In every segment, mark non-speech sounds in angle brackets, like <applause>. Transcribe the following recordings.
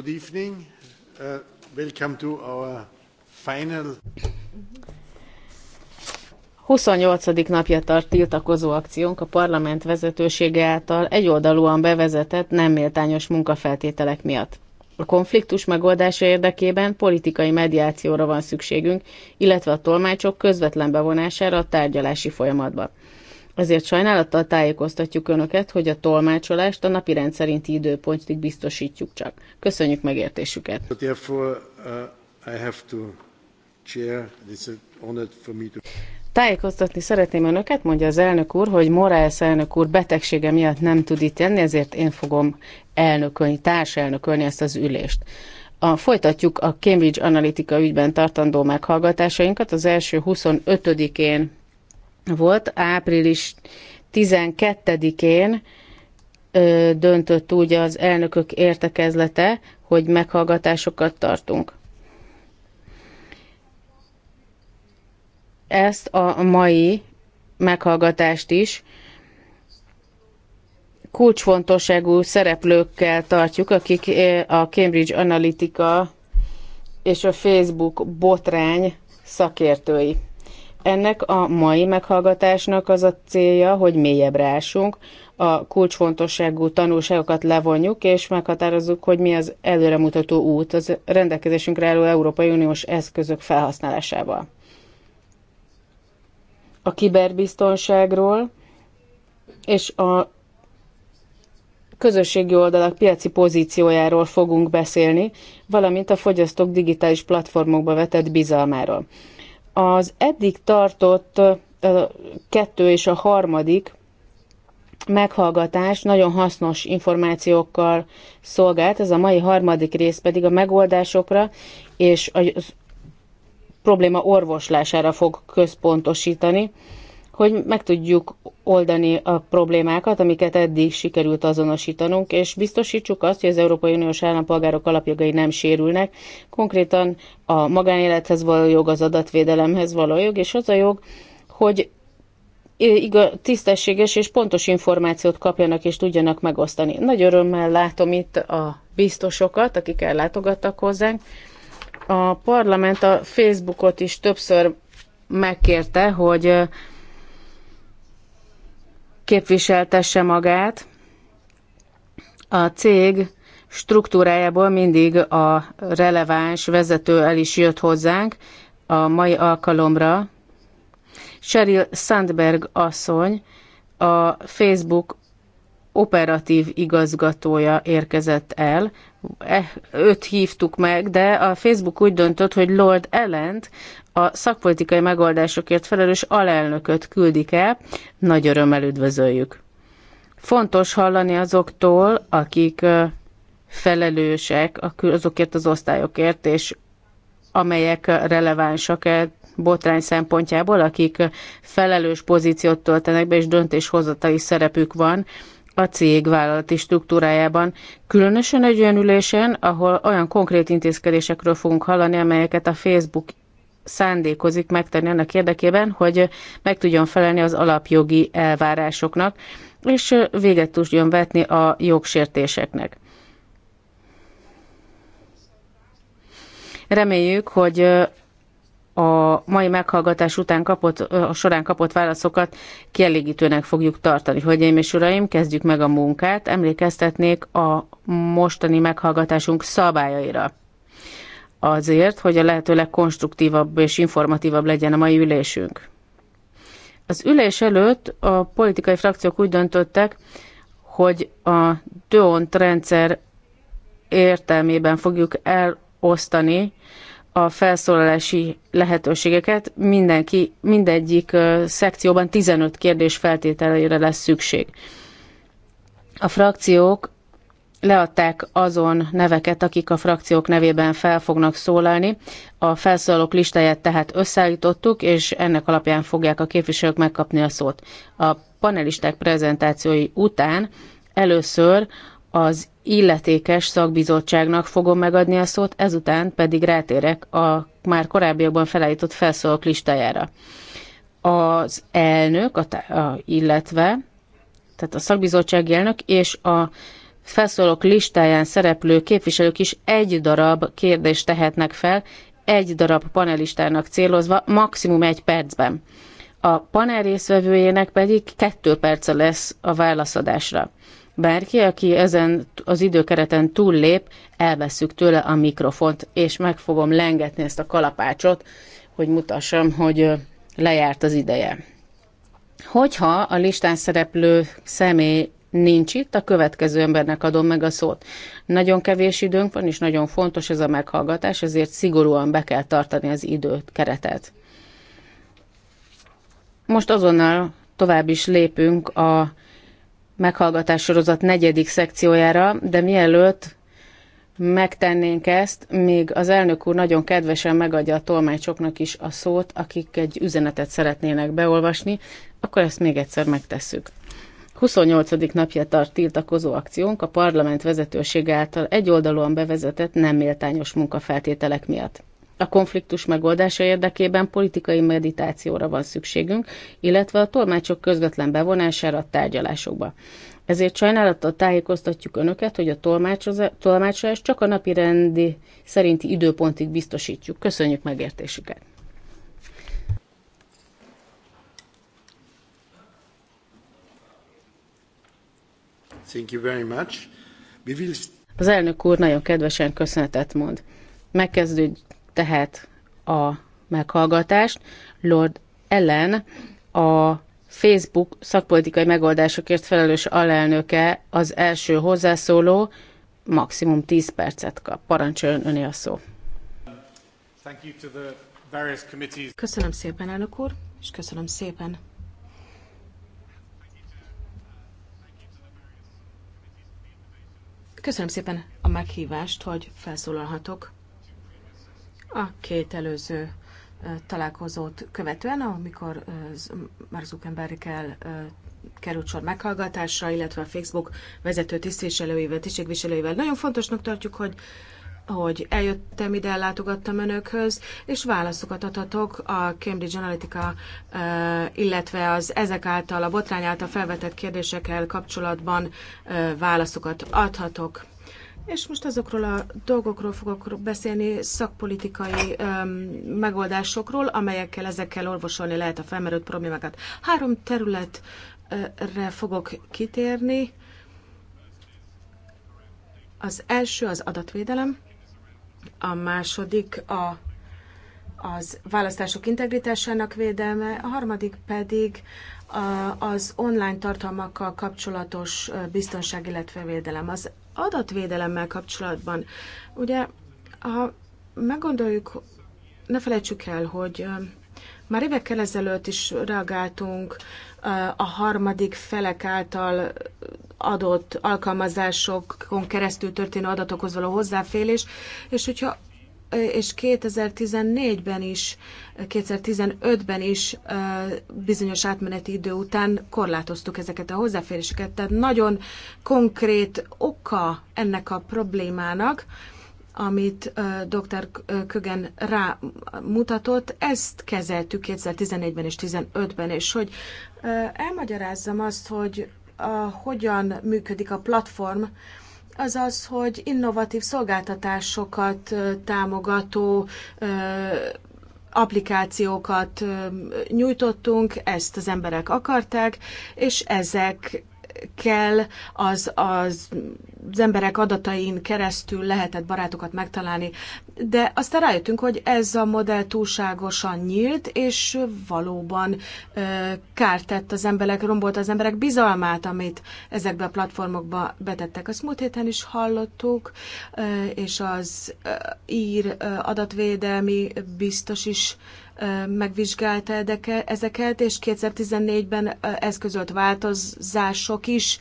Good evening. Uh, welcome to our final. 28. napja tart tiltakozó akciónk a parlament vezetősége által egyoldalúan bevezetett nem méltányos munkafeltételek miatt. A konfliktus megoldása érdekében politikai mediációra van szükségünk, illetve a tolmácsok közvetlen bevonására a tárgyalási folyamatba. Ezért sajnálattal tájékoztatjuk Önöket, hogy a tolmácsolást a napi rendszerinti időpontig biztosítjuk csak. Köszönjük megértésüket! Uh, Tájékoztatni szeretném önöket, mondja az elnök úr, hogy Morales elnök úr betegsége miatt nem tud itt jönni, ezért én fogom elnökölni, társelnökölni ezt az ülést. A, folytatjuk a Cambridge Analytica ügyben tartandó meghallgatásainkat. Az első 25-én volt. Április 12-én döntött úgy az elnökök értekezlete, hogy meghallgatásokat tartunk. Ezt a mai meghallgatást is kulcsfontosságú szereplőkkel tartjuk, akik a Cambridge Analytica és a Facebook botrány szakértői. Ennek a mai meghallgatásnak az a célja, hogy mélyebbre ásunk, a kulcsfontosságú tanulságokat levonjuk, és meghatározzuk, hogy mi az előremutató út az rendelkezésünkre álló Európai Uniós eszközök felhasználásával. A kiberbiztonságról és a közösségi oldalak piaci pozíciójáról fogunk beszélni, valamint a fogyasztók digitális platformokba vetett bizalmáról. Az eddig tartott a kettő és a harmadik meghallgatás nagyon hasznos információkkal szolgált, ez a mai harmadik rész pedig a megoldásokra és a probléma orvoslására fog központosítani hogy meg tudjuk oldani a problémákat, amiket eddig sikerült azonosítanunk, és biztosítsuk azt, hogy az Európai Uniós állampolgárok alapjogai nem sérülnek, konkrétan a magánélethez való jog, az adatvédelemhez való jog, és az a jog, hogy igaz, tisztességes és pontos információt kapjanak és tudjanak megosztani. Nagy örömmel látom itt a biztosokat, akik ellátogattak hozzánk. A parlament a Facebookot is többször megkérte, hogy képviseltesse magát. A cég struktúrájából mindig a releváns vezető el is jött hozzánk a mai alkalomra. Sheryl Sandberg asszony a Facebook operatív igazgatója érkezett el. Eh, őt hívtuk meg, de a Facebook úgy döntött, hogy Lord Ellent, a szakpolitikai megoldásokért felelős alelnököt küldik el. Nagy örömmel üdvözöljük. Fontos hallani azoktól, akik felelősek azokért az osztályokért, és amelyek relevánsak -e botrány szempontjából, akik felelős pozíciót töltenek be, és döntéshozatai szerepük van a cég vállalati struktúrájában, különösen egy olyan ülésen, ahol olyan konkrét intézkedésekről fogunk hallani, amelyeket a Facebook szándékozik megtenni annak érdekében, hogy meg tudjon felelni az alapjogi elvárásoknak, és véget tudjon vetni a jogsértéseknek. Reméljük, hogy a mai meghallgatás után kapott, a során kapott válaszokat kielégítőnek fogjuk tartani. Hölgyeim és uraim, kezdjük meg a munkát. Emlékeztetnék a mostani meghallgatásunk szabályaira. Azért, hogy a lehető legkonstruktívabb és informatívabb legyen a mai ülésünk. Az ülés előtt a politikai frakciók úgy döntöttek, hogy a DONT rendszer értelmében fogjuk elosztani a felszólalási lehetőségeket. Mindenki, mindegyik szekcióban 15 kérdés feltételeire lesz szükség. A frakciók leadták azon neveket, akik a frakciók nevében fel fognak szólalni. A felszólalók listáját tehát összeállítottuk, és ennek alapján fogják a képviselők megkapni a szót. A panelisták prezentációi után először az illetékes szakbizottságnak fogom megadni a szót, ezután pedig rátérek a már korábbiakban felállított felszólók listájára. Az elnök, a, a, illetve, tehát a szakbizottság elnök és a felszólók listáján szereplő képviselők is egy darab kérdést tehetnek fel, egy darab panelistának célozva, maximum egy percben. A panel részvevőjének pedig kettő perce lesz a válaszadásra. Bárki, aki ezen az időkereten túllép, elveszük tőle a mikrofont, és meg fogom lengetni ezt a kalapácsot, hogy mutassam, hogy lejárt az ideje. Hogyha a listán szereplő személy nincs itt, a következő embernek adom meg a szót. Nagyon kevés időnk van, és nagyon fontos ez a meghallgatás, ezért szigorúan be kell tartani az időt, keretet. Most azonnal tovább is lépünk a meghallgatás sorozat negyedik szekciójára, de mielőtt megtennénk ezt, még az elnök úr nagyon kedvesen megadja a tolmácsoknak is a szót, akik egy üzenetet szeretnének beolvasni, akkor ezt még egyszer megtesszük. 28. napja tart tiltakozó akciónk a parlament vezetősége által egyoldalúan bevezetett nem méltányos munkafeltételek miatt a konfliktus megoldása érdekében politikai meditációra van szükségünk, illetve a tolmácsok közvetlen bevonására a tárgyalásokba. Ezért sajnálattal tájékoztatjuk Önöket, hogy a tolmácsolást csak a napi rendi szerinti időpontig biztosítjuk. Köszönjük megértésüket! Thank you very much. We will... Az elnök úr nagyon kedvesen köszönetet mond. Megkezdődj tehet a meghallgatást Lord Ellen, a Facebook szakpolitikai megoldásokért felelős alelnöke az első hozzászóló, maximum 10 percet kap. Parancsoljon öné a szó. Köszönöm szépen, elnök úr, és köszönöm szépen Köszönöm szépen a meghívást, hogy felszólalhatok a két előző találkozót követően, amikor Mark Zuckerbergkel került sor meghallgatásra, illetve a Facebook vezető tisztviselőivel, tisztségviselőivel. Nagyon fontosnak tartjuk, hogy hogy eljöttem ide, ellátogattam önökhöz, és válaszokat adhatok a Cambridge Analytica, illetve az ezek által, a botrány által felvetett kérdésekkel kapcsolatban válaszokat adhatok. És most azokról a dolgokról fogok beszélni, szakpolitikai um, megoldásokról, amelyekkel ezekkel orvosolni lehet a felmerült problémákat. Három területre fogok kitérni. Az első az adatvédelem, a második a, az választások integritásának védelme, a harmadik pedig az online tartalmakkal kapcsolatos biztonság, illetve védelem. Az adatvédelemmel kapcsolatban. Ugye, ha meggondoljuk, ne felejtsük el, hogy már évekkel ezelőtt is reagáltunk a harmadik felek által adott alkalmazásokon keresztül történő adatokhoz való hozzáférés, és hogyha és 2014-ben is, 2015-ben is bizonyos átmeneti idő után korlátoztuk ezeket a hozzáféréseket. Tehát nagyon konkrét oka ennek a problémának, amit dr. Kögen rámutatott, ezt kezeltük 2014-ben és 2015-ben, és hogy elmagyarázzam azt, hogy hogyan működik a platform, az az, hogy innovatív szolgáltatásokat támogató applikációkat nyújtottunk, ezt az emberek akarták, és ezek kell, az, az, az emberek adatain keresztül lehetett barátokat megtalálni. De aztán rájöttünk, hogy ez a modell túlságosan nyílt, és valóban ö, kárt tett az emberek, rombolt az emberek bizalmát, amit ezekbe a platformokba betettek. Azt múlt héten is hallottuk, ö, és az ö, ír ö, adatvédelmi biztos is megvizsgálta ezeket, és 2014-ben között változások is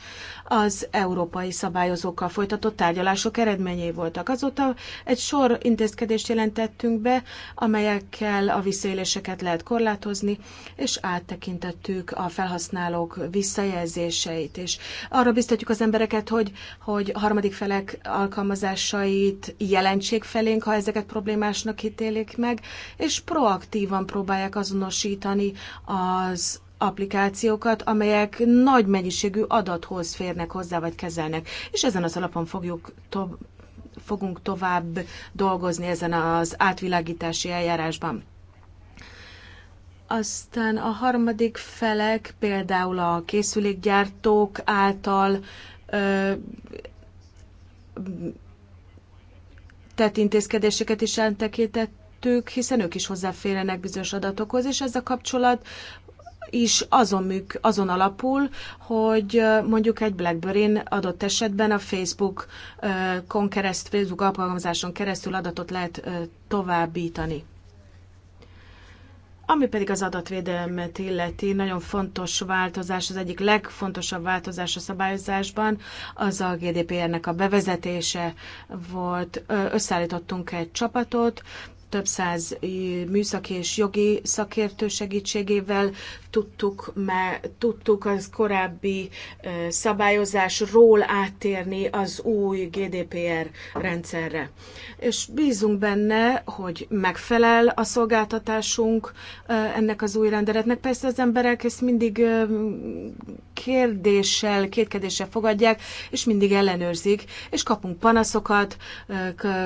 az európai szabályozókkal folytatott tárgyalások eredményei voltak. Azóta egy sor intézkedést jelentettünk be, amelyekkel a visszaéléseket lehet korlátozni, és áttekintettük a felhasználók visszajelzéseit, és arra biztatjuk az embereket, hogy, hogy harmadik felek alkalmazásait jelentség felénk, ha ezeket problémásnak ítélik meg, és proaktívan próbálják azonosítani az applikációkat, amelyek nagy mennyiségű adathoz férnek hozzá, vagy kezelnek. És ezen az alapon fogjuk to- fogunk tovább dolgozni ezen az átvilágítási eljárásban. Aztán a harmadik felek, például a készülékgyártók által ö, tett intézkedéseket is eltekintettük, hiszen ők is hozzáférnek bizonyos adatokhoz, és ez a kapcsolat is azon, műk, azon alapul, hogy mondjuk egy blackberry adott esetben a Facebookon kereszt, Facebook alkalmazáson keresztül adatot lehet továbbítani. Ami pedig az adatvédelmet illeti, nagyon fontos változás, az egyik legfontosabb változás a szabályozásban, az a GDPR-nek a bevezetése volt. Összeállítottunk egy csapatot, több száz műszaki és jogi szakértő segítségével tudtuk, már, tudtuk az korábbi szabályozásról áttérni az új GDPR rendszerre. És bízunk benne, hogy megfelel a szolgáltatásunk ennek az új rendeletnek. Persze az emberek ezt mindig kérdéssel, kétkedéssel fogadják, és mindig ellenőrzik, és kapunk panaszokat,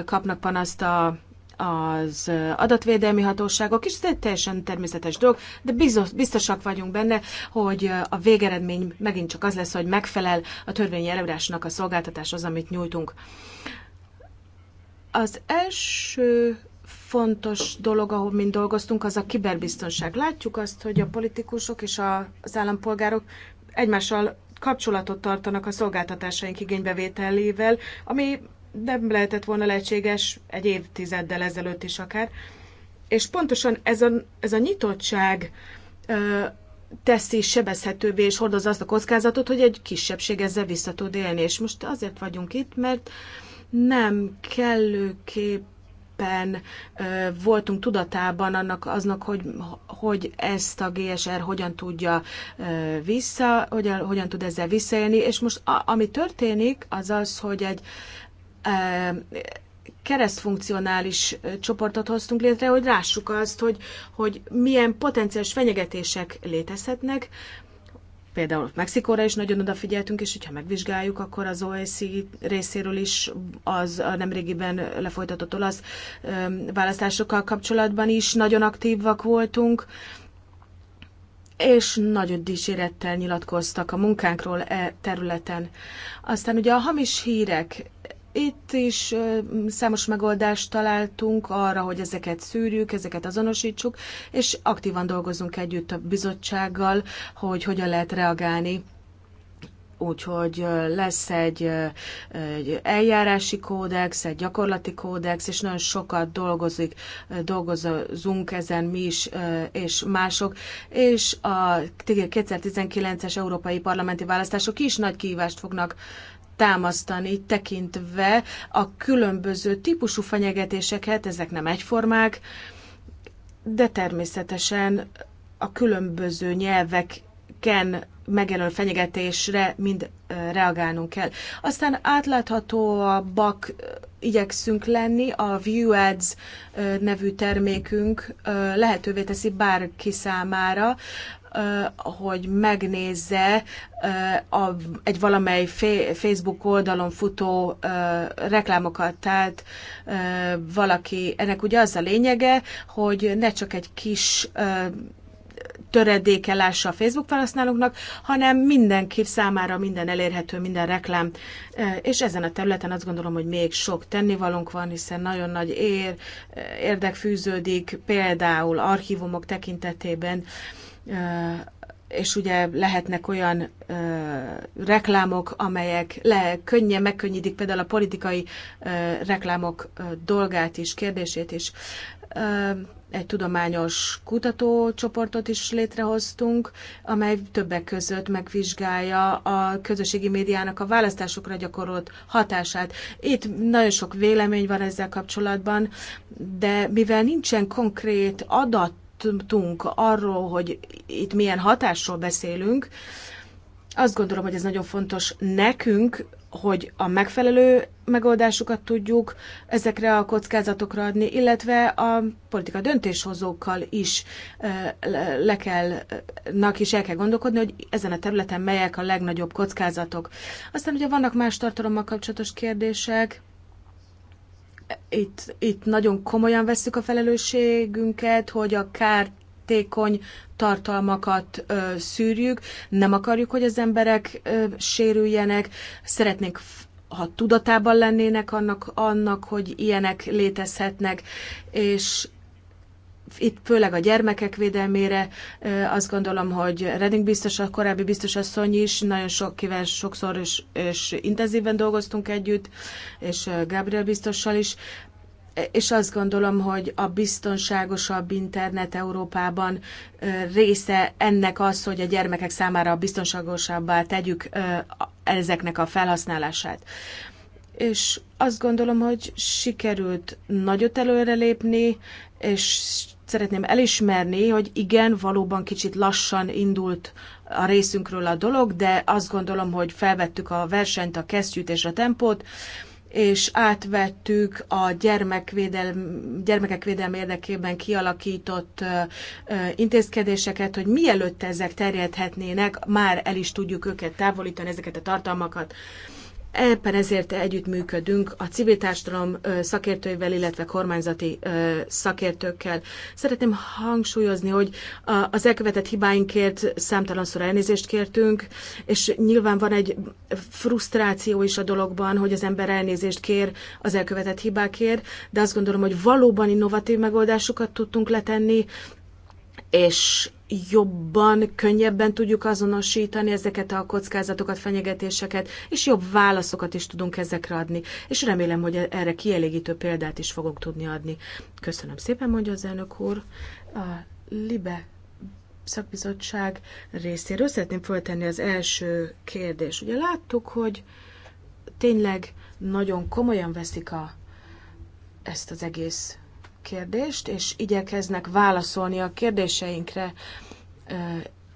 kapnak panaszt a az adatvédelmi hatóságok, és ez egy teljesen természetes dolog, de biztos, biztosak vagyunk benne, hogy a végeredmény megint csak az lesz, hogy megfelel a törvényi előírásnak a szolgáltatás az amit nyújtunk. Az első fontos dolog, ahol mind dolgoztunk, az a kiberbiztonság. Látjuk azt, hogy a politikusok és a, az állampolgárok egymással kapcsolatot tartanak a szolgáltatásaink igénybevételével, ami nem lehetett volna lehetséges egy évtizeddel ezelőtt is akár. És pontosan ez a, ez a nyitottság ö, teszi sebezhetővé és hordozza azt a kockázatot, hogy egy kisebbség ezzel vissza tud élni. És most azért vagyunk itt, mert nem kellőképpen ö, voltunk tudatában annak aznak, hogy, hogy ezt a GSR hogyan tudja vissza, hogyan, hogyan tud ezzel visszaélni, és most a, ami történik, az az, hogy egy keresztfunkcionális csoportot hoztunk létre, hogy lássuk azt, hogy, hogy milyen potenciális fenyegetések létezhetnek. Például Mexikóra is nagyon odafigyeltünk, és hogyha megvizsgáljuk, akkor az OSZ részéről is az a nemrégiben lefolytatott olasz választásokkal kapcsolatban is nagyon aktívak voltunk és nagyon dicsérettel nyilatkoztak a munkánkról e területen. Aztán ugye a hamis hírek itt is számos megoldást találtunk arra, hogy ezeket szűrjük, ezeket azonosítsuk, és aktívan dolgozunk együtt a bizottsággal, hogy hogyan lehet reagálni úgyhogy lesz egy, egy eljárási kódex, egy gyakorlati kódex, és nagyon sokat dolgozik, dolgozunk ezen mi is, és mások, és a 2019-es európai parlamenti választások is nagy kihívást fognak támasztani, tekintve a különböző típusú fenyegetéseket, ezek nem egyformák, de természetesen a különböző nyelveken megjelenő fenyegetésre mind reagálnunk kell. Aztán bak igyekszünk lenni, a ViewAds nevű termékünk lehetővé teszi bárki számára, hogy megnézze a, egy valamely Facebook oldalon futó reklámokat. Tehát valaki, ennek ugye az a lényege, hogy ne csak egy kis töredéke lássa a Facebook felhasználóknak, hanem mindenki számára minden elérhető, minden reklám. És ezen a területen azt gondolom, hogy még sok tennivalónk van, hiszen nagyon nagy ér, érdek fűződik, például archívumok tekintetében és ugye lehetnek olyan ö, reklámok, amelyek le, könnyen megkönnyítik például a politikai ö, reklámok ö, dolgát is, kérdését is. Ö, egy tudományos kutatócsoportot is létrehoztunk, amely többek között megvizsgálja a közösségi médiának a választásokra gyakorolt hatását. Itt nagyon sok vélemény van ezzel kapcsolatban, de mivel nincsen konkrét adat tudtunk arról, hogy itt milyen hatásról beszélünk, azt gondolom, hogy ez nagyon fontos nekünk, hogy a megfelelő megoldásokat tudjuk ezekre a kockázatokra adni, illetve a politika döntéshozókkal is le kell, nak is el kell gondolkodni, hogy ezen a területen melyek a legnagyobb kockázatok. Aztán ugye vannak más tartalommal kapcsolatos kérdések, itt, itt nagyon komolyan vesszük a felelősségünket, hogy a kártékony tartalmakat ö, szűrjük, nem akarjuk, hogy az emberek ö, sérüljenek, szeretnénk ha tudatában lennének annak, annak, hogy ilyenek létezhetnek, és itt főleg a gyermekek védelmére azt gondolom, hogy Reding biztos, a korábbi biztos asszony is, nagyon sok kíván, sokszor is, és intenzíven dolgoztunk együtt, és Gabriel biztossal is, e, és azt gondolom, hogy a biztonságosabb internet Európában része ennek az, hogy a gyermekek számára biztonságosabbá tegyük ezeknek a felhasználását és azt gondolom, hogy sikerült nagyot előrelépni, és szeretném elismerni, hogy igen, valóban kicsit lassan indult a részünkről a dolog, de azt gondolom, hogy felvettük a versenyt, a kesztyűt és a tempót, és átvettük a gyermekvédelmi, gyermekek védelme érdekében kialakított intézkedéseket, hogy mielőtt ezek terjedhetnének, már el is tudjuk őket távolítani, ezeket a tartalmakat. Éppen ezért együttműködünk a civil társadalom szakértőivel, illetve kormányzati szakértőkkel. Szeretném hangsúlyozni, hogy az elkövetett hibáinkért számtalanszor elnézést kértünk, és nyilván van egy frusztráció is a dologban, hogy az ember elnézést kér az elkövetett hibákért, de azt gondolom, hogy valóban innovatív megoldásokat tudtunk letenni, és jobban, könnyebben tudjuk azonosítani ezeket a kockázatokat, fenyegetéseket, és jobb válaszokat is tudunk ezekre adni. És remélem, hogy erre kielégítő példát is fogok tudni adni. Köszönöm szépen, mondja az elnök úr. A Libe szakbizottság részéről szeretném föltenni az első kérdést. Ugye láttuk, hogy tényleg nagyon komolyan veszik a, ezt az egész kérdést, és igyekeznek válaszolni a kérdéseinkre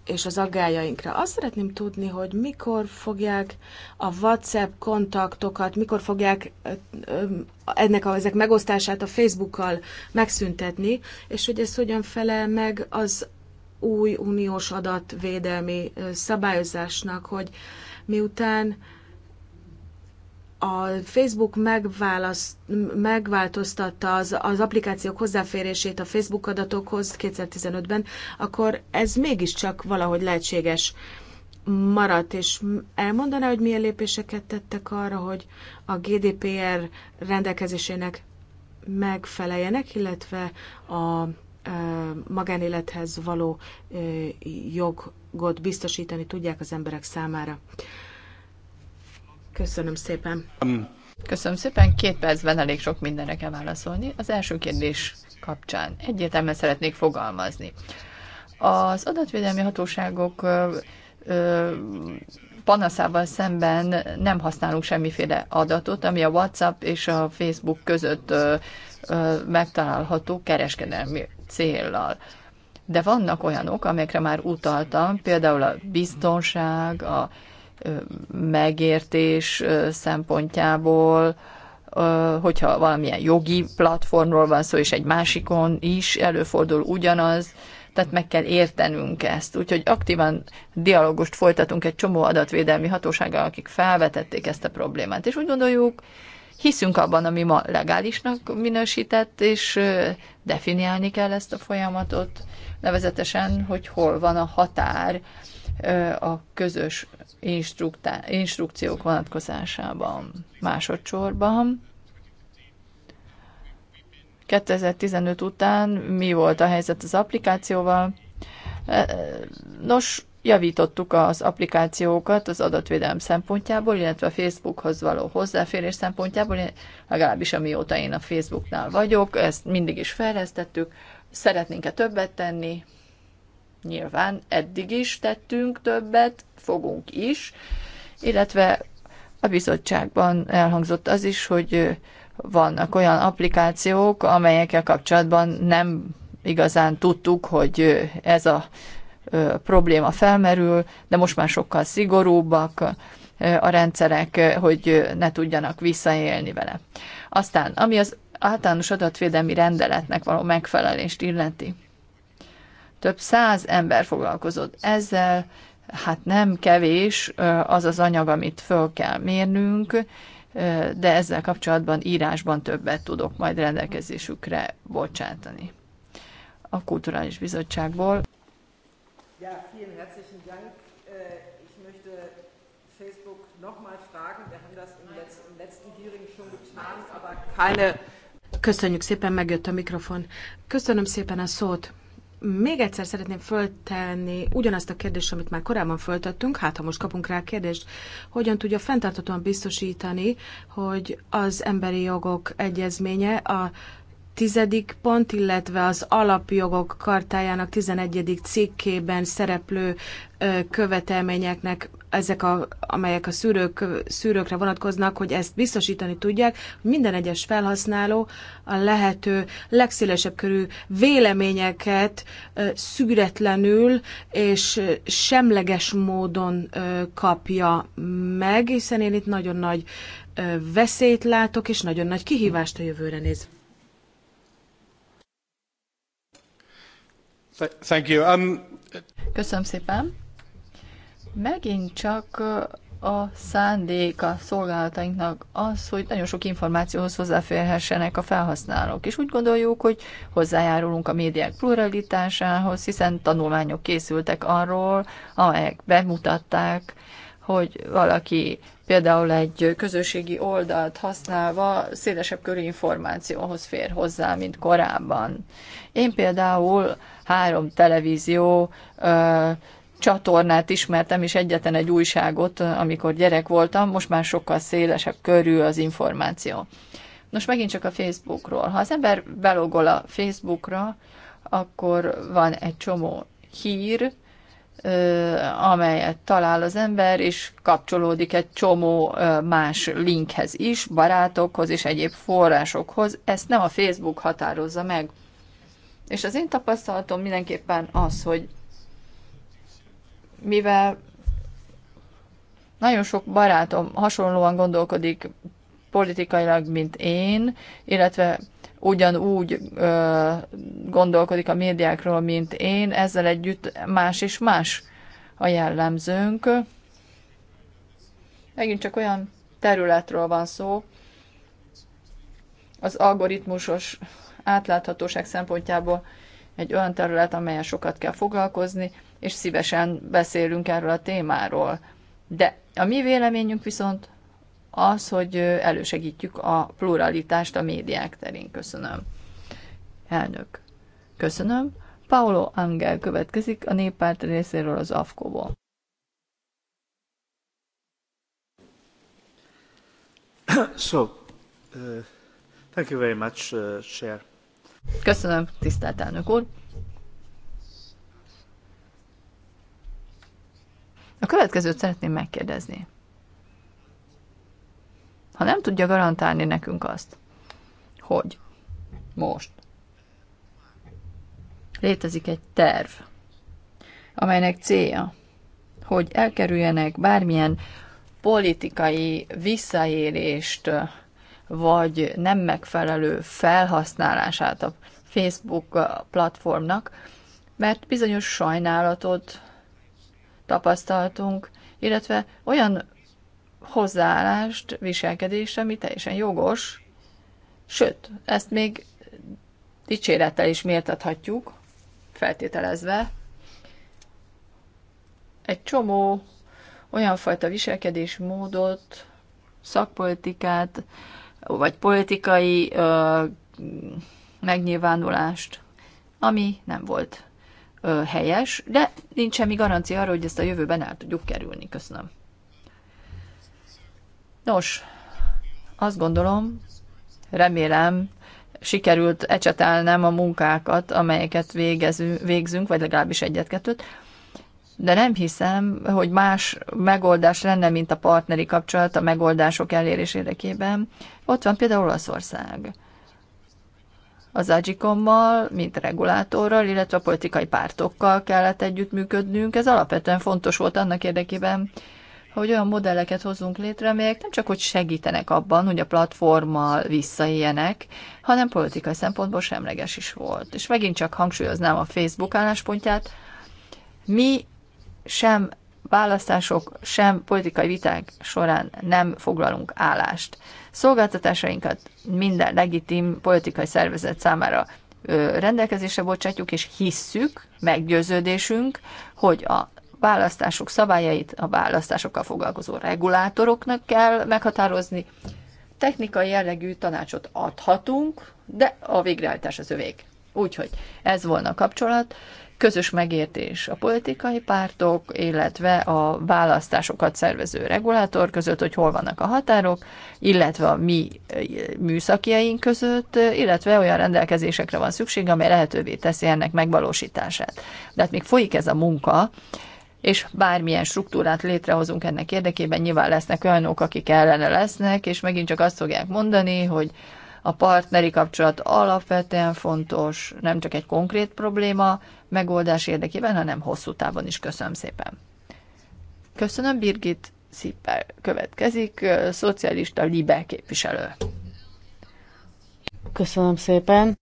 és az aggájainkra. Azt szeretném tudni, hogy mikor fogják a WhatsApp kontaktokat, mikor fogják ennek a, ezek megosztását a Facebookkal megszüntetni, és hogy ez hogyan felel meg az új uniós adatvédelmi szabályozásnak, hogy miután a Facebook megválaszt, megváltoztatta az, az applikációk hozzáférését a Facebook adatokhoz 2015-ben, akkor ez mégiscsak valahogy lehetséges maradt, és elmondaná, hogy milyen lépéseket tettek arra, hogy a GDPR rendelkezésének megfeleljenek, illetve a magánélethez való jogot biztosítani tudják az emberek számára. Köszönöm szépen. Köszönöm szépen. Két percben elég sok mindenre kell válaszolni. Az első kérdés kapcsán egyértelműen szeretnék fogalmazni. Az adatvédelmi hatóságok panaszával szemben nem használunk semmiféle adatot, ami a WhatsApp és a Facebook között megtalálható kereskedelmi céllal. De vannak olyanok, amelyekre már utaltam, például a biztonság, a megértés szempontjából, hogyha valamilyen jogi platformról van szó, és egy másikon is előfordul ugyanaz, tehát meg kell értenünk ezt. Úgyhogy aktívan dialógust folytatunk egy csomó adatvédelmi hatósággal, akik felvetették ezt a problémát. És úgy gondoljuk, hiszünk abban, ami ma legálisnak minősített, és definiálni kell ezt a folyamatot, nevezetesen, hogy hol van a határ a közös instrukciók vonatkozásában. Másodszorban 2015 után mi volt a helyzet az applikációval? Nos, javítottuk az applikációkat az adatvédelem szempontjából, illetve a Facebookhoz való hozzáférés szempontjából, legalábbis amióta én a Facebooknál vagyok, ezt mindig is fejlesztettük. Szeretnénk-e többet tenni? Nyilván eddig is tettünk többet, fogunk is, illetve a bizottságban elhangzott az is, hogy vannak olyan applikációk, amelyekkel kapcsolatban nem igazán tudtuk, hogy ez a probléma felmerül, de most már sokkal szigorúbbak a rendszerek, hogy ne tudjanak visszaélni vele. Aztán, ami az általános adatvédelmi rendeletnek való megfelelést illeti több száz ember foglalkozott ezzel, hát nem kevés az az anyag, amit föl kell mérnünk, de ezzel kapcsolatban írásban többet tudok majd rendelkezésükre bocsátani. A Kulturális Bizottságból. Ja, vielen herzlichen Dank. Äh, ich möchte Facebook nochmal fragen. Wir haben das im, letzten Hearing schon getan, aber keine... Köszönjük szépen, megjött a mikrofon. Köszönöm szépen a szót. Még egyszer szeretném föltenni ugyanazt a kérdést, amit már korábban föltettünk, hát ha most kapunk rá kérdést, hogyan tudja fenntartatóan biztosítani, hogy az emberi jogok egyezménye a tizedik pont, illetve az alapjogok kartájának tizenegyedik cikkében szereplő követelményeknek ezek a, amelyek a szűrők, szűrőkre vonatkoznak, hogy ezt biztosítani tudják, hogy minden egyes felhasználó a lehető legszélesebb körű véleményeket szüretlenül és semleges módon kapja meg, hiszen én itt nagyon nagy veszélyt látok, és nagyon nagy kihívást a jövőre néz. Thank you. Um... Köszönöm szépen. Megint csak a szándék a szolgálatainknak az, hogy nagyon sok információhoz hozzáférhessenek a felhasználók. És úgy gondoljuk, hogy hozzájárulunk a médiák pluralitásához, hiszen tanulmányok készültek arról, amelyek bemutatták, hogy valaki például egy közösségi oldalt használva szélesebb körű információhoz fér hozzá, mint korábban. Én például három televízió csatornát ismertem, és egyetlen egy újságot, amikor gyerek voltam, most már sokkal szélesebb körül az információ. Nos, megint csak a Facebookról. Ha az ember belogol a Facebookra, akkor van egy csomó hír, amelyet talál az ember, és kapcsolódik egy csomó más linkhez is, barátokhoz és egyéb forrásokhoz. Ezt nem a Facebook határozza meg. És az én tapasztalatom mindenképpen az, hogy mivel nagyon sok barátom hasonlóan gondolkodik politikailag, mint én, illetve ugyanúgy ö, gondolkodik a médiákról, mint én, ezzel együtt más és más a jellemzőnk. Megint csak olyan területről van szó, az algoritmusos átláthatóság szempontjából, egy olyan terület, amelyen sokat kell foglalkozni, és szívesen beszélünk erről a témáról. De a mi véleményünk viszont az, hogy elősegítjük a pluralitást a médiák terén. Köszönöm. Elnök. Köszönöm. Paolo Angel következik a néppárt részéről az AFKO-ból. <coughs> So, uh, thank you very much, uh, Chair. Köszönöm, tisztelt elnök úr. A következőt szeretném megkérdezni. Ha nem tudja garantálni nekünk azt, hogy most létezik egy terv, amelynek célja, hogy elkerüljenek bármilyen politikai visszaélést vagy nem megfelelő felhasználását a Facebook platformnak, mert bizonyos sajnálatot tapasztaltunk, illetve olyan hozzáállást, viselkedést, ami teljesen jogos, sőt, ezt még dicsérettel is mértathatjuk, feltételezve, egy csomó olyan fajta viselkedésmódot, szakpolitikát, vagy politikai ö, megnyilvánulást, ami nem volt ö, helyes, de nincs semmi garancia arra, hogy ezt a jövőben el tudjuk kerülni. Köszönöm. Nos, azt gondolom, remélem, sikerült ecsetelnem a munkákat, amelyeket végezünk, végzünk, vagy legalábbis egyet-kettőt de nem hiszem, hogy más megoldás lenne, mint a partneri kapcsolat a megoldások elérés érdekében. Ott van például Olaszország. Az Agikommal, mint regulátorral, illetve a politikai pártokkal kellett együttműködnünk. Ez alapvetően fontos volt annak érdekében, hogy olyan modelleket hozzunk létre, amelyek nem csak hogy segítenek abban, hogy a platformmal visszaéljenek, hanem politikai szempontból semleges is volt. És megint csak hangsúlyoznám a Facebook álláspontját, mi sem választások, sem politikai viták során nem foglalunk állást. Szolgáltatásainkat minden legitim politikai szervezet számára rendelkezésre bocsátjuk, és hisszük, meggyőződésünk, hogy a választások szabályait a választásokkal foglalkozó regulátoroknak kell meghatározni. Technikai jellegű tanácsot adhatunk, de a végrehajtás az övék. Úgyhogy ez volna a kapcsolat közös megértés a politikai pártok, illetve a választásokat szervező regulátor között, hogy hol vannak a határok, illetve a mi e, műszakjaink között, illetve olyan rendelkezésekre van szükség, amely lehetővé teszi ennek megvalósítását. De hát még folyik ez a munka, és bármilyen struktúrát létrehozunk ennek érdekében, nyilván lesznek olyanok, akik ellene lesznek, és megint csak azt fogják mondani, hogy a partneri kapcsolat alapvetően fontos, nem csak egy konkrét probléma megoldás érdekében, hanem hosszú távon is. Köszönöm szépen. Köszönöm, Birgit szíppel következik, szocialista Libe képviselő. Köszönöm szépen.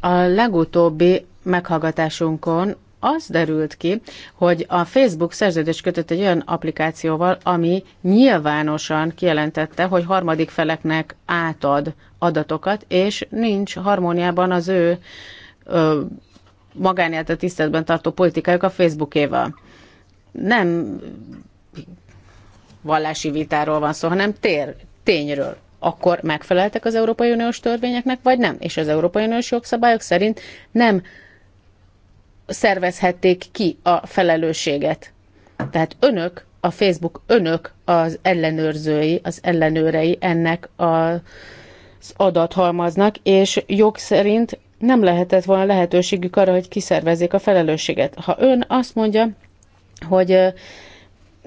A legutóbbi meghallgatásunkon az derült ki, hogy a Facebook szerződés kötött egy olyan applikációval, ami nyilvánosan kijelentette, hogy harmadik feleknek átad adatokat, és nincs harmóniában az ő ö, magánéletet tiszteletben tartó politikájuk a Facebookéval. Nem vallási vitáról van szó, hanem tér, tényről akkor megfeleltek az Európai Uniós törvényeknek, vagy nem. És az Európai Uniós jogszabályok szerint nem szervezhették ki a felelősséget. Tehát önök, a Facebook önök az ellenőrzői, az ellenőrei ennek a, az adathalmaznak, és jog szerint nem lehetett volna lehetőségük arra, hogy kiszervezzék a felelősséget. Ha ön azt mondja, hogy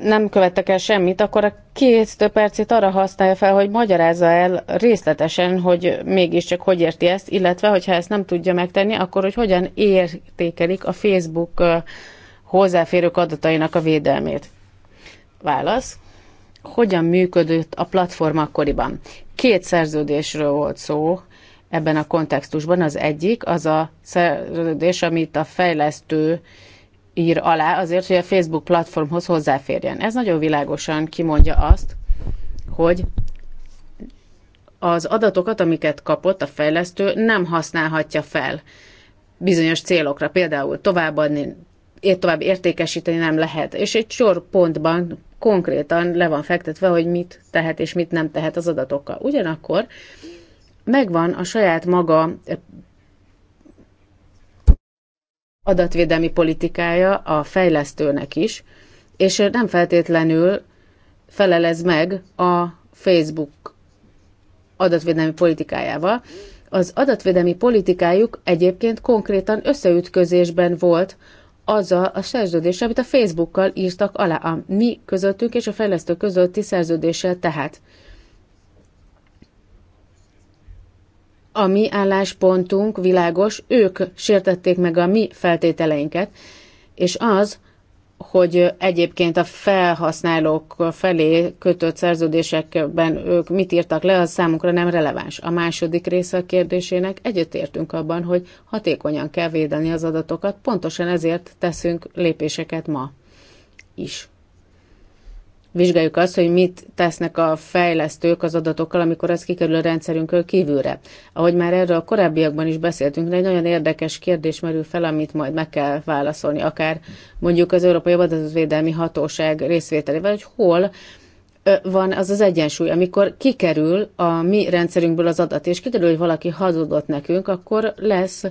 nem követtek el semmit, akkor a két percét arra használja fel, hogy magyarázza el részletesen, hogy mégiscsak hogy érti ezt, illetve hogyha ezt nem tudja megtenni, akkor hogy hogyan értékelik a Facebook hozzáférők adatainak a védelmét. Válasz. Hogyan működött a platform akkoriban? Két szerződésről volt szó ebben a kontextusban. Az egyik az a szerződés, amit a fejlesztő ír alá azért, hogy a Facebook platformhoz hozzáférjen. Ez nagyon világosan kimondja azt, hogy az adatokat, amiket kapott a fejlesztő, nem használhatja fel bizonyos célokra, például továbbadni, tovább értékesíteni nem lehet. És egy sor pontban konkrétan le van fektetve, hogy mit tehet és mit nem tehet az adatokkal. Ugyanakkor megvan a saját maga adatvédelmi politikája a fejlesztőnek is, és nem feltétlenül felelez meg a Facebook adatvédelmi politikájával. Az adatvédelmi politikájuk egyébként konkrétan összeütközésben volt azzal a szerződéssel, amit a Facebookkal írtak alá a mi közöttünk és a fejlesztő közötti szerződéssel tehát. a mi álláspontunk világos, ők sértették meg a mi feltételeinket, és az, hogy egyébként a felhasználók felé kötött szerződésekben ők mit írtak le, az számunkra nem releváns. A második része a kérdésének egyetértünk abban, hogy hatékonyan kell védeni az adatokat, pontosan ezért teszünk lépéseket ma is vizsgáljuk azt, hogy mit tesznek a fejlesztők az adatokkal, amikor ez kikerül a rendszerünkről kívülre. Ahogy már erről a korábbiakban is beszéltünk, egy nagyon érdekes kérdés merül fel, amit majd meg kell válaszolni, akár mondjuk az Európai Adatvédelmi Hatóság részvételével, hogy hol van az az egyensúly. Amikor kikerül a mi rendszerünkből az adat, és kiderül, hogy valaki hazudott nekünk, akkor lesz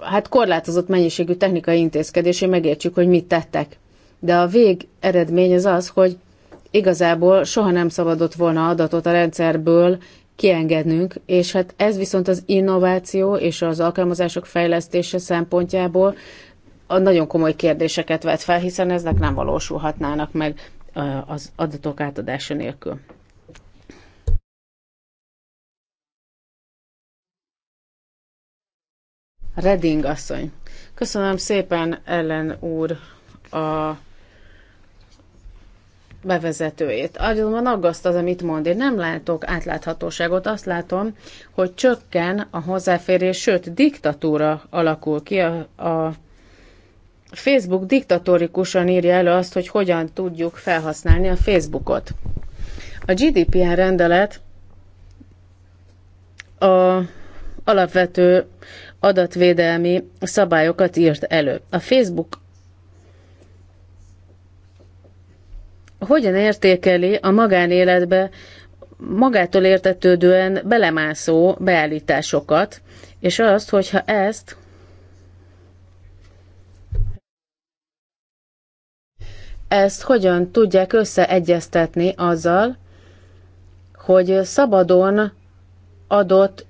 hát korlátozott mennyiségű technikai intézkedés, hogy megértsük, hogy mit tettek de a vég eredmény az az, hogy igazából soha nem szabadott volna adatot a rendszerből kiengednünk, és hát ez viszont az innováció és az alkalmazások fejlesztése szempontjából a nagyon komoly kérdéseket vet fel, hiszen ezek nem valósulhatnának meg az adatok átadása nélkül. Reding asszony. Köszönöm szépen, Ellen úr, a bevezetőjét. Azonban aggaszt az, amit mond. Én nem látok átláthatóságot, azt látom, hogy csökken a hozzáférés, sőt, diktatúra alakul ki. A, a Facebook diktatórikusan írja elő azt, hogy hogyan tudjuk felhasználni a Facebookot. A GDPR rendelet a alapvető adatvédelmi szabályokat írt elő. A Facebook hogyan értékeli a magánéletbe magától értetődően belemászó beállításokat, és azt, hogyha ezt ezt hogyan tudják összeegyeztetni azzal, hogy szabadon adott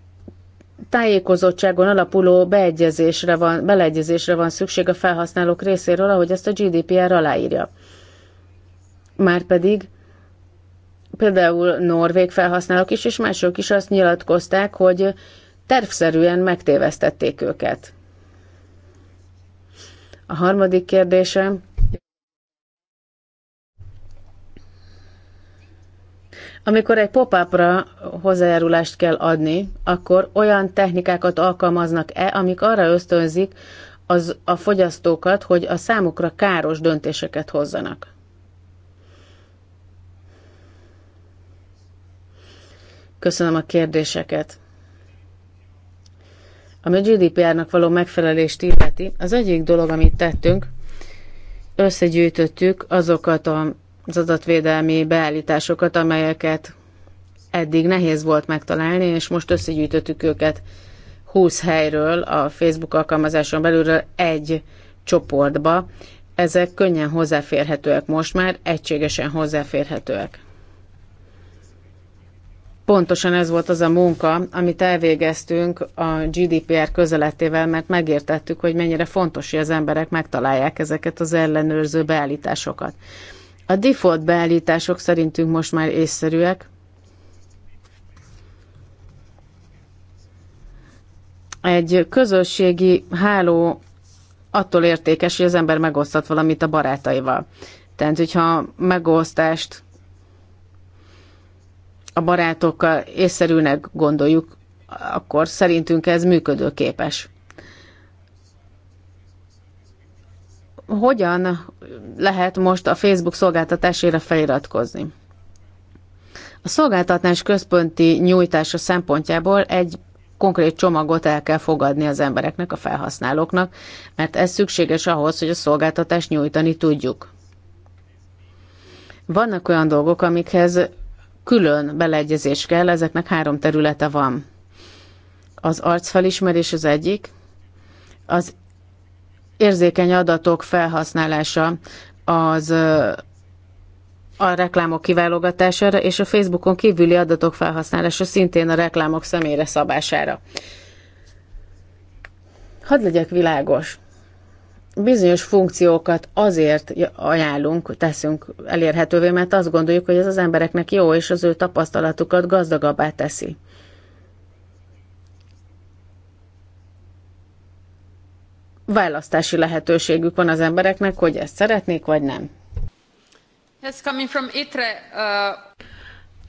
tájékozottságon alapuló beegyezésre van, beleegyezésre van szükség a felhasználók részéről, ahogy ezt a GDPR aláírja. Márpedig például norvég felhasználók is, és mások is azt nyilatkozták, hogy tervszerűen megtévesztették őket. A harmadik kérdésem, Amikor egy pop-upra hozzájárulást kell adni, akkor olyan technikákat alkalmaznak-e, amik arra ösztönzik az a fogyasztókat, hogy a számukra káros döntéseket hozzanak? Köszönöm a kérdéseket. Ami a GDPR-nak való megfelelést illeti, az egyik dolog, amit tettünk, összegyűjtöttük azokat az adatvédelmi beállításokat, amelyeket eddig nehéz volt megtalálni, és most összegyűjtöttük őket 20 helyről, a Facebook alkalmazáson belülről egy csoportba. Ezek könnyen hozzáférhetőek most már, egységesen hozzáférhetőek. Pontosan ez volt az a munka, amit elvégeztünk a GDPR közeletével, mert megértettük, hogy mennyire fontos, hogy az emberek megtalálják ezeket az ellenőrző beállításokat. A default beállítások szerintünk most már észszerűek. Egy közösségi háló attól értékes, hogy az ember megosztott valamit a barátaival. Tehát, hogyha megosztást a barátokkal észszerűnek gondoljuk, akkor szerintünk ez működőképes. Hogyan lehet most a Facebook szolgáltatásére feliratkozni? A szolgáltatás központi nyújtása szempontjából egy konkrét csomagot el kell fogadni az embereknek, a felhasználóknak, mert ez szükséges ahhoz, hogy a szolgáltatást nyújtani tudjuk. Vannak olyan dolgok, amikhez külön beleegyezés kell, ezeknek három területe van. Az arcfelismerés az egyik, az érzékeny adatok felhasználása az a reklámok kiválogatására, és a Facebookon kívüli adatok felhasználása szintén a reklámok személyre szabására. Hadd legyek világos bizonyos funkciókat azért ajánlunk, teszünk elérhetővé, mert azt gondoljuk, hogy ez az embereknek jó, és az ő tapasztalatukat gazdagabbá teszi. Választási lehetőségük van az embereknek, hogy ezt szeretnék, vagy nem. That's coming from ITRE. Uh...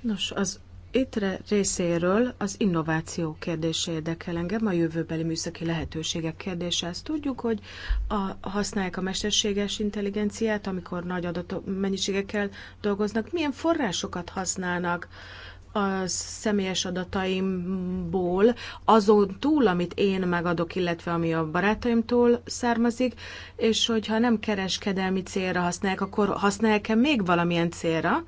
Nos, az ITRE részéről az innováció kérdése érdekel engem, a jövőbeli műszaki lehetőségek kérdése. Ezt tudjuk, hogy a, használják a mesterséges intelligenciát, amikor nagy adatok mennyiségekkel dolgoznak. Milyen forrásokat használnak a személyes adataimból, azon túl, amit én megadok, illetve ami a barátaimtól származik, és hogyha nem kereskedelmi célra használják, akkor használják-e még valamilyen célra?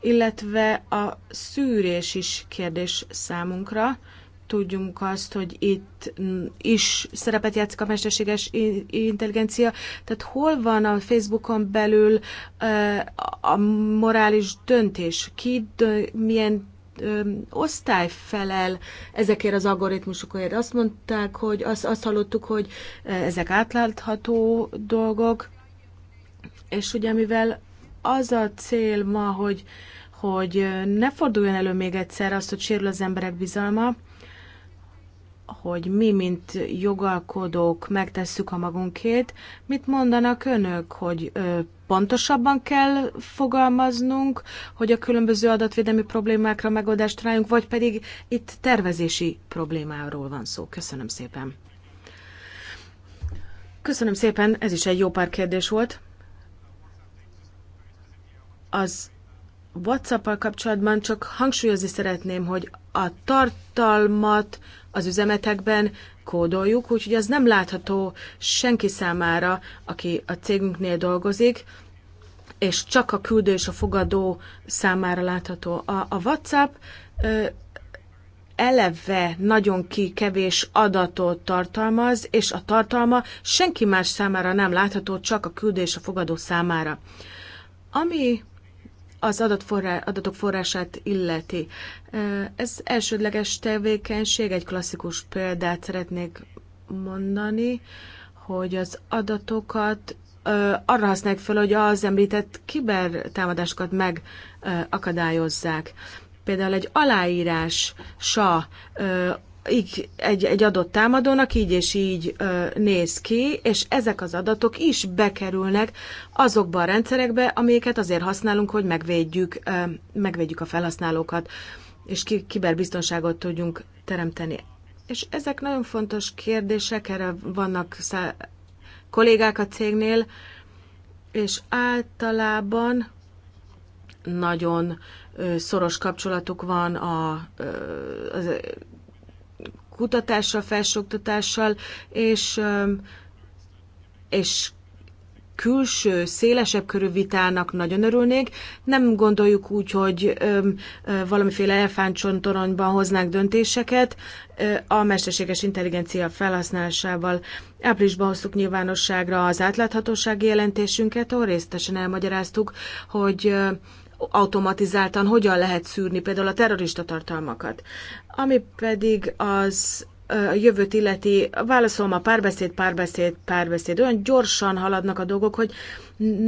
illetve a szűrés is kérdés számunkra. Tudjunk azt, hogy itt is szerepet játszik a mesterséges intelligencia. Tehát hol van a Facebookon belül eh, a morális döntés? Ki, milyen eh, osztály felel ezekért az algoritmusokért. Azt mondták, hogy azt, azt hallottuk, hogy eh, ezek átlátható dolgok, és ugye mivel az a cél ma, hogy, hogy ne forduljon elő még egyszer azt, hogy sérül az emberek bizalma, hogy mi, mint jogalkodók megtesszük a magunkét. Mit mondanak önök, hogy ö, pontosabban kell fogalmaznunk, hogy a különböző adatvédelmi problémákra megoldást találjunk, vagy pedig itt tervezési problémáról van szó. Köszönöm szépen. Köszönöm szépen, ez is egy jó pár kérdés volt. Az WhatsApp-al kapcsolatban csak hangsúlyozni szeretném, hogy a tartalmat az üzemetekben kódoljuk, úgyhogy az nem látható senki számára, aki a cégünknél dolgozik, és csak a küldő és a fogadó számára látható. A, a WhatsApp ö, eleve nagyon ki kevés adatot tartalmaz, és a tartalma senki más számára nem látható, csak a küldő és a fogadó számára. Ami az adatforrá, adatok forrását illeti. Ez elsődleges tevékenység, egy klasszikus példát szeretnék mondani, hogy az adatokat arra használják fel, hogy az említett kibertámadásokat megakadályozzák. Például egy aláírás sa így, egy, egy adott támadónak így és így ö, néz ki, és ezek az adatok is bekerülnek azokba a rendszerekbe, amiket azért használunk, hogy megvédjük, ö, megvédjük a felhasználókat, és ki, kiberbiztonságot tudjunk teremteni. És ezek nagyon fontos kérdések, erre vannak szá- kollégák a cégnél, és általában nagyon ö, szoros kapcsolatuk van a, ö, az kutatással, felsőoktatással és, és külső, szélesebb körű vitának nagyon örülnék. Nem gondoljuk úgy, hogy ö, ö, valamiféle elefántcsontoronyban hoznák döntéseket ö, a mesterséges intelligencia felhasználásával. Áprilisban hoztuk nyilvánosságra az átláthatósági jelentésünket, ahol részletesen elmagyaráztuk, hogy ö, automatizáltan hogyan lehet szűrni például a terrorista tartalmakat. Ami pedig az a jövőt illeti, válaszolom a párbeszéd, párbeszéd, párbeszéd. Olyan gyorsan haladnak a dolgok, hogy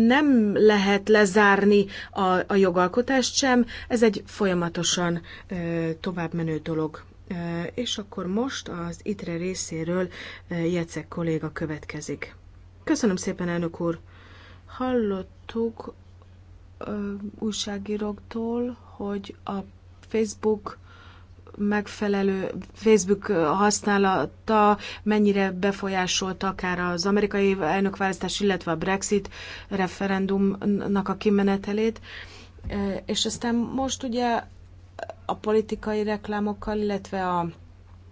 nem lehet lezárni a, a jogalkotást sem. Ez egy folyamatosan e, továbbmenő dolog. E, és akkor most az ITRE részéről e, Jecek kolléga következik. Köszönöm szépen, elnök úr! Hallottuk újságíróktól, hogy a Facebook megfelelő Facebook használata mennyire befolyásolt akár az amerikai elnökválasztás, illetve a Brexit referendumnak a kimenetelét. És aztán most ugye a politikai reklámokkal, illetve a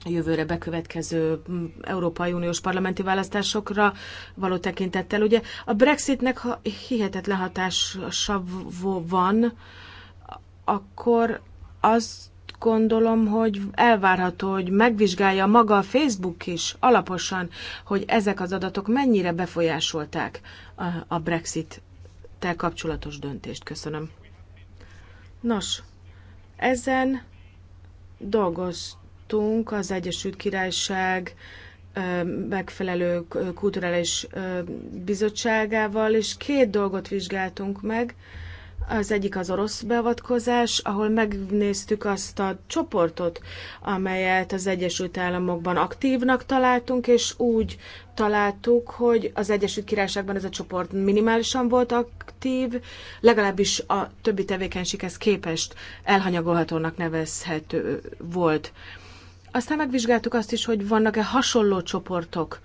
jövőre bekövetkező mm, Európai Uniós parlamenti választásokra való tekintettel. Ugye a Brexitnek ha hihetetlen hatása van, akkor azt gondolom, hogy elvárható, hogy megvizsgálja maga a Facebook is alaposan, hogy ezek az adatok mennyire befolyásolták a Brexit-tel kapcsolatos döntést. Köszönöm. Nos, ezen dolgoztunk kaptunk az Egyesült Királyság megfelelő kulturális bizottságával, és két dolgot vizsgáltunk meg. Az egyik az orosz beavatkozás, ahol megnéztük azt a csoportot, amelyet az Egyesült Államokban aktívnak találtunk, és úgy találtuk, hogy az Egyesült Királyságban ez a csoport minimálisan volt aktív, legalábbis a többi tevékenységhez képest elhanyagolhatónak nevezhető volt. Aztán megvizsgáltuk azt is, hogy vannak-e hasonló csoportok,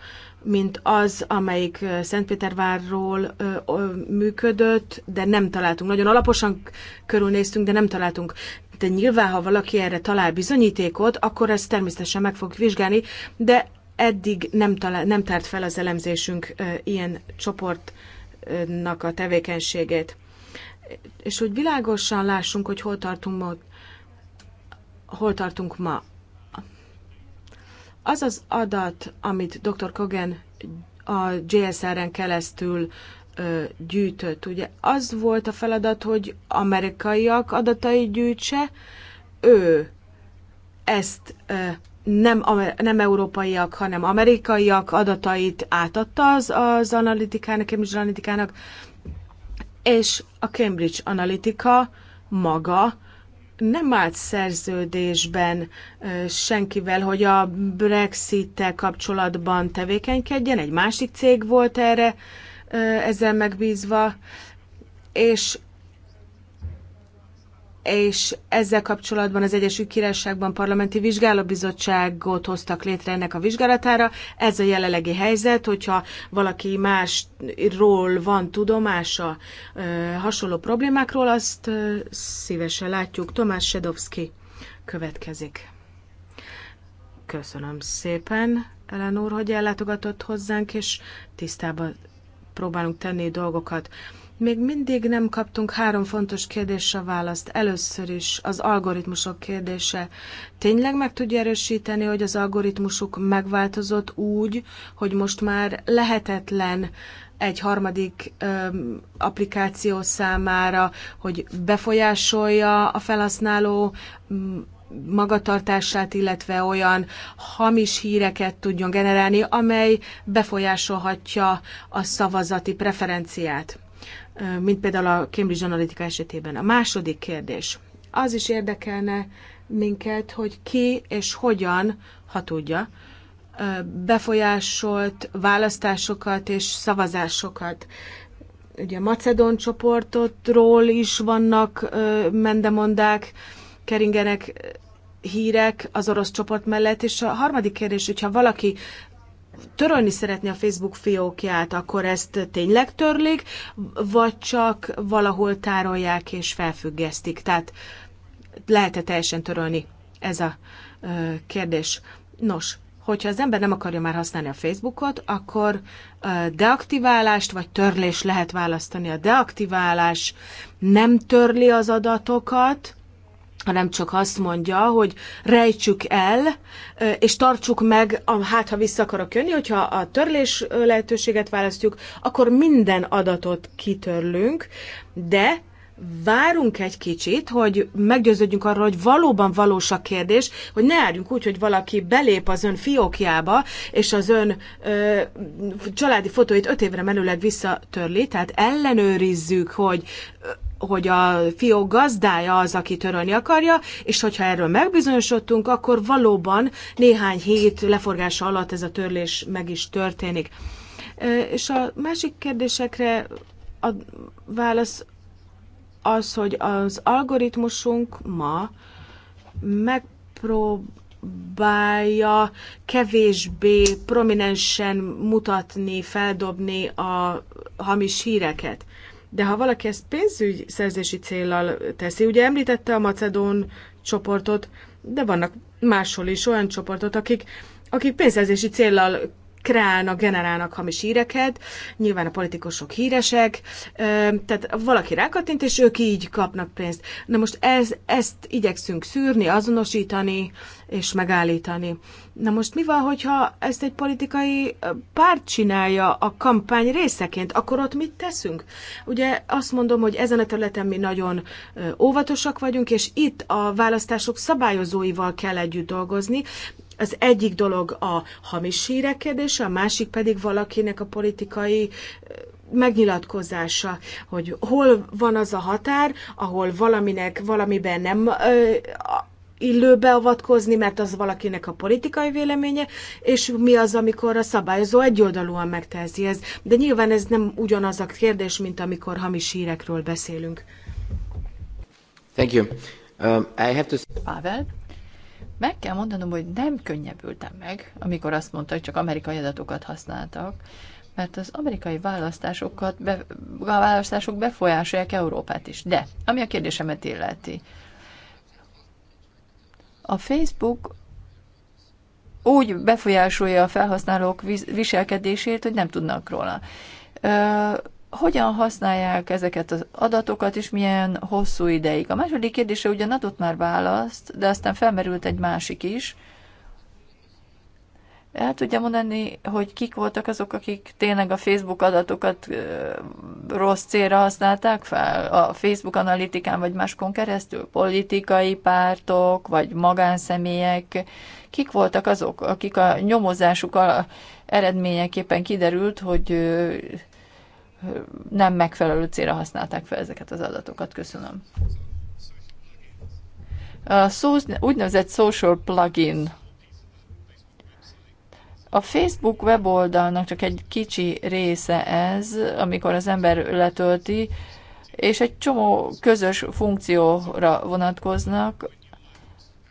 mint az, amelyik Szentpétervárról ö, ö, működött, de nem találtunk. Nagyon alaposan körülnéztünk, de nem találtunk. De nyilván, ha valaki erre talál bizonyítékot, akkor ezt természetesen meg fogjuk vizsgálni, de eddig nem, talál, nem tárt fel az elemzésünk ö, ilyen csoportnak a tevékenységét. És hogy világosan lássunk, hogy hol tartunk ma, hol tartunk ma az az adat, amit dr. Kogen a JSR-en keresztül ö, gyűjtött, ugye az volt a feladat, hogy amerikaiak adatai gyűjtse, ő ezt ö, nem, nem európaiak, hanem amerikaiak adatait átadta az, az analitikának, Cambridge analitikának, és a Cambridge Analytica maga nem állt szerződésben senkivel, hogy a Brexit-tel kapcsolatban tevékenykedjen, egy másik cég volt erre ezzel megbízva, és és ezzel kapcsolatban az Egyesült Királyságban parlamenti vizsgálóbizottságot hoztak létre ennek a vizsgálatára. Ez a jelenlegi helyzet, hogyha valaki másról van tudomása hasonló problémákról, azt szívesen látjuk. Tomás Sedovski következik. Köszönöm szépen, Ellen úr, hogy ellátogatott hozzánk, és tisztában próbálunk tenni dolgokat. Még mindig nem kaptunk három fontos kérdésre választ. Először is az algoritmusok kérdése. Tényleg meg tudja erősíteni, hogy az algoritmusuk megváltozott úgy, hogy most már lehetetlen egy harmadik öm, applikáció számára, hogy befolyásolja a felhasználó magatartását, illetve olyan hamis híreket tudjon generálni, amely befolyásolhatja a szavazati preferenciát mint például a Cambridge Analytica esetében. A második kérdés. Az is érdekelne minket, hogy ki és hogyan, ha tudja, befolyásolt választásokat és szavazásokat. Ugye a Macedon csoportotról is vannak mendemondák, keringenek hírek az orosz csoport mellett, és a harmadik kérdés, hogyha valaki törölni szeretné a Facebook fiókját, akkor ezt tényleg törlik, vagy csak valahol tárolják és felfüggesztik? Tehát lehet-e teljesen törölni ez a ö, kérdés? Nos, hogyha az ember nem akarja már használni a Facebookot, akkor deaktiválást vagy törlés lehet választani. A deaktiválás nem törli az adatokat, hanem csak azt mondja, hogy rejtsük el, és tartsuk meg, hát ha vissza akarok jönni, hogyha a törlés lehetőséget választjuk, akkor minden adatot kitörlünk, de várunk egy kicsit, hogy meggyőződjünk arról, hogy valóban valós a kérdés, hogy ne járjunk úgy, hogy valaki belép az ön fiókjába, és az ön ö, családi fotóit öt évre menőleg visszatörli, tehát ellenőrizzük, hogy hogy a fiók gazdája az, aki törölni akarja, és hogyha erről megbizonyosodtunk, akkor valóban néhány hét leforgása alatt ez a törlés meg is történik. És a másik kérdésekre a válasz az, hogy az algoritmusunk ma megpróbálja kevésbé prominensen mutatni, feldobni a hamis híreket. De ha valaki ezt pénzügy szerzési céllal teszi, ugye említette a Macedón csoportot, de vannak máshol is olyan csoportot, akik, akik pénzszerzési céllal kreálnak, generálnak hamis híreket, nyilván a politikusok híresek, tehát valaki rákattint, és ők így kapnak pénzt. Na most ez, ezt igyekszünk szűrni, azonosítani és megállítani. Na most mi van, hogyha ezt egy politikai párt csinálja a kampány részeként, akkor ott mit teszünk? Ugye azt mondom, hogy ezen a területen mi nagyon óvatosak vagyunk, és itt a választások szabályozóival kell együtt dolgozni, az egyik dolog a hamis hírekedés, a másik pedig valakinek a politikai megnyilatkozása, hogy hol van az a határ, ahol valaminek valamiben nem ö, illő beavatkozni, mert az valakinek a politikai véleménye, és mi az, amikor a szabályozó egyoldalúan megtehezi ez. De nyilván ez nem ugyanaz a kérdés, mint amikor hamis hírekről beszélünk. Thank you. Um, I have to... Pavel? Meg kell mondanom, hogy nem könnyebbültem meg, amikor azt mondta, hogy csak amerikai adatokat használtak, mert az amerikai választásokat, be, a választások befolyásolják Európát is. De, ami a kérdésemet illeti, a Facebook úgy befolyásolja a felhasználók viselkedését, hogy nem tudnak róla hogyan használják ezeket az adatokat, és milyen hosszú ideig. A második kérdése ugyan adott már választ, de aztán felmerült egy másik is. El tudja mondani, hogy kik voltak azok, akik tényleg a Facebook adatokat rossz célra használták fel? A Facebook analitikán vagy máskon keresztül? Politikai pártok, vagy magánszemélyek? Kik voltak azok, akik a nyomozásuk eredményeképpen kiderült, hogy nem megfelelő célra használták fel ezeket az adatokat. Köszönöm. A úgynevezett social plugin. A Facebook weboldalnak csak egy kicsi része ez, amikor az ember letölti, és egy csomó közös funkcióra vonatkoznak,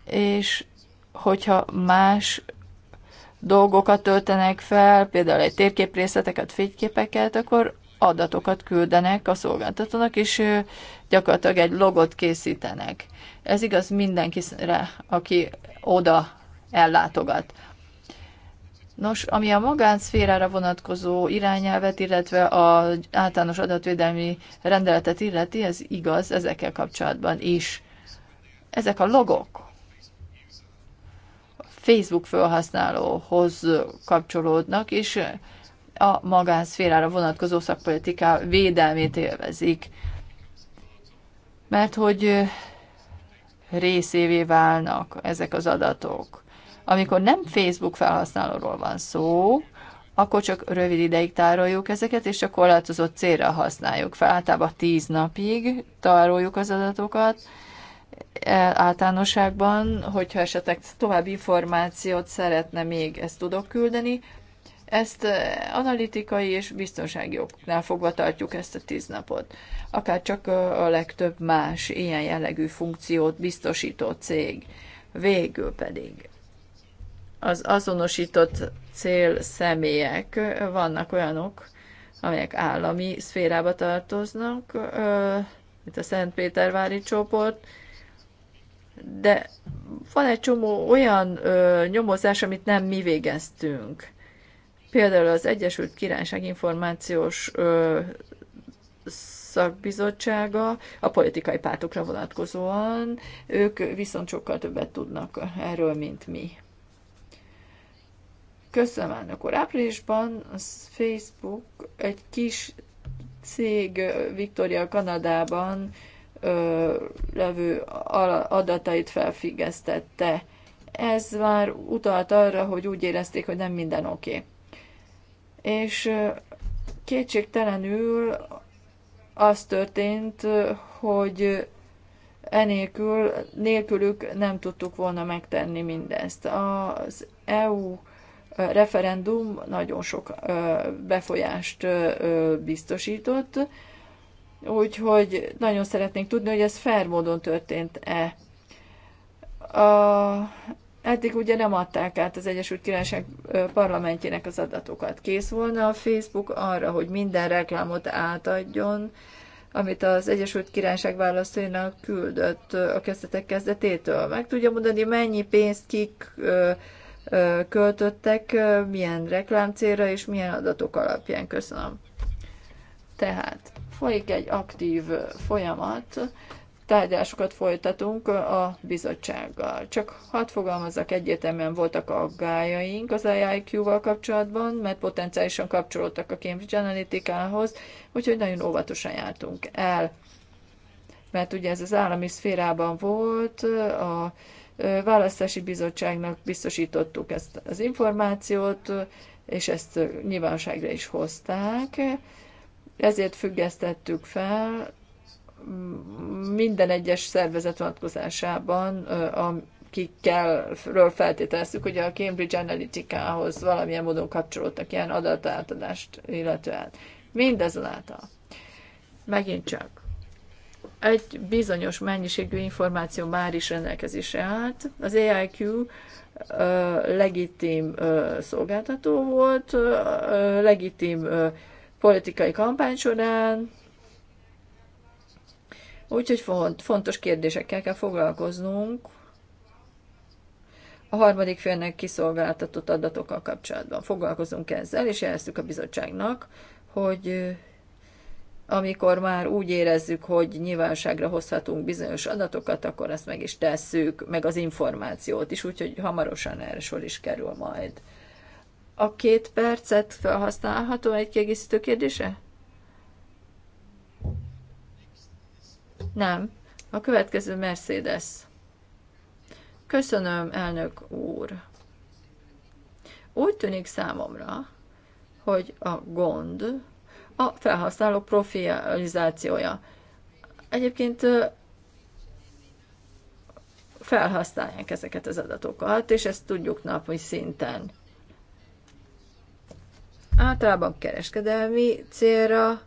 és hogyha más dolgokat töltenek fel, például egy térképrészleteket, fényképeket, akkor adatokat küldenek a szolgáltatónak, és gyakorlatilag egy logot készítenek. Ez igaz mindenkire, aki oda ellátogat. Nos, ami a magánszférára vonatkozó irányelvet, illetve az általános adatvédelmi rendeletet illeti, ez igaz ezekkel kapcsolatban is. Ezek a logok Facebook felhasználóhoz kapcsolódnak, és a magánszférára vonatkozó szakpolitiká védelmét élvezik. Mert hogy részévé válnak ezek az adatok. Amikor nem Facebook felhasználóról van szó, akkor csak rövid ideig tároljuk ezeket, és a korlátozott célra használjuk fel. Általában tíz napig tároljuk az adatokat, e, általánosságban, hogyha esetleg további információt szeretne még, ezt tudok küldeni, ezt analitikai és biztonsági oknál fogva tartjuk ezt a tíz napot. Akár csak a legtöbb más ilyen jellegű funkciót biztosító cég. Végül pedig az azonosított cél személyek vannak olyanok, amelyek állami szférába tartoznak, mint a Szentpétervári csoport, de van egy csomó olyan ö, nyomozás, amit nem mi végeztünk. Például az Egyesült Királyság információs ö, szakbizottsága a politikai pártokra vonatkozóan, ők viszont sokkal többet tudnak erről, mint mi. Köszönöm, elnök úr. Áprilisban a Facebook egy kis cég Victoria Kanadában ö, levő adatait felfüggesztette. Ez már utalt arra, hogy úgy érezték, hogy nem minden oké. Okay és kétségtelenül az történt, hogy enélkül, nélkülük nem tudtuk volna megtenni mindezt. Az EU referendum nagyon sok befolyást biztosított, úgyhogy nagyon szeretnénk tudni, hogy ez fair módon történt-e. A Eddig ugye nem adták át az Egyesült Királyság parlamentjének az adatokat. Kész volna a Facebook arra, hogy minden reklámot átadjon, amit az Egyesült Királyság választóinak küldött a kezdetek kezdetétől. Meg tudja mondani, mennyi pénzt kik költöttek, milyen reklám célra és milyen adatok alapján. Köszönöm. Tehát folyik egy aktív folyamat, tárgyásokat folytatunk a bizottsággal. Csak hadd fogalmazzak egyértelműen voltak aggájaink az AIQ-val kapcsolatban, mert potenciálisan kapcsolódtak a Cambridge Analytica-hoz, úgyhogy nagyon óvatosan jártunk el. Mert ugye ez az állami szférában volt, a választási bizottságnak biztosítottuk ezt az információt, és ezt nyilvánosságra is hozták. Ezért függesztettük fel minden egyes szervezet vonatkozásában, akikkelről feltételeztük, hogy a Cambridge Analytica-hoz valamilyen módon kapcsolódtak ilyen adatátadást illetően. Mindezonáltal. Megint csak. Egy bizonyos mennyiségű információ már is rendelkezésre állt. Az AIQ legitim szolgáltató volt, legitim politikai kampány során, Úgyhogy fontos kérdésekkel kell foglalkoznunk a harmadik félnek kiszolgáltatott adatokkal kapcsolatban. Foglalkozunk ezzel, és jeleztük a bizottságnak, hogy amikor már úgy érezzük, hogy nyilvánosságra hozhatunk bizonyos adatokat, akkor ezt meg is tesszük, meg az információt is, úgyhogy hamarosan erre sor is kerül majd. A két percet felhasználhatom egy kiegészítő kérdése? Nem. A következő Mercedes. Köszönöm, elnök úr. Úgy tűnik számomra, hogy a gond a felhasználók profilizációja. Egyébként felhasználják ezeket az adatokat, és ezt tudjuk napi szinten. Általában kereskedelmi célra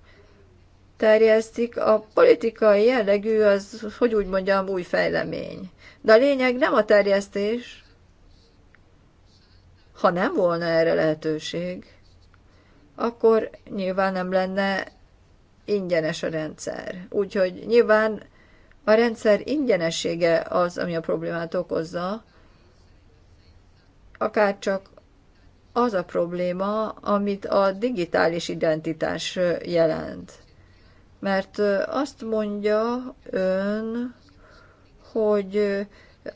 terjesztik, a politikai jellegű az, hogy úgy mondjam, új fejlemény. De a lényeg nem a terjesztés, ha nem volna erre lehetőség, akkor nyilván nem lenne ingyenes a rendszer. Úgyhogy nyilván a rendszer ingyenessége az, ami a problémát okozza, akár csak az a probléma, amit a digitális identitás jelent mert azt mondja ön, hogy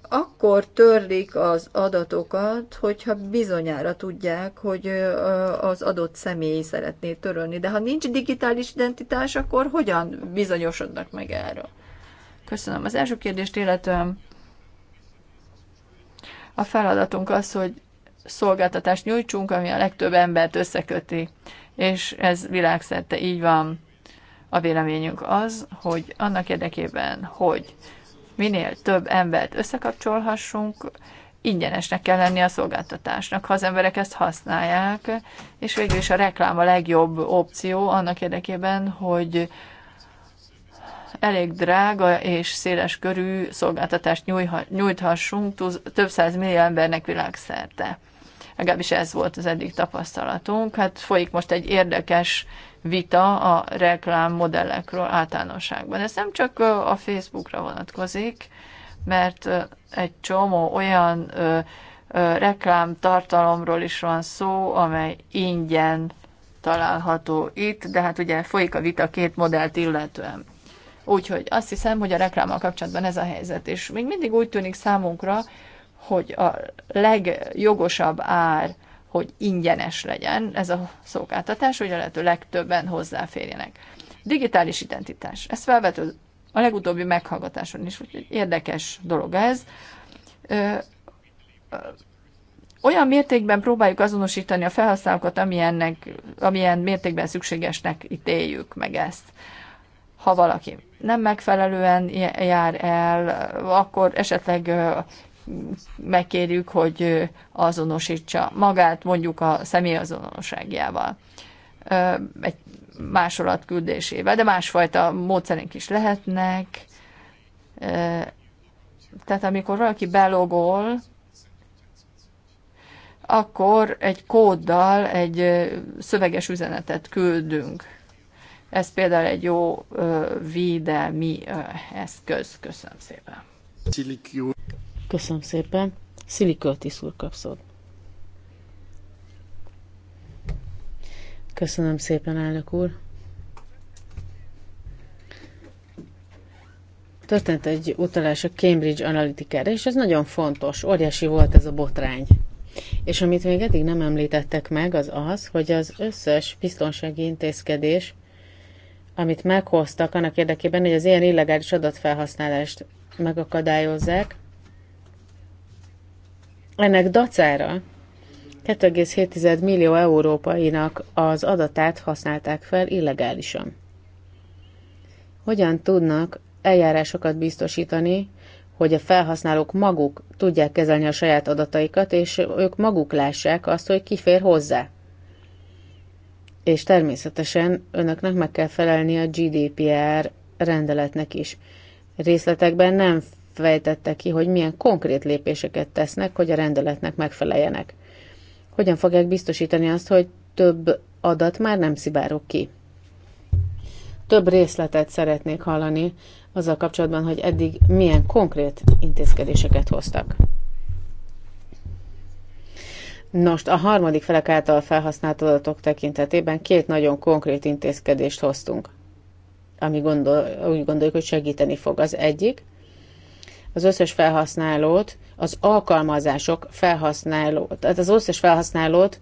akkor törlik az adatokat, hogyha bizonyára tudják, hogy az adott személy szeretné törölni. De ha nincs digitális identitás, akkor hogyan bizonyosodnak meg erről? Köszönöm. Az első kérdést illetően a feladatunk az, hogy szolgáltatást nyújtsunk, ami a legtöbb embert összeköti, és ez világszerte így van. A véleményünk az, hogy annak érdekében, hogy minél több embert összekapcsolhassunk, ingyenesnek kell lenni a szolgáltatásnak, ha az emberek ezt használják, és végül is a reklám a legjobb opció annak érdekében, hogy elég drága és széles körű szolgáltatást nyújthassunk több száz millió embernek világszerte. Legalábbis ez volt az eddig tapasztalatunk. Hát folyik most egy érdekes vita a reklám modellekről általánosságban. Ez nem csak a Facebookra vonatkozik, mert egy csomó olyan ö, ö, reklám tartalomról is van szó, amely ingyen található itt, de hát ugye folyik a vita két modellt illetően. Úgyhogy azt hiszem, hogy a reklámmal kapcsolatban ez a helyzet, és még mindig úgy tűnik számunkra, hogy a legjogosabb ár hogy ingyenes legyen ez a szolgáltatás, hogy a lehető legtöbben hozzáférjenek. Digitális identitás. Ez felvető a legutóbbi meghallgatáson is, úgyhogy érdekes dolog ez. Olyan mértékben próbáljuk azonosítani a felhasználókat, amilyennek, amilyen mértékben szükségesnek ítéljük meg ezt. Ha valaki nem megfelelően jár el, akkor esetleg megkérjük, hogy azonosítsa magát mondjuk a személyazonosságjával egy másolat küldésével, de másfajta módszerünk is lehetnek. Tehát amikor valaki belogol, akkor egy kóddal egy szöveges üzenetet küldünk. Ez például egy jó védelmi eszköz. Köszönöm szépen. Köszönöm szépen. Sziliköltis úr kapszod. Köszönöm szépen, elnök úr. Történt egy utalás a Cambridge analytica és ez nagyon fontos, óriási volt ez a botrány. És amit még eddig nem említettek meg, az az, hogy az összes biztonsági intézkedés, amit meghoztak annak érdekében, hogy az ilyen illegális adatfelhasználást megakadályozzák, ennek dacára 2,7 millió európainak az adatát használták fel illegálisan. Hogyan tudnak eljárásokat biztosítani, hogy a felhasználók maguk tudják kezelni a saját adataikat, és ők maguk lássák azt, hogy ki fér hozzá. És természetesen önöknek meg kell felelni a GDPR rendeletnek is. Részletekben nem fejtette ki, hogy milyen konkrét lépéseket tesznek, hogy a rendeletnek megfeleljenek. Hogyan fogják biztosítani azt, hogy több adat már nem szivárog ki? Több részletet szeretnék hallani azzal kapcsolatban, hogy eddig milyen konkrét intézkedéseket hoztak. Nos, a harmadik felek által felhasznált adatok tekintetében két nagyon konkrét intézkedést hoztunk, ami gondol, úgy gondoljuk, hogy segíteni fog. Az egyik, az összes felhasználót, az alkalmazások felhasználót, tehát az összes felhasználót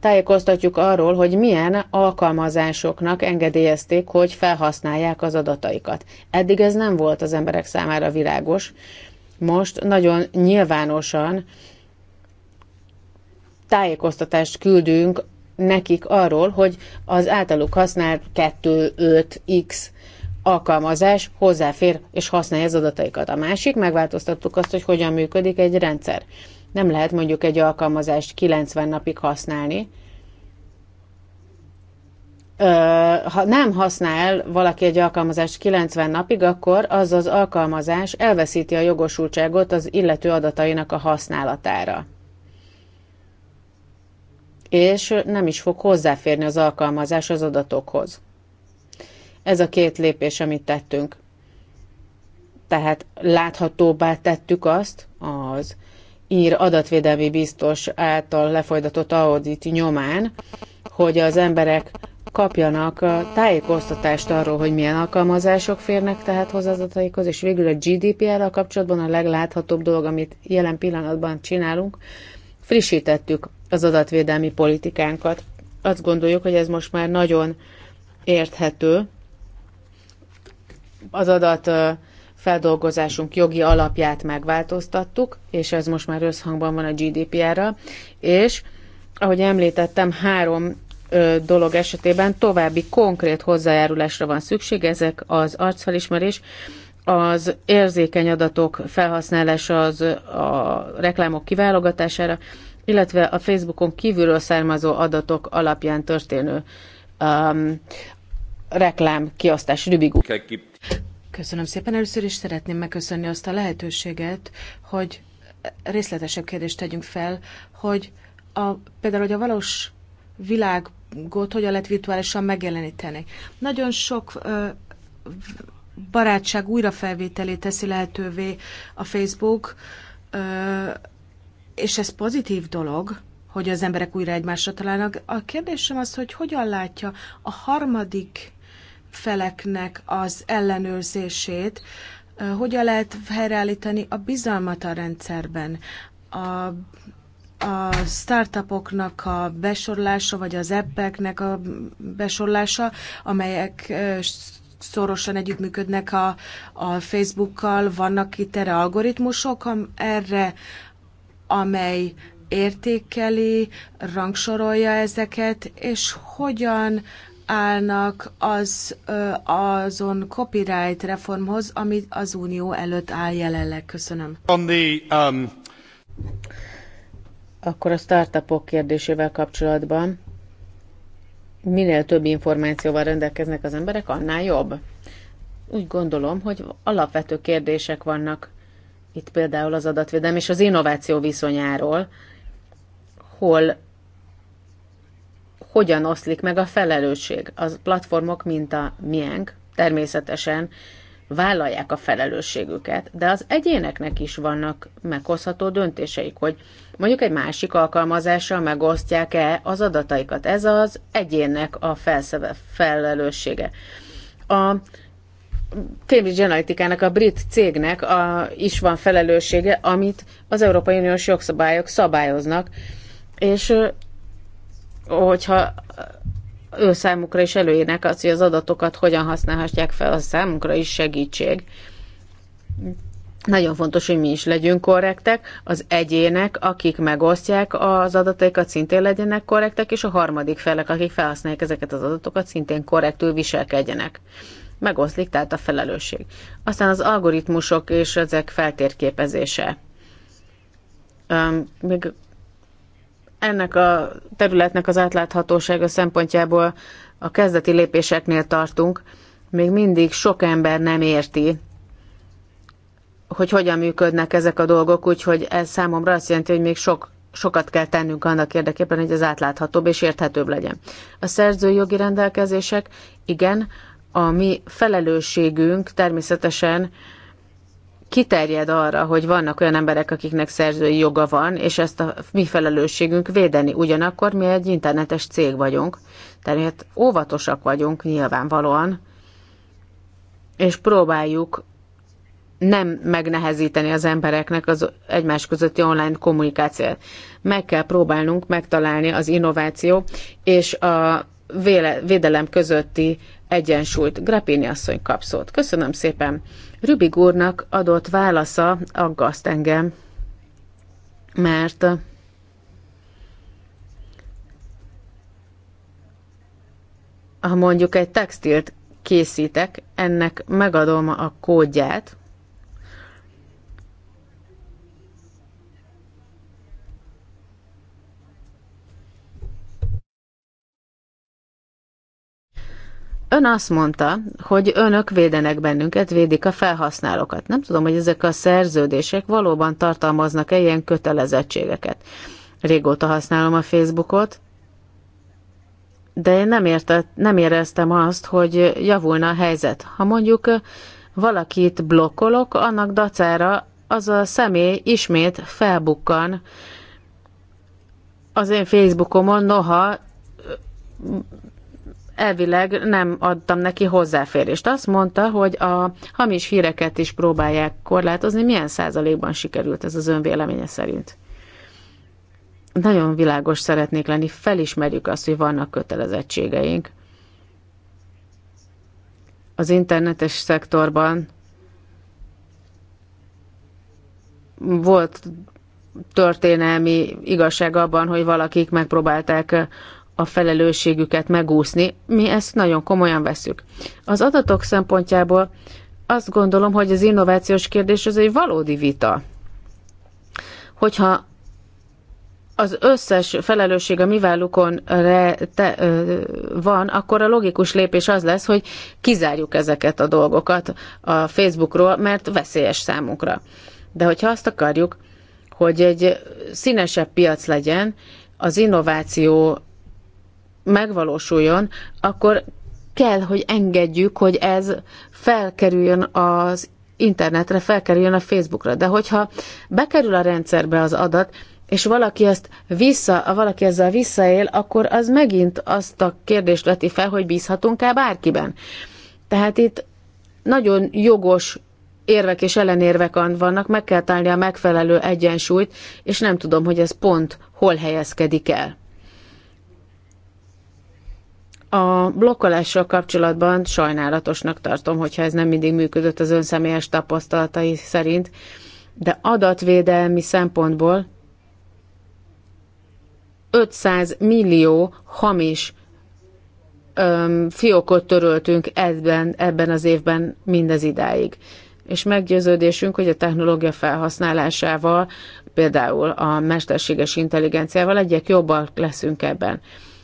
tájékoztatjuk arról, hogy milyen alkalmazásoknak engedélyezték, hogy felhasználják az adataikat. Eddig ez nem volt az emberek számára világos. Most nagyon nyilvánosan tájékoztatást küldünk nekik arról, hogy az általuk használt 2, 5, x alkalmazás hozzáfér és használja az adataikat. A másik, megváltoztattuk azt, hogy hogyan működik egy rendszer. Nem lehet mondjuk egy alkalmazást 90 napig használni. Ha nem használ valaki egy alkalmazást 90 napig, akkor az az alkalmazás elveszíti a jogosultságot az illető adatainak a használatára és nem is fog hozzáférni az alkalmazás az adatokhoz. Ez a két lépés, amit tettünk. Tehát láthatóbbá tettük azt, az ír adatvédelmi biztos által lefolytatott audit nyomán, hogy az emberek kapjanak uh, tájékoztatást arról, hogy milyen alkalmazások férnek tehát hozzáadataikhoz, és végül a GDPR-rel kapcsolatban a legláthatóbb dolog, amit jelen pillanatban csinálunk, frissítettük az adatvédelmi politikánkat. Azt gondoljuk, hogy ez most már nagyon érthető, az adat feldolgozásunk jogi alapját megváltoztattuk, és ez most már összhangban van a GDPR-ra, és ahogy említettem, három dolog esetében további konkrét hozzájárulásra van szükség, ezek az arcfelismerés, az érzékeny adatok felhasználása az a reklámok kiválogatására, illetve a Facebookon kívülről származó adatok alapján történő um, reklám kiosztás. Rübig Köszönöm szépen. Először is szeretném megköszönni azt a lehetőséget, hogy részletesebb kérdést tegyünk fel, hogy a, például, hogy a valós világot hogyan lehet virtuálisan megjeleníteni. Nagyon sok ö, barátság újrafelvételét teszi lehetővé a Facebook, ö, és ez pozitív dolog, hogy az emberek újra egymásra találnak. A kérdésem az, hogy hogyan látja a harmadik feleknek az ellenőrzését, hogyan lehet helyreállítani a bizalmat a rendszerben, a, a startupoknak a besorlása, vagy az appeknek a besorlása, amelyek szorosan együttműködnek a, a Facebookkal, vannak itt erre algoritmusok, erre, amely értékeli, rangsorolja ezeket, és hogyan állnak az azon copyright reformhoz, amit az Unió előtt áll jelenleg. Köszönöm. On the, um... Akkor a startupok kérdésével kapcsolatban minél több információval rendelkeznek az emberek, annál jobb. Úgy gondolom, hogy alapvető kérdések vannak itt például az adatvédelem és az innováció viszonyáról, hol hogyan oszlik meg a felelősség. Az platformok, mint a miénk, természetesen vállalják a felelősségüket, de az egyéneknek is vannak meghozható döntéseik, hogy mondjuk egy másik alkalmazással megosztják-e az adataikat. Ez az egyének a felszeve, felelőssége. A Cambridge Analytica-nak, a brit cégnek a, is van felelőssége, amit az Európai Uniós jogszabályok szabályoznak, és hogyha ő számukra is előírnek azt, hogy az adatokat hogyan használhatják fel, az számukra is segítség. Nagyon fontos, hogy mi is legyünk korrektek, az egyének, akik megosztják az adataikat, szintén legyenek korrektek, és a harmadik felek, akik felhasználják ezeket az adatokat, szintén korrektül viselkedjenek. Megoszlik tehát a felelősség. Aztán az algoritmusok és ezek feltérképezése. Um, még ennek a területnek az átláthatósága szempontjából a kezdeti lépéseknél tartunk. Még mindig sok ember nem érti, hogy hogyan működnek ezek a dolgok, úgyhogy ez számomra azt jelenti, hogy még sok, sokat kell tennünk annak érdekében, hogy az átláthatóbb és érthetőbb legyen. A szerzői jogi rendelkezések, igen, a mi felelősségünk természetesen kiterjed arra, hogy vannak olyan emberek, akiknek szerzői joga van, és ezt a mi felelősségünk védeni. Ugyanakkor mi egy internetes cég vagyunk, tehát óvatosak vagyunk nyilvánvalóan, és próbáljuk nem megnehezíteni az embereknek az egymás közötti online kommunikációt. Meg kell próbálnunk megtalálni az innováció és a véle, védelem közötti egyensúlyt. Grapini asszony kapszót. Köszönöm szépen. Rübig úrnak adott válasza aggaszt engem, mert ha mondjuk egy textilt készítek, ennek megadom a kódját, Ön azt mondta, hogy önök védenek bennünket, védik a felhasználókat. Nem tudom, hogy ezek a szerződések valóban tartalmaznak-e ilyen kötelezettségeket. Régóta használom a Facebookot, de én nem, értett, nem éreztem azt, hogy javulna a helyzet. Ha mondjuk valakit blokkolok, annak dacára az a személy ismét felbukkan az én Facebookomon, noha elvileg nem adtam neki hozzáférést. Azt mondta, hogy a hamis híreket is próbálják korlátozni. Milyen százalékban sikerült ez az Ön véleménye szerint? Nagyon világos szeretnék lenni, felismerjük azt, hogy vannak kötelezettségeink. Az internetes szektorban volt történelmi igazság abban, hogy valakik megpróbálták a felelősségüket megúszni, mi ezt nagyon komolyan veszük. Az adatok szempontjából azt gondolom, hogy az innovációs kérdés az egy valódi vita. Hogyha az összes felelősség a mi vállukon van, akkor a logikus lépés az lesz, hogy kizárjuk ezeket a dolgokat a Facebookról, mert veszélyes számunkra. De hogyha azt akarjuk, hogy egy színesebb piac legyen, az innováció megvalósuljon, akkor kell, hogy engedjük, hogy ez felkerüljön az internetre, felkerüljön a Facebookra. De hogyha bekerül a rendszerbe az adat, és valaki, ezt vissza, valaki ezzel visszaél, akkor az megint azt a kérdést veti fel, hogy bízhatunk-e bárkiben. Tehát itt nagyon jogos érvek és ellenérvek vannak, meg kell találni a megfelelő egyensúlyt, és nem tudom, hogy ez pont hol helyezkedik el. A blokkolással kapcsolatban sajnálatosnak tartom, hogyha ez nem mindig működött az ön személyes tapasztalatai szerint, de adatvédelmi szempontból 500 millió hamis öm, fiókot töröltünk ebben, ebben az évben mindez idáig. És meggyőződésünk, hogy a technológia felhasználásával, például a mesterséges intelligenciával egyek jobbak leszünk ebben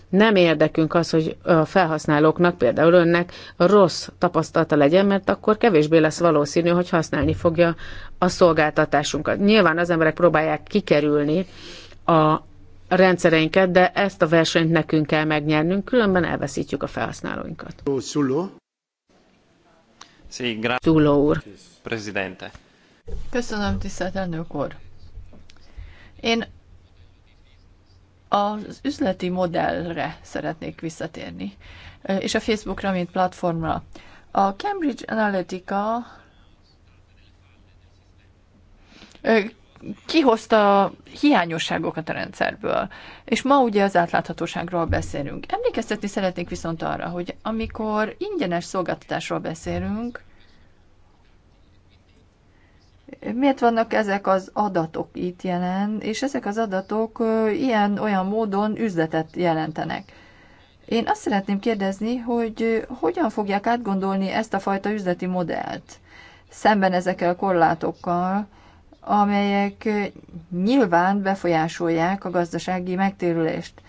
nem érdekünk az, hogy a felhasználóknak, például önnek rossz tapasztalata legyen, mert akkor kevésbé lesz valószínű, hogy használni fogja a szolgáltatásunkat. Nyilván az emberek próbálják kikerülni a rendszereinket, de ezt a versenyt nekünk kell megnyernünk, különben elveszítjük a felhasználóinkat. Szuló. Sí, Szuló úr. Presidente. Köszönöm, tisztelt elnök úr. Én az üzleti modellre szeretnék visszatérni, és a Facebookra, mint platformra. A Cambridge Analytica kihozta hiányosságokat a rendszerből. És ma ugye az átláthatóságról beszélünk. Emlékeztetni szeretnék viszont arra, hogy amikor ingyenes szolgáltatásról beszélünk, Miért vannak ezek az adatok itt jelen, és ezek az adatok ilyen-olyan módon üzletet jelentenek? Én azt szeretném kérdezni, hogy hogyan fogják átgondolni ezt a fajta üzleti modellt szemben ezekkel a korlátokkal, amelyek nyilván befolyásolják a gazdasági megtérülést.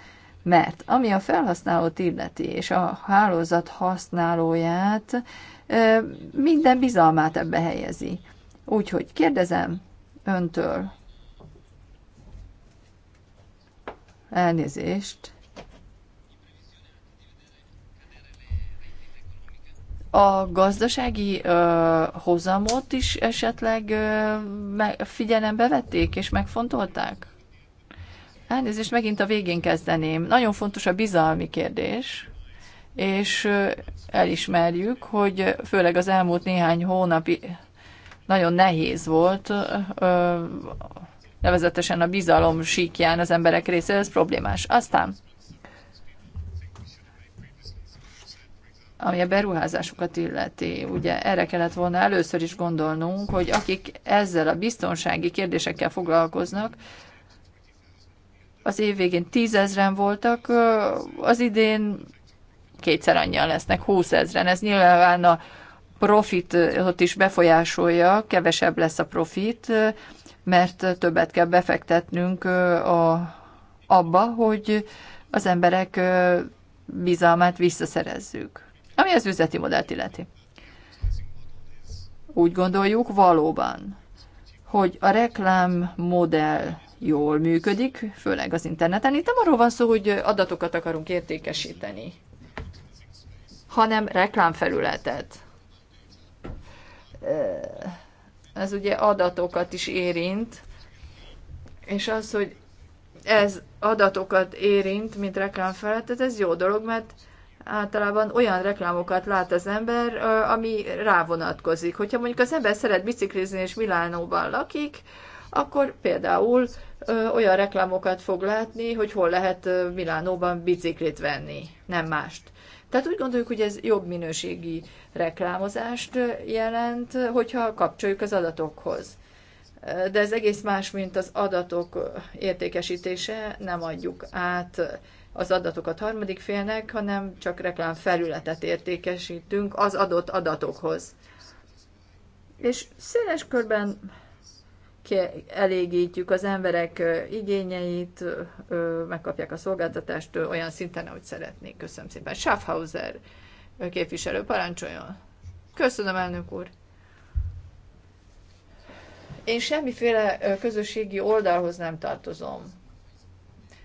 Mert ami a felhasználót illeti, és a hálózat használóját, minden bizalmát ebbe helyezi. Úgyhogy kérdezem öntől elnézést. A gazdasági ö, hozamot is esetleg ö, me, figyelembe vették és megfontolták? Elnézést, megint a végén kezdeném. Nagyon fontos a bizalmi kérdés, és ö, elismerjük, hogy főleg az elmúlt néhány hónapi nagyon nehéz volt, nevezetesen a bizalom síkján az emberek részéről, ez problémás. Aztán, ami a beruházásokat illeti, ugye erre kellett volna először is gondolnunk, hogy akik ezzel a biztonsági kérdésekkel foglalkoznak, az év végén tízezren voltak, az idén kétszer annyian lesznek, húszezren. Ez nyilván a profitot is befolyásolja, kevesebb lesz a profit, mert többet kell befektetnünk a, abba, hogy az emberek bizalmát visszaszerezzük, ami az üzleti modellt illeti. Úgy gondoljuk valóban, hogy a reklám modell jól működik, főleg az interneten. Itt nem arról van szó, hogy adatokat akarunk értékesíteni, hanem reklámfelületet ez ugye adatokat is érint, és az, hogy ez adatokat érint, mint reklámfelületet, ez jó dolog, mert általában olyan reklámokat lát az ember, ami rávonatkozik. Hogyha mondjuk az ember szeret biciklizni és Milánóban lakik, akkor például olyan reklámokat fog látni, hogy hol lehet Milánóban biciklit venni, nem mást. Tehát úgy gondoljuk, hogy ez jobb minőségi reklámozást jelent, hogyha kapcsoljuk az adatokhoz. De ez egész más, mint az adatok értékesítése, nem adjuk át az adatokat harmadik félnek, hanem csak reklámfelületet értékesítünk az adott adatokhoz. És széles körben elégítjük az emberek igényeit, megkapják a szolgáltatást olyan szinten, ahogy szeretnék. Köszönöm szépen. Schaffhauser képviselő, parancsoljon. Köszönöm, elnök úr. Én semmiféle közösségi oldalhoz nem tartozom.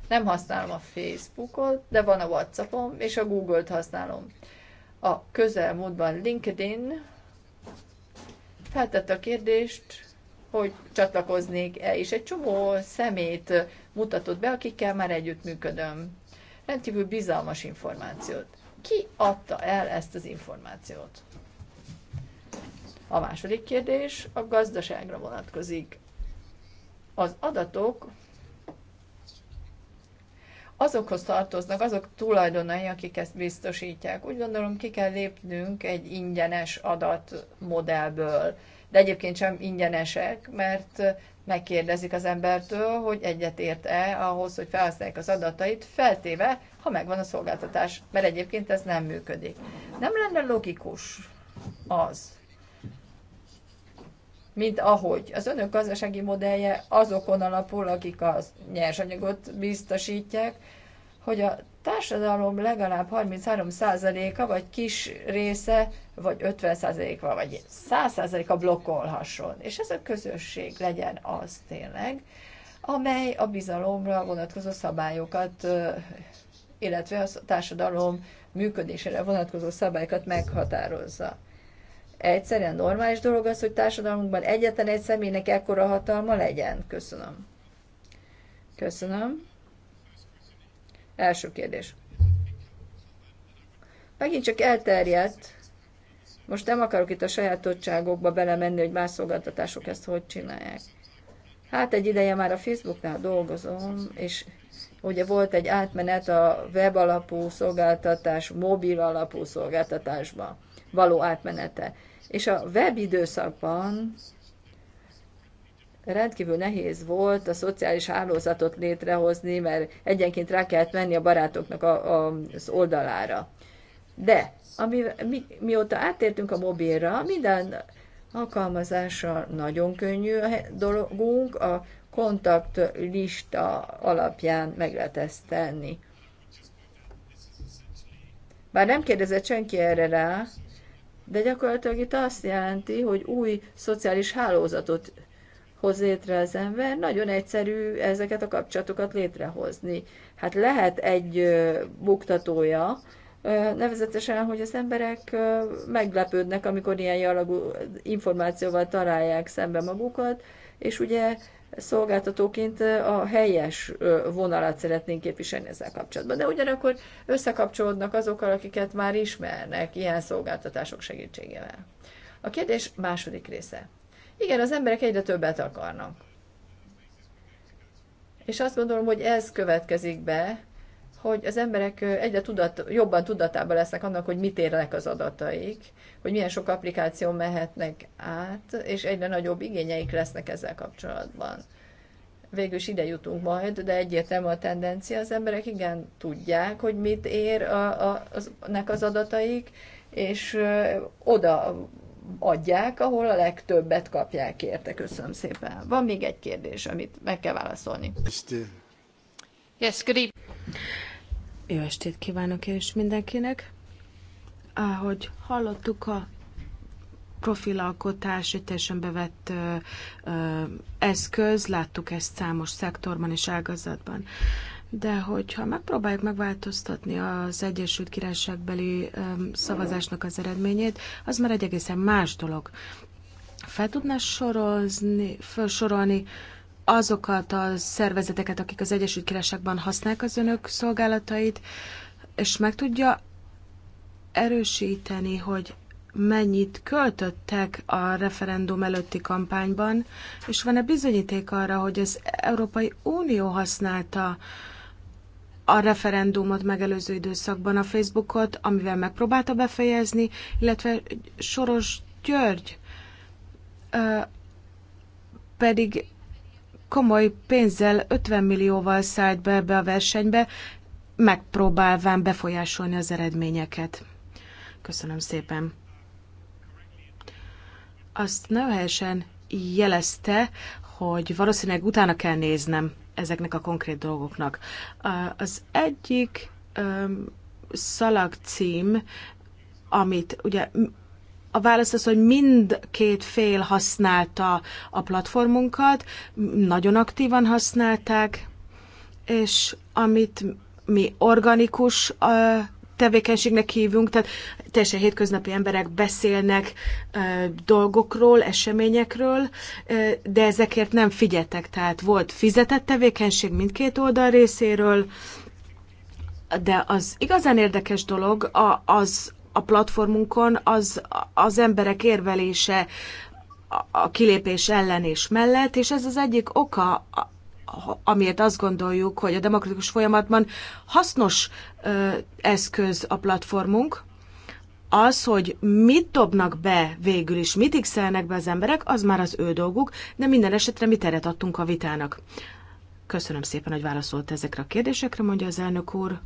Nem használom a Facebookot, de van a Whatsappom, és a Google-t használom. A közelmúltban LinkedIn feltette a kérdést, hogy csatlakoznék-e, és egy csomó szemét mutatott be, akikkel már együttműködöm. Rendkívül bizalmas információt. Ki adta el ezt az információt? A második kérdés a gazdaságra vonatkozik. Az adatok azokhoz tartoznak, azok tulajdonai, akik ezt biztosítják. Úgy gondolom, ki kell lépnünk egy ingyenes adatmodellből de egyébként sem ingyenesek, mert megkérdezik az embertől, hogy egyetért-e ahhoz, hogy felhasználják az adatait, feltéve, ha megvan a szolgáltatás, mert egyébként ez nem működik. Nem lenne logikus az, mint ahogy az önök gazdasági modellje azokon alapul, akik az nyersanyagot biztosítják, hogy a társadalom legalább 33%-a, vagy kis része, vagy 50%-a, vagy 100%-a blokkolhasson. És ez a közösség legyen az tényleg, amely a bizalomra vonatkozó szabályokat, illetve a társadalom működésére vonatkozó szabályokat meghatározza. Egyszerűen normális dolog az, hogy társadalmunkban egyetlen egy személynek ekkora hatalma legyen. Köszönöm. Köszönöm. Első kérdés. Megint csak elterjedt. Most nem akarok itt a sajátottságokba belemenni, hogy más szolgáltatások ezt hogy csinálják. Hát egy ideje már a Facebooknál dolgozom, és ugye volt egy átmenet a web alapú szolgáltatás, mobil alapú szolgáltatásba való átmenete. És a web időszakban rendkívül nehéz volt a szociális hálózatot létrehozni, mert egyenként rá kellett menni a barátoknak a, a, az oldalára. De ami, mi, mióta áttértünk a mobilra, minden alkalmazása nagyon könnyű a dolgunk, a kontakt lista alapján meg lehet ezt tenni. Bár nem kérdezett senki erre rá, de gyakorlatilag itt azt jelenti, hogy új szociális hálózatot hoz létre az ember, nagyon egyszerű ezeket a kapcsolatokat létrehozni. Hát lehet egy buktatója, nevezetesen, hogy az emberek meglepődnek, amikor ilyen jellegű információval találják szembe magukat, és ugye szolgáltatóként a helyes vonalat szeretnénk képviselni ezzel kapcsolatban. De ugyanakkor összekapcsolódnak azokkal, akiket már ismernek ilyen szolgáltatások segítségével. A kérdés második része. Igen, az emberek egyre többet akarnak. És azt gondolom, hogy ez következik be, hogy az emberek egyre tudat, jobban tudatában lesznek annak, hogy mit érnek az adataik, hogy milyen sok applikáció mehetnek át, és egyre nagyobb igényeik lesznek ezzel kapcsolatban. Végül is ide jutunk majd, de egyértelmű a tendencia, az emberek igen tudják, hogy mit ér a, a, az, nek az adataik, és ö, oda adják, ahol a legtöbbet kapják érte. Köszönöm szépen. Van még egy kérdés, amit meg kell válaszolni. Yes, good Jó estét kívánok és mindenkinek. Ahogy hallottuk, a profilalkotás egy teljesen bevett ö, ö, eszköz, láttuk ezt számos szektorban és ágazatban. Ö, de hogyha megpróbáljuk megváltoztatni az Egyesült Királyságbeli szavazásnak az eredményét, az már egy egészen más dolog. Fel tudná sorozni, felsorolni azokat a szervezeteket, akik az Egyesült Királyságban használják az önök szolgálatait, és meg tudja erősíteni, hogy mennyit költöttek a referendum előtti kampányban, és van-e bizonyíték arra, hogy az Európai Unió használta a referendumot megelőző időszakban a Facebookot, amivel megpróbálta befejezni, illetve Soros György ö, pedig komoly pénzzel, 50 millióval szállt be ebbe a versenybe, megpróbálván befolyásolni az eredményeket. Köszönöm szépen. Azt nagyon helyesen jelezte, hogy valószínűleg utána kell néznem ezeknek a konkrét dolgoknak. Az egyik szalagcím, amit ugye a válasz az, hogy mind két fél használta a platformunkat, nagyon aktívan használták, és amit mi organikus tevékenységnek hívunk, tehát teljesen hétköznapi emberek beszélnek ö, dolgokról, eseményekről, ö, de ezekért nem figyeltek. Tehát volt fizetett tevékenység mindkét oldal részéről, de az igazán érdekes dolog a, az a platformunkon az, az emberek érvelése a kilépés ellen és mellett, és ez az egyik oka amiért azt gondoljuk, hogy a demokratikus folyamatban hasznos eszköz a platformunk, az, hogy mit dobnak be végül is, mit x be az emberek, az már az ő dolguk, de minden esetre mi teret adtunk a vitának. Köszönöm szépen, hogy válaszolt ezekre a kérdésekre, mondja az elnök úr.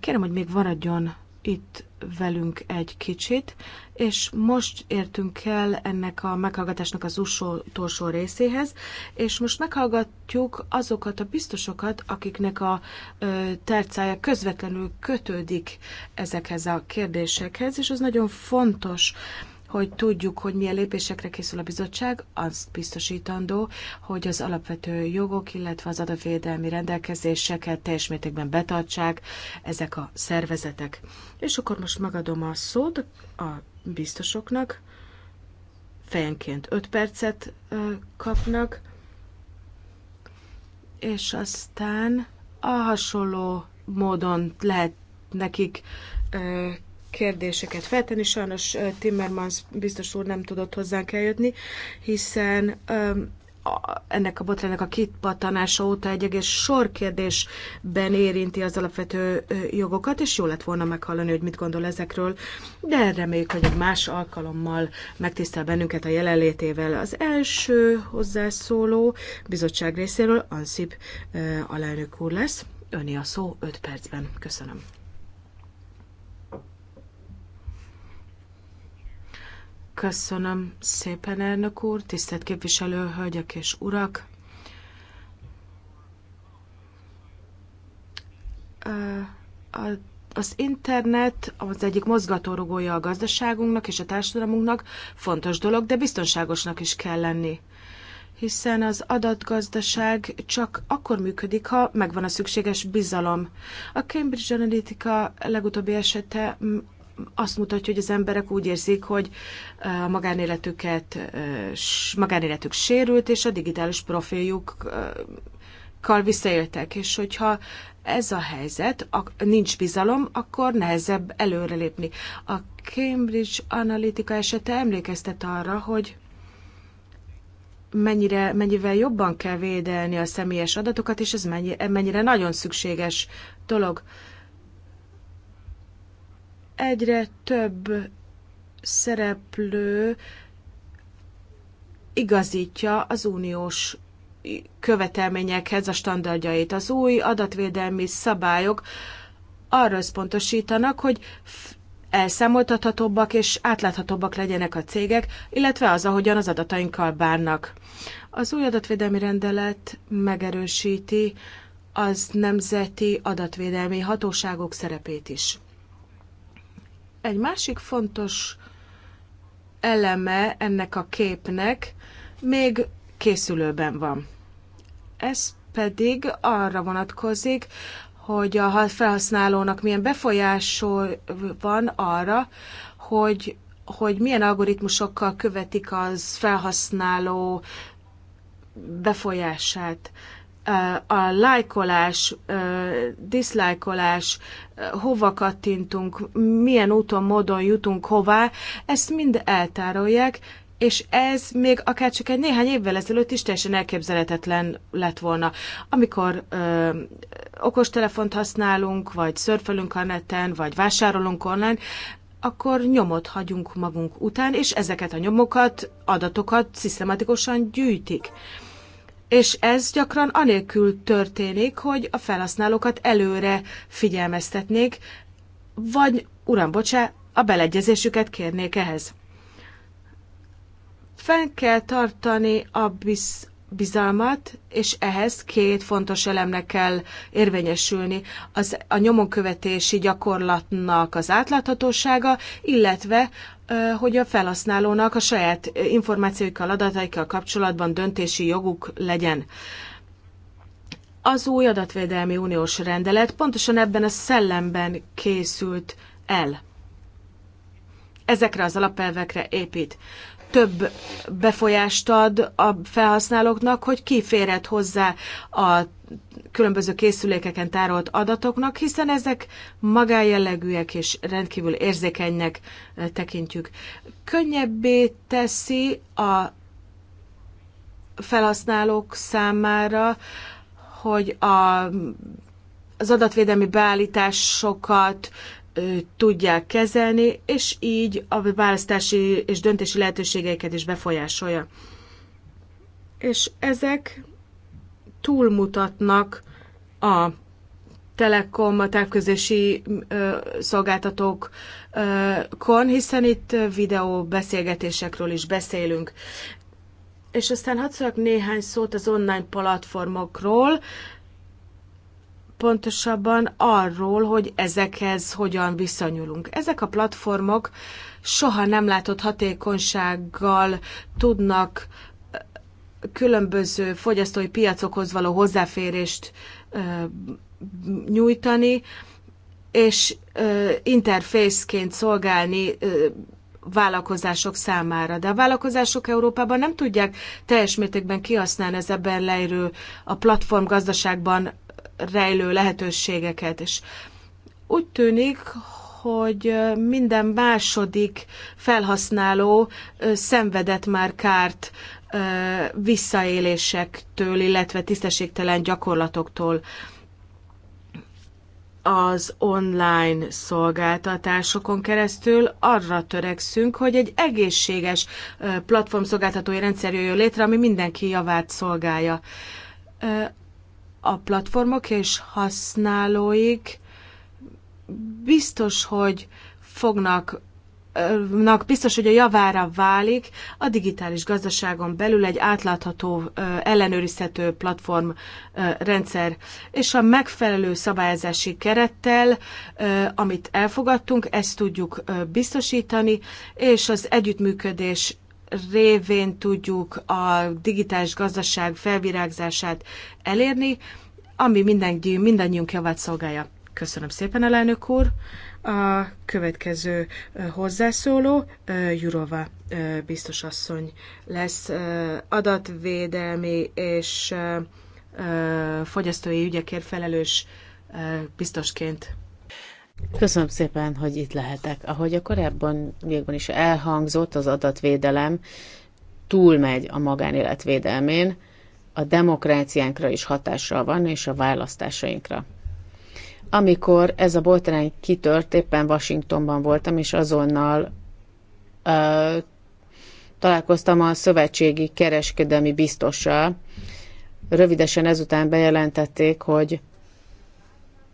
Kérem, hogy még maradjon itt velünk egy kicsit, és most értünk el ennek a meghallgatásnak az utolsó részéhez, és most meghallgatjuk azokat a biztosokat, akiknek a ö, tercája közvetlenül kötődik ezekhez a kérdésekhez, és az nagyon fontos, hogy tudjuk, hogy milyen lépésekre készül a bizottság, azt biztosítandó, hogy az alapvető jogok, illetve az adatvédelmi rendelkezéseket teljes mértékben betartsák ezek a szervezetek. És akkor most megadom a szót a biztosoknak, fejenként 5 percet kapnak, és aztán a hasonló módon lehet nekik kérdéseket feltenni. Sajnos Timmermans biztos úr nem tudott hozzánk eljönni, hiszen ennek a botránynak a kipattanása óta egy egész sor kérdésben érinti az alapvető jogokat, és jó lett volna meghallani, hogy mit gondol ezekről, de reméljük, hogy egy más alkalommal megtisztel bennünket a jelenlétével. Az első hozzászóló bizottság részéről Ansip alelnök úr lesz. Öni a szó 5 percben. Köszönöm. Köszönöm szépen, elnök úr, tisztelt képviselő, hölgyek és urak! Az internet az egyik mozgatórugója a gazdaságunknak és a társadalmunknak, fontos dolog, de biztonságosnak is kell lenni hiszen az adatgazdaság csak akkor működik, ha megvan a szükséges bizalom. A Cambridge Analytica legutóbbi esete azt mutatja, hogy az emberek úgy érzik, hogy a magánéletüket, magánéletük sérült, és a digitális profiljukkal visszaéltek. És hogyha ez a helyzet, a, nincs bizalom, akkor nehezebb előrelépni. A Cambridge Analytica esete emlékeztet arra, hogy mennyire, mennyivel jobban kell védelni a személyes adatokat, és ez mennyi, mennyire nagyon szükséges dolog. Uh, egyre több szereplő igazítja az uniós követelményekhez a standardjait. Az új adatvédelmi szabályok arra összpontosítanak, hogy elszámoltathatóbbak és átláthatóbbak legyenek a cégek, illetve az, ahogyan az adatainkkal bánnak. Az új adatvédelmi rendelet megerősíti az nemzeti adatvédelmi hatóságok szerepét is. Egy másik fontos eleme ennek a képnek még készülőben van. Ez pedig arra vonatkozik, hogy a felhasználónak milyen befolyásol van arra, hogy, hogy milyen algoritmusokkal követik az felhasználó befolyását a lájkolás, diszlájkolás, hova kattintunk, milyen úton, módon jutunk hová, ezt mind eltárolják, és ez még akár csak egy néhány évvel ezelőtt is teljesen elképzelhetetlen lett volna. Amikor ö, okostelefont használunk, vagy szörfelünk a neten, vagy vásárolunk online, akkor nyomot hagyunk magunk után, és ezeket a nyomokat, adatokat szisztematikusan gyűjtik. És ez gyakran anélkül történik, hogy a felhasználókat előre figyelmeztetnék, vagy, uram, bocsá, a beleegyezésüket kérnék ehhez. Fenn kell tartani a biz, bizalmat, és ehhez két fontos elemnek kell érvényesülni. Az, a nyomonkövetési gyakorlatnak az átláthatósága, illetve hogy a felhasználónak a saját információikkal, adataikkal kapcsolatban döntési joguk legyen. Az új adatvédelmi uniós rendelet pontosan ebben a szellemben készült el. Ezekre az alapelvekre épít több befolyást ad a felhasználóknak, hogy ki férhet hozzá a különböző készülékeken tárolt adatoknak, hiszen ezek magájellegűek és rendkívül érzékenynek tekintjük. Könnyebbé teszi a felhasználók számára, hogy a, az adatvédelmi beállításokat tudják kezelni, és így a választási és döntési lehetőségeiket is befolyásolja. És ezek túlmutatnak a telekom, a távközési ö, szolgáltatókon, hiszen itt videó beszélgetésekről is beszélünk. És aztán hadd néhány szót az online platformokról, pontosabban arról, hogy ezekhez hogyan viszonyulunk. Ezek a platformok soha nem látott hatékonysággal tudnak különböző fogyasztói piacokhoz való hozzáférést nyújtani, és interfészként szolgálni vállalkozások számára. De a vállalkozások Európában nem tudják teljes mértékben kihasználni az ebben leírő a platform gazdaságban rejlő lehetőségeket. És úgy tűnik, hogy minden második felhasználó szenvedett már kárt visszaélésektől, illetve tisztességtelen gyakorlatoktól az online szolgáltatásokon keresztül arra törekszünk, hogy egy egészséges platformszolgáltatói rendszer jöjjön létre, ami mindenki javát szolgálja a platformok és használóik biztos, hogy fognak biztos, hogy a javára válik a digitális gazdaságon belül egy átlátható, ellenőrizhető platform rendszer, és a megfelelő szabályozási kerettel, amit elfogadtunk, ezt tudjuk biztosítani, és az együttműködés révén tudjuk a digitális gazdaság felvirágzását elérni, ami mindenki, mindannyiunk javát szolgálja. Köszönöm szépen, elnök úr. A következő hozzászóló Jurova biztosasszony lesz adatvédelmi és fogyasztói ügyekért felelős biztosként. Köszönöm szépen, hogy itt lehetek. Ahogy a korábban végben is elhangzott, az adatvédelem túlmegy a magánélet védelmén, a demokráciánkra is hatással van, és a választásainkra. Amikor ez a botrány kitört, éppen Washingtonban voltam, és azonnal ö, találkoztam a szövetségi kereskedelmi biztossal. Rövidesen ezután bejelentették, hogy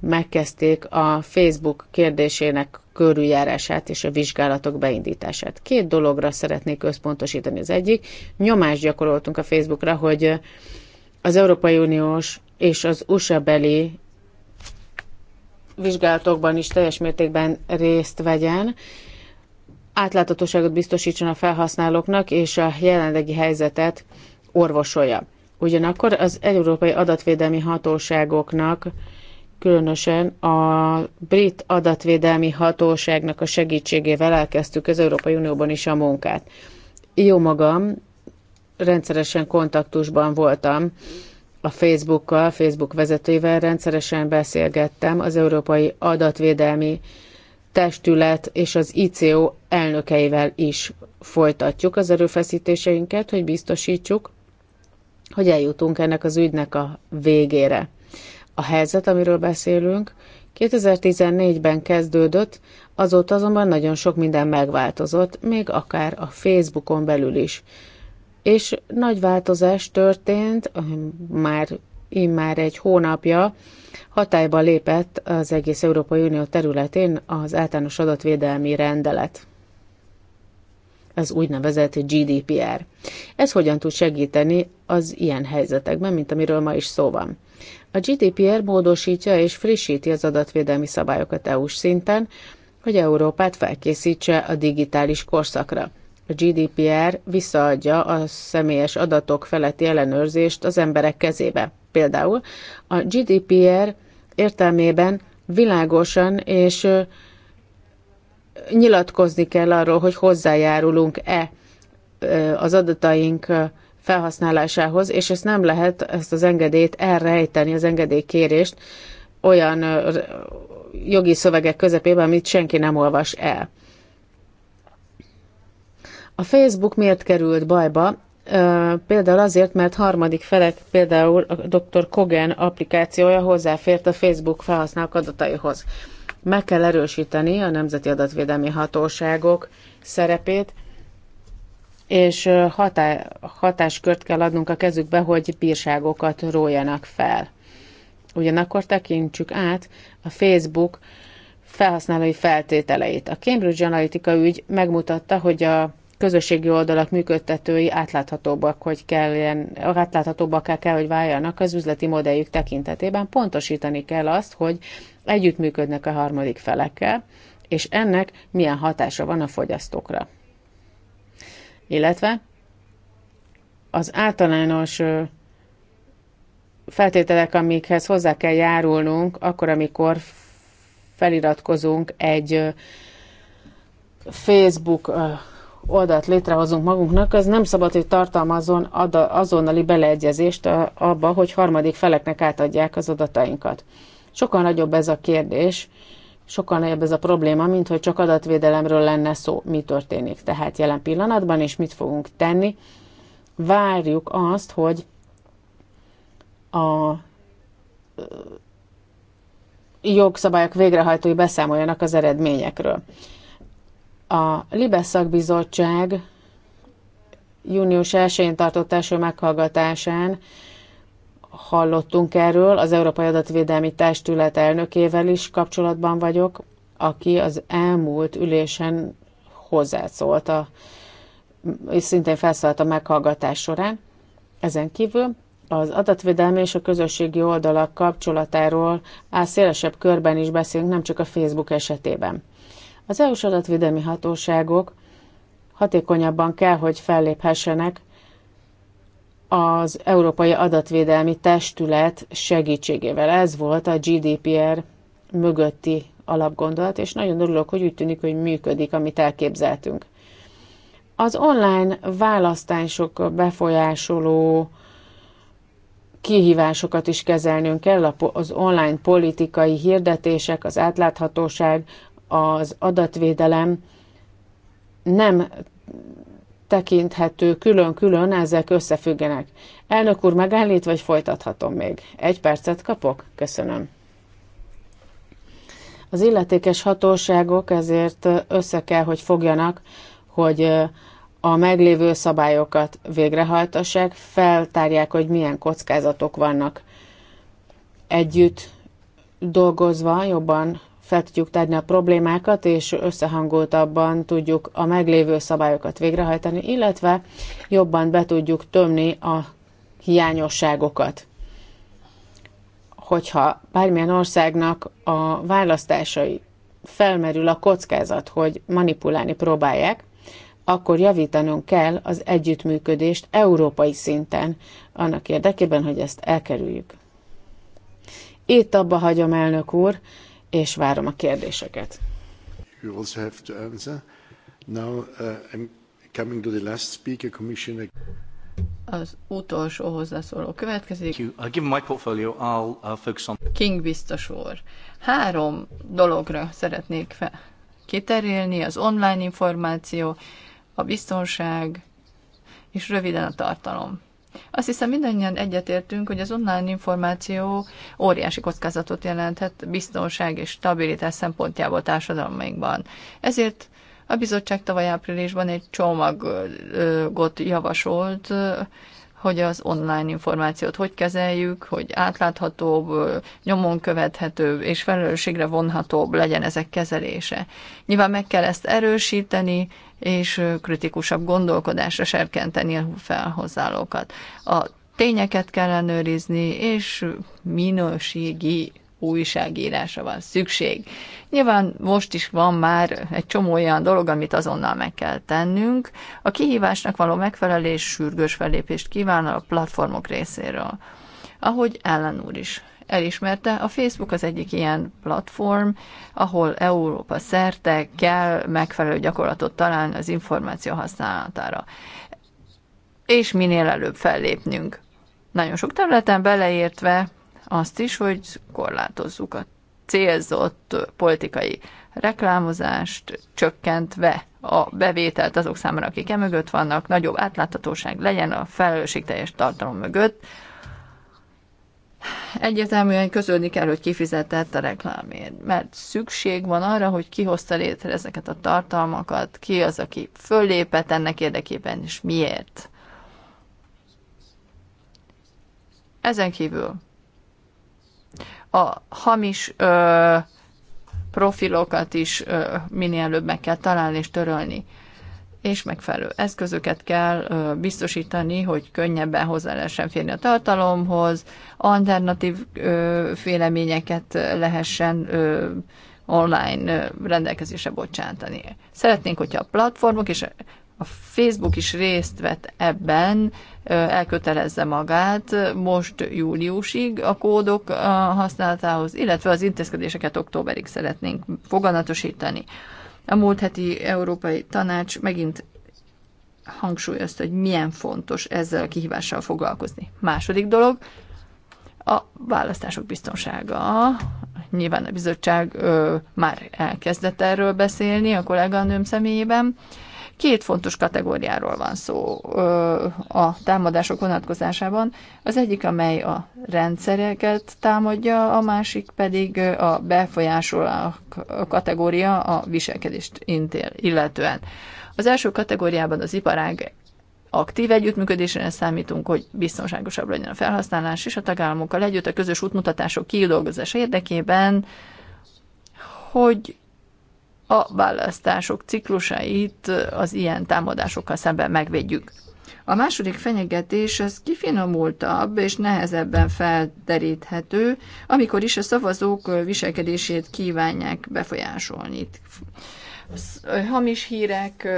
megkezdték a Facebook kérdésének körüljárását és a vizsgálatok beindítását. Két dologra szeretnék összpontosítani. Az egyik, nyomást gyakoroltunk a Facebookra, hogy az Európai Uniós és az USA beli vizsgálatokban is teljes mértékben részt vegyen, átláthatóságot biztosítson a felhasználóknak, és a jelenlegi helyzetet orvosolja. Ugyanakkor az Európai Adatvédelmi Hatóságoknak különösen a brit adatvédelmi hatóságnak a segítségével elkezdtük az Európai Unióban is a munkát. Jó magam, rendszeresen kontaktusban voltam a Facebookkal, Facebook vezetőivel rendszeresen beszélgettem az Európai Adatvédelmi Testület és az ICO elnökeivel is folytatjuk az erőfeszítéseinket, hogy biztosítsuk, hogy eljutunk ennek az ügynek a végére a helyzet, amiről beszélünk, 2014-ben kezdődött, azóta azonban nagyon sok minden megváltozott, még akár a Facebookon belül is. És nagy változás történt, már immár egy hónapja hatályba lépett az egész Európai Unió területén az általános adatvédelmi rendelet. Ez úgynevezett GDPR. Ez hogyan tud segíteni az ilyen helyzetekben, mint amiről ma is szó van. A GDPR módosítja és frissíti az adatvédelmi szabályokat EU-s szinten, hogy Európát felkészítse a digitális korszakra. A GDPR visszaadja a személyes adatok feletti ellenőrzést az emberek kezébe. Például a GDPR értelmében világosan és nyilatkozni kell arról, hogy hozzájárulunk-e az adataink felhasználásához, és ezt nem lehet, ezt az engedélyt elrejteni, az engedélykérést olyan jogi szövegek közepében, amit senki nem olvas el. A Facebook miért került bajba? Például azért, mert harmadik felek, például a Dr. Kogen applikációja hozzáfért a Facebook felhasználók adataihoz. Meg kell erősíteni a Nemzeti Adatvédelmi Hatóságok szerepét, és hatá hatáskört kell adnunk a kezükbe, hogy bírságokat róljanak fel. Ugyanakkor tekintsük át a Facebook felhasználói feltételeit. A Cambridge Analytica ügy megmutatta, hogy a közösségi oldalak működtetői átláthatóbbak, hogy kelljen, átláthatóbbak kell, hogy váljanak az üzleti modelljük tekintetében. Pontosítani kell azt, hogy együttműködnek a harmadik felekkel, és ennek milyen hatása van a fogyasztókra illetve az általános feltételek, amikhez hozzá kell járulnunk, akkor, amikor feliratkozunk egy Facebook oldalt létrehozunk magunknak, az nem szabad, hogy tartalmazzon azonnali beleegyezést abba, hogy harmadik feleknek átadják az adatainkat. Sokkal nagyobb ez a kérdés, sokkal nagyobb ez a probléma, mint hogy csak adatvédelemről lenne szó, mi történik tehát jelen pillanatban, és mit fogunk tenni. Várjuk azt, hogy a jogszabályok végrehajtói beszámoljanak az eredményekről. A Libes szakbizottság június 1-én tartott első meghallgatásán hallottunk erről, az Európai Adatvédelmi Testület elnökével is kapcsolatban vagyok, aki az elmúlt ülésen hozzászólt, a, és szintén felszállt a meghallgatás során. Ezen kívül az adatvédelmi és a közösségi oldalak kapcsolatáról á, szélesebb körben is beszélünk, nem csak a Facebook esetében. Az EU-s adatvédelmi hatóságok hatékonyabban kell, hogy felléphessenek az Európai Adatvédelmi Testület segítségével. Ez volt a GDPR mögötti alapgondolat, és nagyon örülök, hogy úgy tűnik, hogy működik, amit elképzeltünk. Az online választások befolyásoló kihívásokat is kezelnünk kell, az online politikai hirdetések, az átláthatóság, az adatvédelem nem tekinthető külön-külön, ezek összefüggenek. Elnök úr, megállít, vagy folytathatom még? Egy percet kapok? Köszönöm. Az illetékes hatóságok ezért össze kell, hogy fogjanak, hogy a meglévő szabályokat végrehajtassák, feltárják, hogy milyen kockázatok vannak. Együtt dolgozva jobban fel tudjuk tárni a problémákat, és összehangoltabban tudjuk a meglévő szabályokat végrehajtani, illetve jobban be tudjuk tömni a hiányosságokat. Hogyha bármilyen országnak a választásai felmerül a kockázat, hogy manipulálni próbálják, akkor javítanunk kell az együttműködést európai szinten, annak érdekében, hogy ezt elkerüljük. Itt abba hagyom, elnök úr, és várom a kérdéseket. Uh, az utolsó hozzászóló következik. Uh, King biztos úr. Három dologra szeretnék fel kiterélni, az online információ, a biztonság és röviden a tartalom. Azt hiszem mindannyian egyetértünk, hogy az online információ óriási kockázatot jelenthet biztonság és stabilitás szempontjából társadalmainkban. Ezért a bizottság tavaly áprilisban egy csomagot javasolt, hogy az online információt hogy kezeljük, hogy átláthatóbb, nyomon követhetőbb és felelősségre vonhatóbb legyen ezek kezelése. Nyilván meg kell ezt erősíteni, és kritikusabb gondolkodásra serkenteni a felhozzálókat. A tényeket kell ellenőrizni, és minőségi újságírásra van szükség. Nyilván most is van már egy csomó olyan dolog, amit azonnal meg kell tennünk. A kihívásnak való megfelelés sürgős felépést kíván a platformok részéről. Ahogy Ellen úr is elismerte, a Facebook az egyik ilyen platform, ahol Európa szerte kell megfelelő gyakorlatot találni az információ használatára. És minél előbb fellépnünk. Nagyon sok területen beleértve azt is, hogy korlátozzuk a célzott politikai reklámozást, csökkentve a bevételt azok számára, akik emögött vannak, nagyobb átláthatóság legyen a felelősségteljes tartalom mögött, egyértelműen közölni kell, hogy kifizetett a reklámért, mert szükség van arra, hogy ki hozta létre ezeket a tartalmakat, ki az, aki föllépett ennek érdekében, és miért. Ezen kívül a hamis ö, profilokat is ö, minél előbb meg kell találni és törölni és megfelelő eszközöket kell biztosítani, hogy könnyebben hozzá lehessen férni a tartalomhoz, alternatív féleményeket lehessen online rendelkezésre bocsátani. Szeretnénk, hogyha a platformok és a Facebook is részt vett ebben, elkötelezze magát most júliusig a kódok használatához, illetve az intézkedéseket októberig szeretnénk foganatosítani. A múlt heti Európai Tanács megint hangsúlyozta, hogy milyen fontos ezzel a kihívással foglalkozni. Második dolog, a választások biztonsága. Nyilván a bizottság ö, már elkezdett erről beszélni a kolléganőm személyében. Két fontos kategóriáról van szó a támadások vonatkozásában. Az egyik, amely a rendszereket támadja, a másik pedig a befolyásoló kategória a viselkedést illetően. Az első kategóriában az iparág aktív együttműködésre számítunk, hogy biztonságosabb legyen a felhasználás, és a tagállamokkal együtt a közös útmutatások kidolgozása érdekében, hogy a választások ciklusait az ilyen támadásokkal szemben megvédjük. A második fenyegetés az kifinomultabb és nehezebben felderíthető, amikor is a szavazók viselkedését kívánják befolyásolni. Hamis hírek,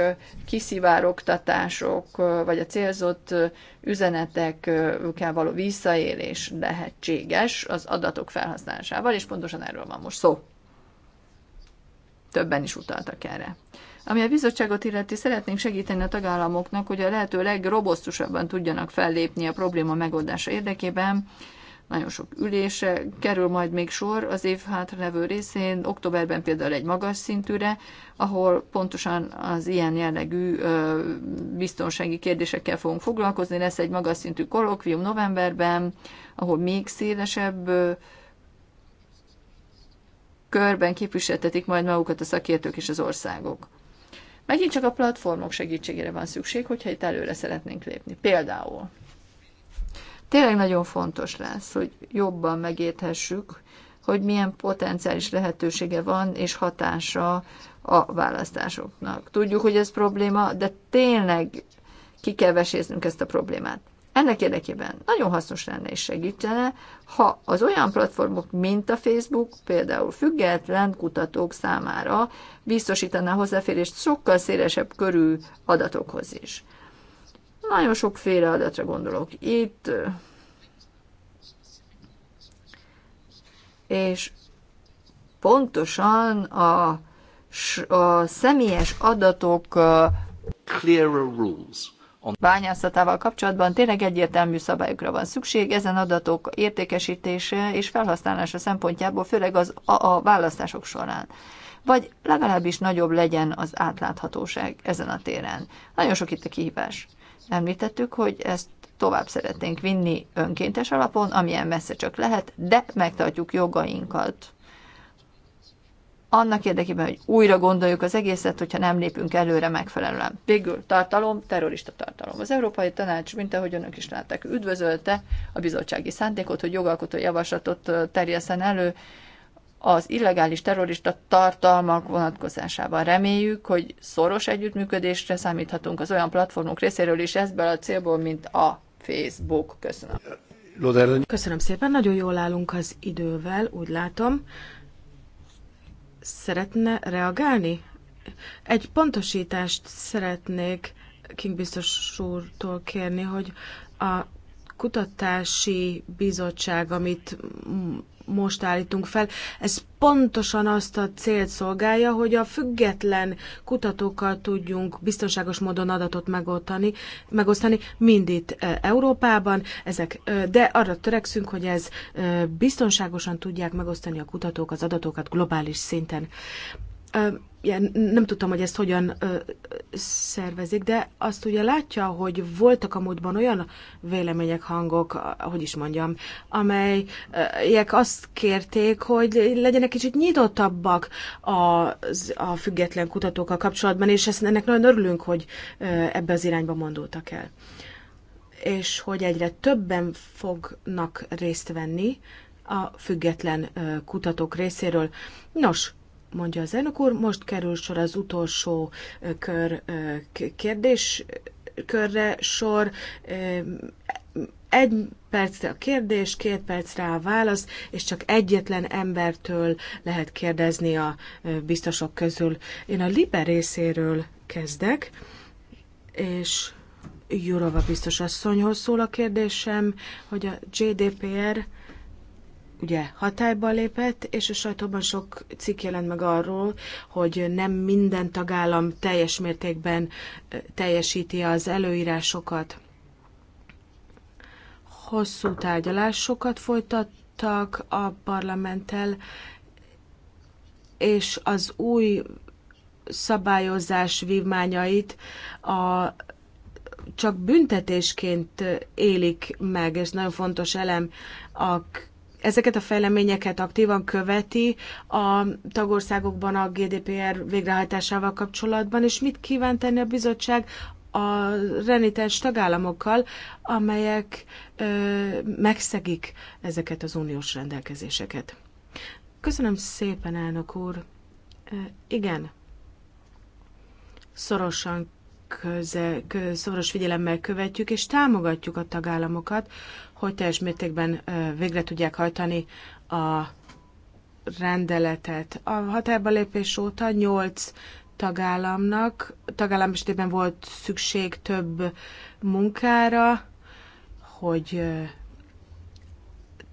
kiszivárogtatások, vagy a célzott üzenetekkel való visszaélés lehetséges az adatok felhasználásával, és pontosan erről van most szó többen is utaltak erre. Ami a bizottságot illeti, szeretnénk segíteni a tagállamoknak, hogy a lehető legrobosztusabban tudjanak fellépni a probléma megoldása érdekében. Nagyon sok ülése kerül majd még sor az év hátralevő részén, októberben például egy magas szintűre, ahol pontosan az ilyen jellegű biztonsági kérdésekkel fogunk foglalkozni. Lesz egy magas szintű kollokvium novemberben, ahol még szélesebb körben képviseltetik majd magukat a szakértők és az országok. Megint csak a platformok segítségére van szükség, hogyha itt előre szeretnénk lépni. Például tényleg nagyon fontos lesz, hogy jobban megérthessük, hogy milyen potenciális lehetősége van és hatása a választásoknak. Tudjuk, hogy ez probléma, de tényleg ki kell veséznünk ezt a problémát. Ennek érdekében nagyon hasznos lenne és segítene, ha az olyan platformok, mint a Facebook, például független kutatók számára biztosítaná hozzáférést sokkal szélesebb körű adatokhoz is. Nagyon sokféle adatra gondolok itt, és pontosan a, a személyes adatok clearer rules bányászatával kapcsolatban tényleg egyértelmű szabályokra van szükség, ezen adatok értékesítése és felhasználása szempontjából, főleg az, a, a választások során. Vagy legalábbis nagyobb legyen az átláthatóság ezen a téren. Nagyon sok itt a kihívás. Említettük, hogy ezt tovább szeretnénk vinni önkéntes alapon, amilyen messze csak lehet, de megtartjuk jogainkat annak érdekében, hogy újra gondoljuk az egészet, hogyha nem lépünk előre megfelelően. Végül tartalom, terrorista tartalom. Az Európai Tanács, mint ahogy önök is látták, üdvözölte a bizottsági szándékot, hogy jogalkotó javaslatot terjeszen elő az illegális terrorista tartalmak vonatkozásában. Reméljük, hogy szoros együttműködésre számíthatunk az olyan platformok részéről is ebből a célból, mint a Facebook. Köszönöm. Köszönöm szépen, nagyon jól állunk az idővel, úgy látom szeretne reagálni? Egy pontosítást szeretnék King biztos úrtól kérni, hogy a kutatási bizottság, amit most állítunk fel, ez pontosan azt a célt szolgálja, hogy a független kutatókkal tudjunk biztonságos módon adatot megosztani, megosztani mind itt e, Európában, ezek, e, de arra törekszünk, hogy ez e, biztonságosan tudják megosztani a kutatók az adatokat globális szinten ilyen, nem tudtam, hogy ezt hogyan ö, szervezik, de azt ugye látja, hogy voltak a múltban olyan vélemények, hangok, ahogy is mondjam, amelyek azt kérték, hogy legyenek kicsit nyitottabbak a, a független kutatókkal kapcsolatban, és ezt, ennek nagyon örülünk, hogy ebbe az irányba mondultak el. És hogy egyre többen fognak részt venni a független kutatók részéről. Nos, mondja az elnök úr. Most kerül sor az utolsó kör kérdés körre sor. Egy percre a kérdés, két percre a válasz, és csak egyetlen embertől lehet kérdezni a biztosok közül. Én a Libe részéről kezdek, és Jurova biztos asszonyhoz szól a kérdésem, hogy a GDPR ugye hatályba lépett, és a sajtóban sok cikk jelent meg arról, hogy nem minden tagállam teljes mértékben teljesíti az előírásokat. Hosszú tárgyalásokat folytattak a parlamenttel, és az új szabályozás vívmányait a csak büntetésként élik meg, és nagyon fontos elem a Ezeket a fejleményeket aktívan követi a tagországokban a GDPR végrehajtásával kapcsolatban, és mit kíván tenni a bizottság a renitens tagállamokkal, amelyek ö, megszegik ezeket az uniós rendelkezéseket. Köszönöm szépen, elnök úr. E, igen, szorosan köze, kö, szoros figyelemmel követjük és támogatjuk a tagállamokat hogy teljes mértékben végre tudják hajtani a rendeletet. A határba lépés óta 8 tagállamnak, tagállam esetében volt szükség több munkára, hogy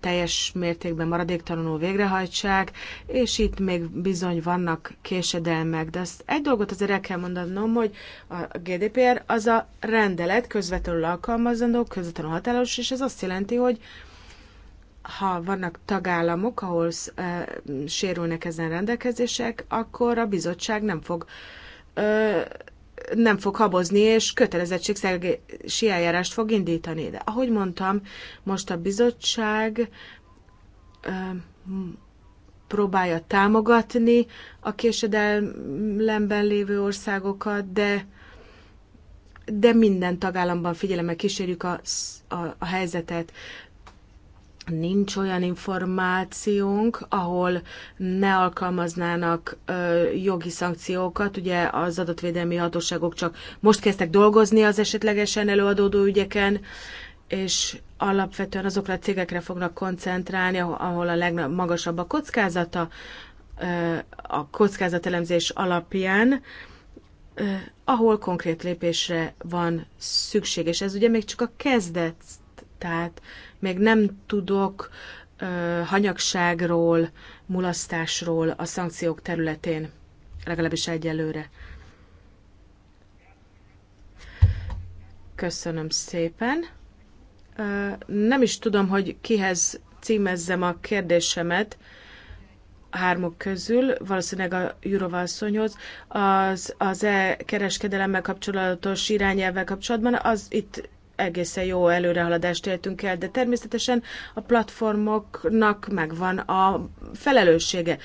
teljes mértékben maradéktalanul végrehajtsák, és itt még bizony vannak késedelmek. De azt egy dolgot azért el kell mondanom, hogy a GDPR az a rendelet közvetlenül alkalmazandó, közvetlenül határos, és ez azt jelenti, hogy ha vannak tagállamok, ahol uh, sérülnek ezen rendelkezések, akkor a bizottság nem fog uh, nem fog habozni, és kötelezettségszegési eljárást fog indítani. De ahogy mondtam, most a bizottság próbálja támogatni a késedelemben lévő országokat, de de minden tagállamban figyelemmel kísérjük a, a, a helyzetet nincs olyan információnk, ahol ne alkalmaznának ö, jogi szankciókat. Ugye az adatvédelmi hatóságok csak most kezdtek dolgozni az esetlegesen előadódó ügyeken, és alapvetően azokra a cégekre fognak koncentrálni, ahol a legmagasabb a kockázata, a kockázatelemzés alapján, ahol konkrét lépésre van szükség. És ez ugye még csak a kezdet, tehát még nem tudok hanyagságról, mulasztásról a szankciók területén, legalábbis egyelőre. Köszönöm szépen. Nem is tudom, hogy kihez címezzem a kérdésemet hármuk közül, valószínűleg a Jurova asszonyhoz, az, az e kereskedelemmel kapcsolatos irányelvvel kapcsolatban, az itt egészen jó előrehaladást éltünk el, de természetesen a platformoknak megvan a felelőssége.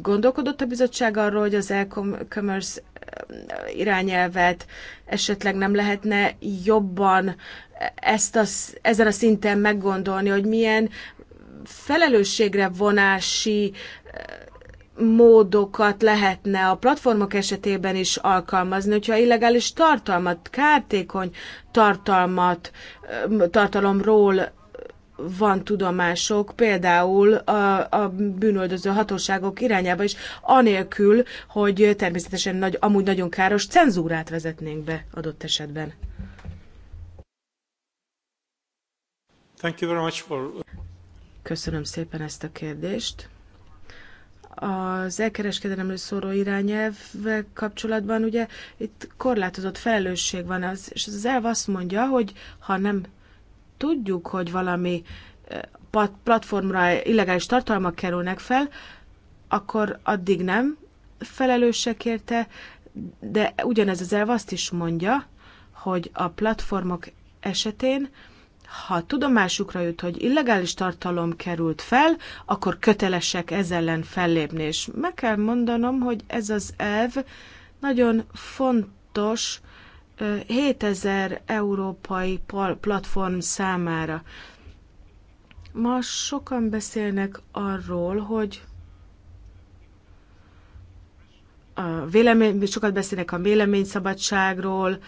Gondolkodott a bizottság arról, hogy az e-commerce eh, irányelvet esetleg nem lehetne jobban ezt a, ezen a szinten meggondolni, hogy milyen felelősségre vonási eh, módokat lehetne a platformok esetében is alkalmazni, hogyha illegális tartalmat, kártékony tartalmat, tartalomról van tudomások, például a, a bűnöldöző hatóságok irányába is, anélkül, hogy természetesen nagy, amúgy nagyon káros cenzúrát vezetnénk be adott esetben. Thank you very much for... Köszönöm szépen ezt a kérdést az elkereskedelemről szóló irányelvvel kapcsolatban ugye itt korlátozott felelősség van, az, és az elv azt mondja, hogy ha nem tudjuk, hogy valami eh, platformra illegális tartalmak kerülnek fel, akkor addig nem felelősek érte, de ugyanez az elv azt is mondja, hogy a platformok esetén ha tudomásukra jut, hogy illegális tartalom került fel, akkor kötelesek ez ellen fellépni. És meg kell mondanom, hogy ez az elv nagyon fontos 7000 európai platform számára. Ma sokan beszélnek arról, hogy a vélemény, sokat beszélnek a véleményszabadságról,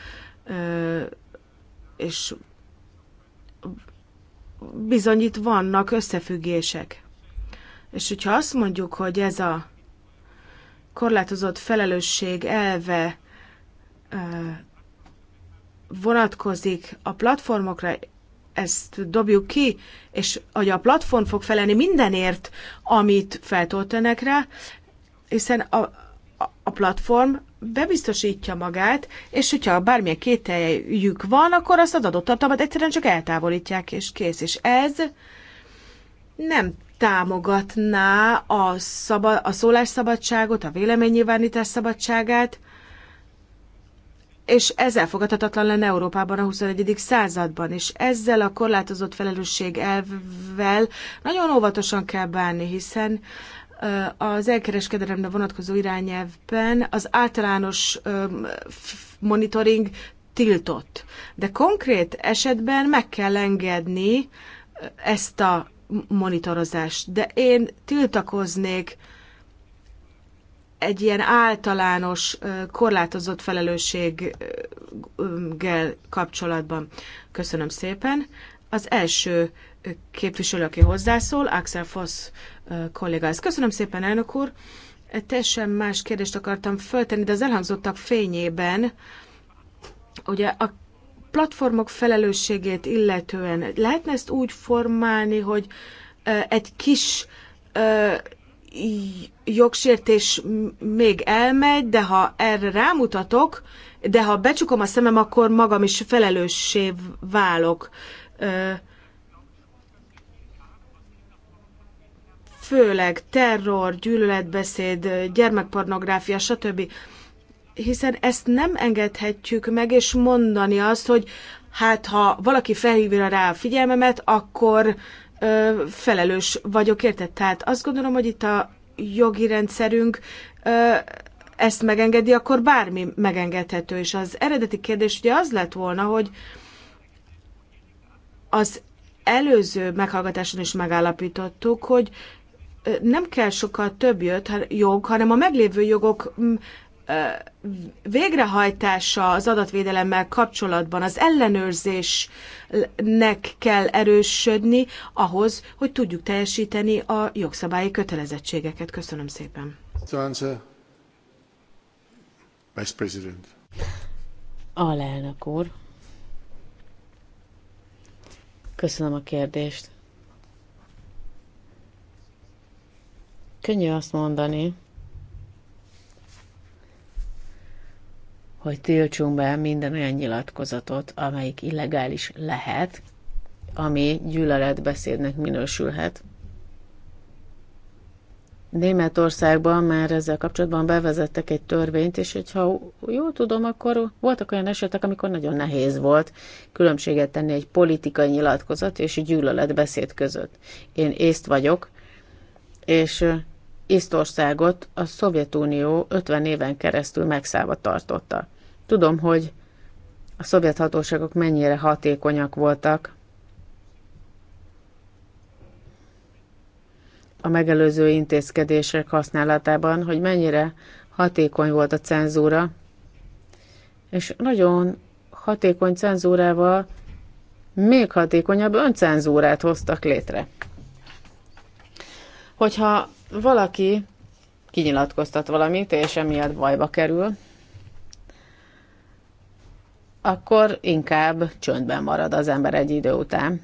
és bizony itt vannak összefüggések. És hogyha azt mondjuk, hogy ez a korlátozott felelősség elve vonatkozik a platformokra, ezt dobjuk ki, és hogy a platform fog felelni mindenért, amit feltöltenek rá, hiszen a, a platform bebiztosítja magát, és hogyha bármilyen kételjük van, akkor azt az adott tartalmat egyszerűen csak eltávolítják, és kész. És ez nem támogatná a, szaba- a szólásszabadságot, a véleménynyilvánítás szabadságát, és ez elfogadhatatlan lenne Európában a 21. században, és ezzel a korlátozott felelősség elvvel nagyon óvatosan kell bánni, hiszen uh, az elkereskedelemre vonatkozó irányelvben az általános monitoring tiltott. De konkrét esetben meg kell engedni ezt a monitorozást. De én tiltakoznék egy ilyen általános korlátozott felelősséggel kapcsolatban. Köszönöm szépen. Az első képviselő, aki hozzászól, Axel Foss kollégához. Köszönöm szépen, elnök úr! Teljesen más kérdést akartam föltenni, de az elhangzottak fényében, ugye a platformok felelősségét illetően lehetne ezt úgy formálni, hogy egy kis jogsértés még elmegy, de ha erre rámutatok, de ha becsukom a szemem, akkor magam is felelőssé válok. főleg terror, gyűlöletbeszéd, gyermekpornográfia, stb. Hiszen ezt nem engedhetjük meg, és mondani azt, hogy hát ha valaki felhívja rá a figyelmemet, akkor ö, felelős vagyok, érted? Tehát azt gondolom, hogy itt a jogi rendszerünk ö, ezt megengedi, akkor bármi megengedhető. És az eredeti kérdés ugye az lett volna, hogy az előző meghallgatáson is megállapítottuk, hogy nem kell sokkal több jött, jog, hanem a meglévő jogok mm, végrehajtása az adatvédelemmel kapcsolatban, az ellenőrzésnek kell erősödni ahhoz, hogy tudjuk teljesíteni a jogszabályi kötelezettségeket. Köszönöm szépen. Vice President. Alelnök úr. Köszönöm a kérdést. Könnyű azt mondani, hogy tiltsunk be minden olyan nyilatkozatot, amelyik illegális lehet, ami gyűlöletbeszédnek minősülhet. Németországban már ezzel kapcsolatban bevezettek egy törvényt, és hogyha jól tudom, akkor voltak olyan esetek, amikor nagyon nehéz volt különbséget tenni egy politikai nyilatkozat és egy gyűlöletbeszéd között. Én észt vagyok, és Észtországot a Szovjetunió 50 éven keresztül megszállva tartotta. Tudom, hogy a szovjet hatóságok mennyire hatékonyak voltak a megelőző intézkedések használatában, hogy mennyire hatékony volt a cenzúra, és nagyon hatékony cenzúrával még hatékonyabb öncenzúrát hoztak létre. Hogyha valaki kinyilatkoztat valamit, és emiatt bajba kerül, akkor inkább csöndben marad az ember egy idő után.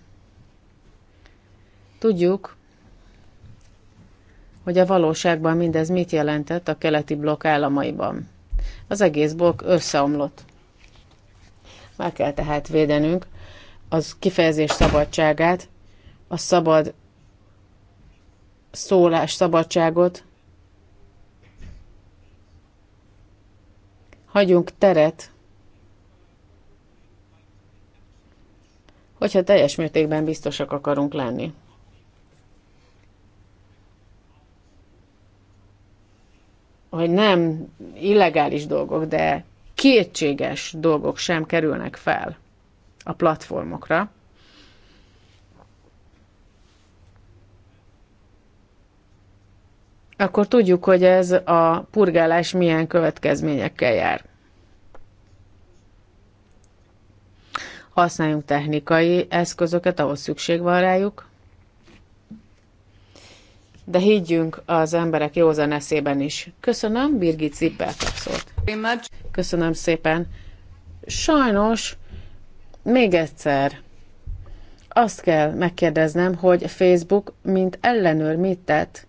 Tudjuk, hogy a valóságban mindez mit jelentett a keleti blokk államaiban. Az egész blokk összeomlott. Meg kell tehát védenünk az kifejezés szabadságát, a szabad szólásszabadságot, hagyjunk teret, hogyha teljes mértékben biztosak akarunk lenni. Hogy nem illegális dolgok, de kétséges dolgok sem kerülnek fel a platformokra, akkor tudjuk, hogy ez a purgálás milyen következményekkel jár. Használjunk technikai eszközöket, ahhoz szükség van rájuk, de higgyünk az emberek józan eszében is. Köszönöm, Birgit Zippel kapszolt. Köszönöm szépen. Sajnos, még egyszer, azt kell megkérdeznem, hogy Facebook, mint ellenőr mit tett,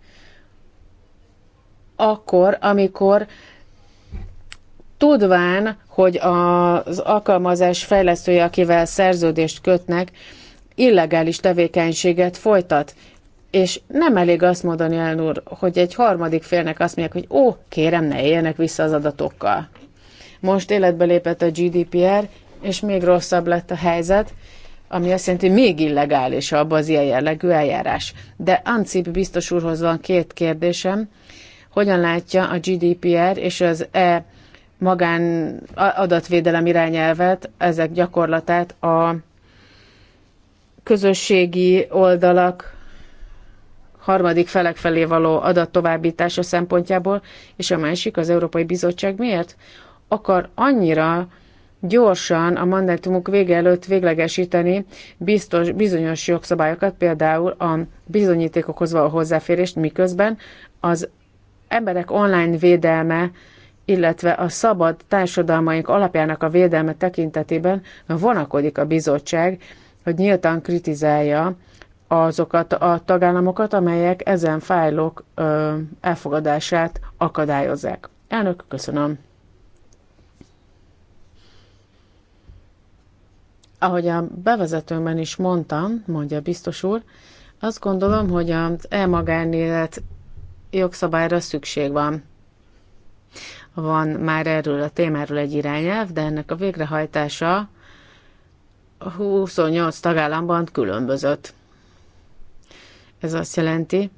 akkor, amikor tudván, hogy az alkalmazás fejlesztője, akivel szerződést kötnek, illegális tevékenységet folytat. És nem elég azt mondani, úr, hogy egy harmadik félnek azt mondják, hogy ó, kérem, ne éljenek vissza az adatokkal. Most életbe lépett a GDPR, és még rosszabb lett a helyzet, ami azt jelenti, hogy még illegálisabb az ilyen jellegű eljárás. De Ancip biztos úrhoz van két kérdésem hogyan látja a GDPR és az e magán adatvédelem irányelvet, ezek gyakorlatát a közösségi oldalak harmadik felek felé való adat továbbítása szempontjából, és a másik az Európai Bizottság miért akar annyira gyorsan a mandátumok vége előtt véglegesíteni biztos, bizonyos jogszabályokat, például a bizonyítékokhoz való hozzáférést, miközben az emberek online védelme, illetve a szabad társadalmaink alapjának a védelme tekintetében vonakodik a bizottság, hogy nyíltan kritizálja azokat a tagállamokat, amelyek ezen fájlok elfogadását akadályozzák. Elnök, köszönöm. Ahogy a bevezetőmben is mondtam, mondja biztos úr, azt gondolom, hogy az e-magánélet jogszabályra szükség van. Van már erről a témáról egy irányelv, de ennek a végrehajtása 28 tagállamban különbözött. Ez azt jelenti,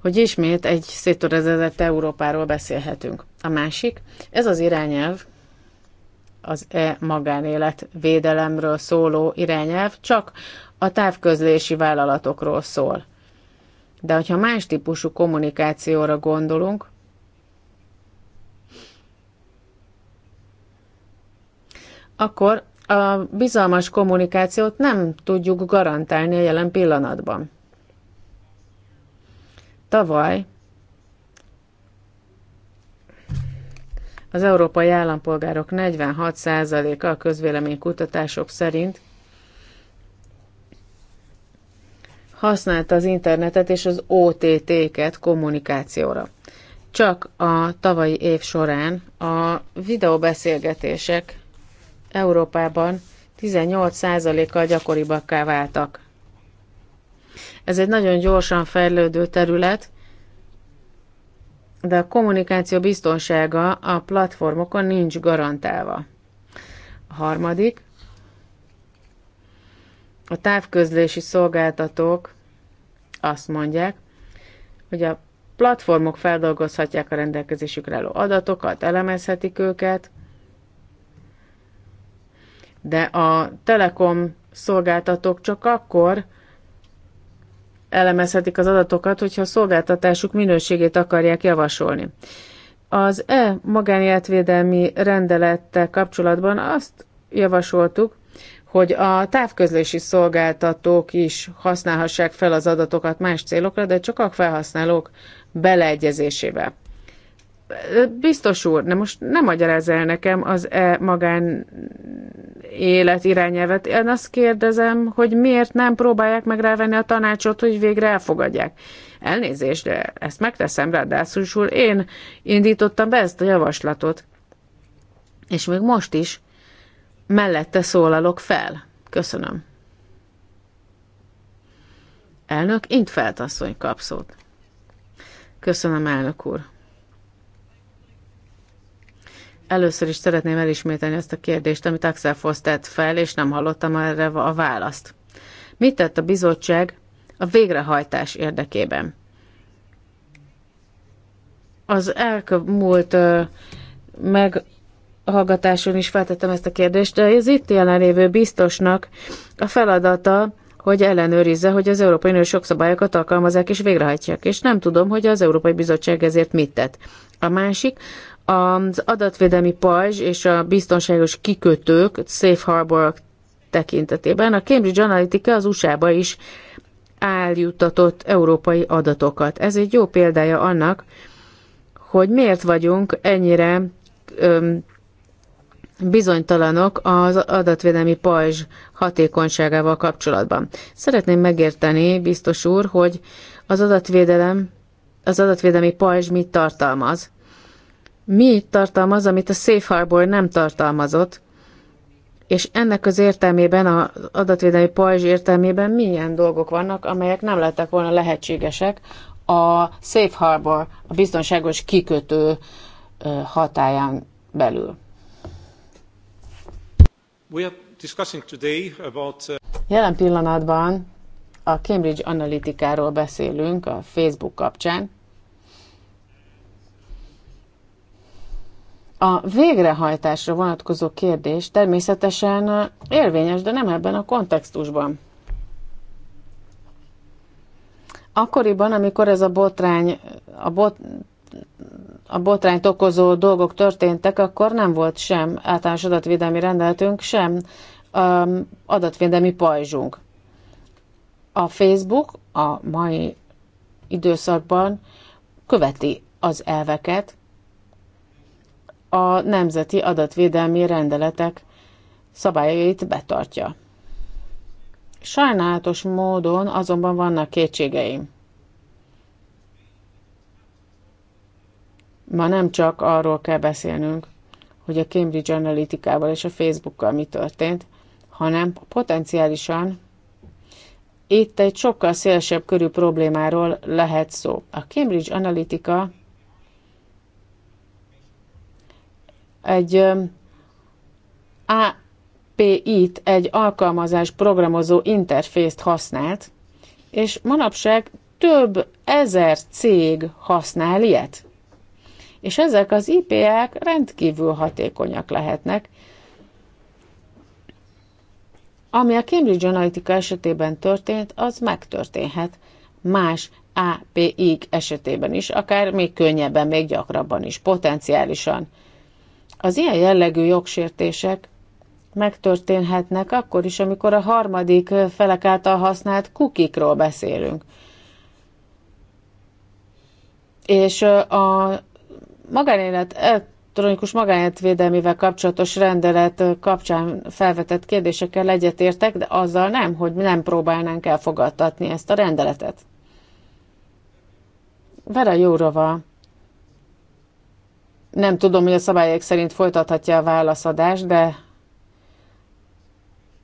hogy ismét egy széttöredezett Európáról beszélhetünk. A másik, ez az irányelv, az e magánélet védelemről szóló irányelv csak a távközlési vállalatokról szól. De hogyha más típusú kommunikációra gondolunk, akkor a bizalmas kommunikációt nem tudjuk garantálni a jelen pillanatban. Tavaly az európai állampolgárok 46%-a a közvéleménykutatások szerint használta az internetet és az OTT-ket kommunikációra. Csak a tavalyi év során a videóbeszélgetések Európában 18%-kal gyakoribbakká váltak. Ez egy nagyon gyorsan fejlődő terület, de a kommunikáció biztonsága a platformokon nincs garantálva. A harmadik, a távközlési szolgáltatók azt mondják, hogy a platformok feldolgozhatják a rendelkezésükre álló adatokat, elemezhetik őket, de a telekom szolgáltatók csak akkor elemezhetik az adatokat, hogyha a szolgáltatásuk minőségét akarják javasolni. Az e magánéletvédelmi rendelettel kapcsolatban azt javasoltuk, hogy a távközlési szolgáltatók is használhassák fel az adatokat más célokra, de csak a felhasználók beleegyezésével. Biztos úr, de most nem magyaráz el nekem az e magán élet irányelvet. Én azt kérdezem, hogy miért nem próbálják meg rávenni a tanácsot, hogy végre elfogadják. Elnézést, de ezt megteszem ráadásul, én indítottam be ezt a javaslatot. És még most is mellette szólalok fel. Köszönöm. Elnök, int feltasszony kapszót. Köszönöm, elnök úr. Először is szeretném elismételni ezt a kérdést, amit Axel Foss tett fel, és nem hallottam erre a választ. Mit tett a bizottság a végrehajtás érdekében? Az elmúlt meg hallgatáson is feltettem ezt a kérdést, de az itt jelenlévő biztosnak a feladata, hogy ellenőrizze, hogy az Európai sok szabályokat alkalmazzák és végrehajtják, és nem tudom, hogy az Európai Bizottság ezért mit tett. A másik, az adatvédelmi pajzs és a biztonságos kikötők, Safe Harbor tekintetében a Cambridge Analytica az USA-ba is áljuttatott európai adatokat. Ez egy jó példája annak, hogy miért vagyunk ennyire öm, bizonytalanok az adatvédelmi pajzs hatékonyságával kapcsolatban. Szeretném megérteni, biztos úr, hogy az adatvédelem, az adatvédelmi pajzs mit tartalmaz. Mi tartalmaz, amit a Safe Harbor nem tartalmazott, és ennek az értelmében, az adatvédelmi pajzs értelmében milyen dolgok vannak, amelyek nem lettek volna lehetségesek a Safe Harbor, a biztonságos kikötő hatáján belül. Uh, Jelen pillanatban a Cambridge Analytikáról beszélünk a Facebook kapcsán. A végrehajtásra vonatkozó kérdés természetesen érvényes, de nem ebben a kontextusban. Akkoriban, amikor ez a botrány, a bot, a botrányt okozó dolgok történtek, akkor nem volt sem általános adatvédelmi rendeletünk, sem um, adatvédelmi pajzsunk. A Facebook a mai időszakban követi az elveket a nemzeti adatvédelmi rendeletek szabályait betartja. Sajnálatos módon azonban vannak kétségeim. Ma nem csak arról kell beszélnünk, hogy a Cambridge Analytica-val és a Facebookkal mi történt, hanem potenciálisan itt egy sokkal szélesebb körű problémáról lehet szó. A Cambridge Analytica egy API-t, egy alkalmazás programozó interfészt használt, és manapság több ezer cég használ ilyet. És ezek az IPA-k rendkívül hatékonyak lehetnek, ami a Cambridge Analytica esetében történt, az megtörténhet más API esetében is, akár még könnyebben, még gyakrabban is, potenciálisan. Az ilyen jellegű jogsértések megtörténhetnek akkor is, amikor a harmadik felek által használt kukikról beszélünk. És a magánélet, elektronikus védelmével kapcsolatos rendelet kapcsán felvetett kérdésekkel egyetértek, de azzal nem, hogy nem próbálnánk elfogadtatni ezt a rendeletet. Vera Jórova. Nem tudom, hogy a szabályok szerint folytathatja a válaszadást, de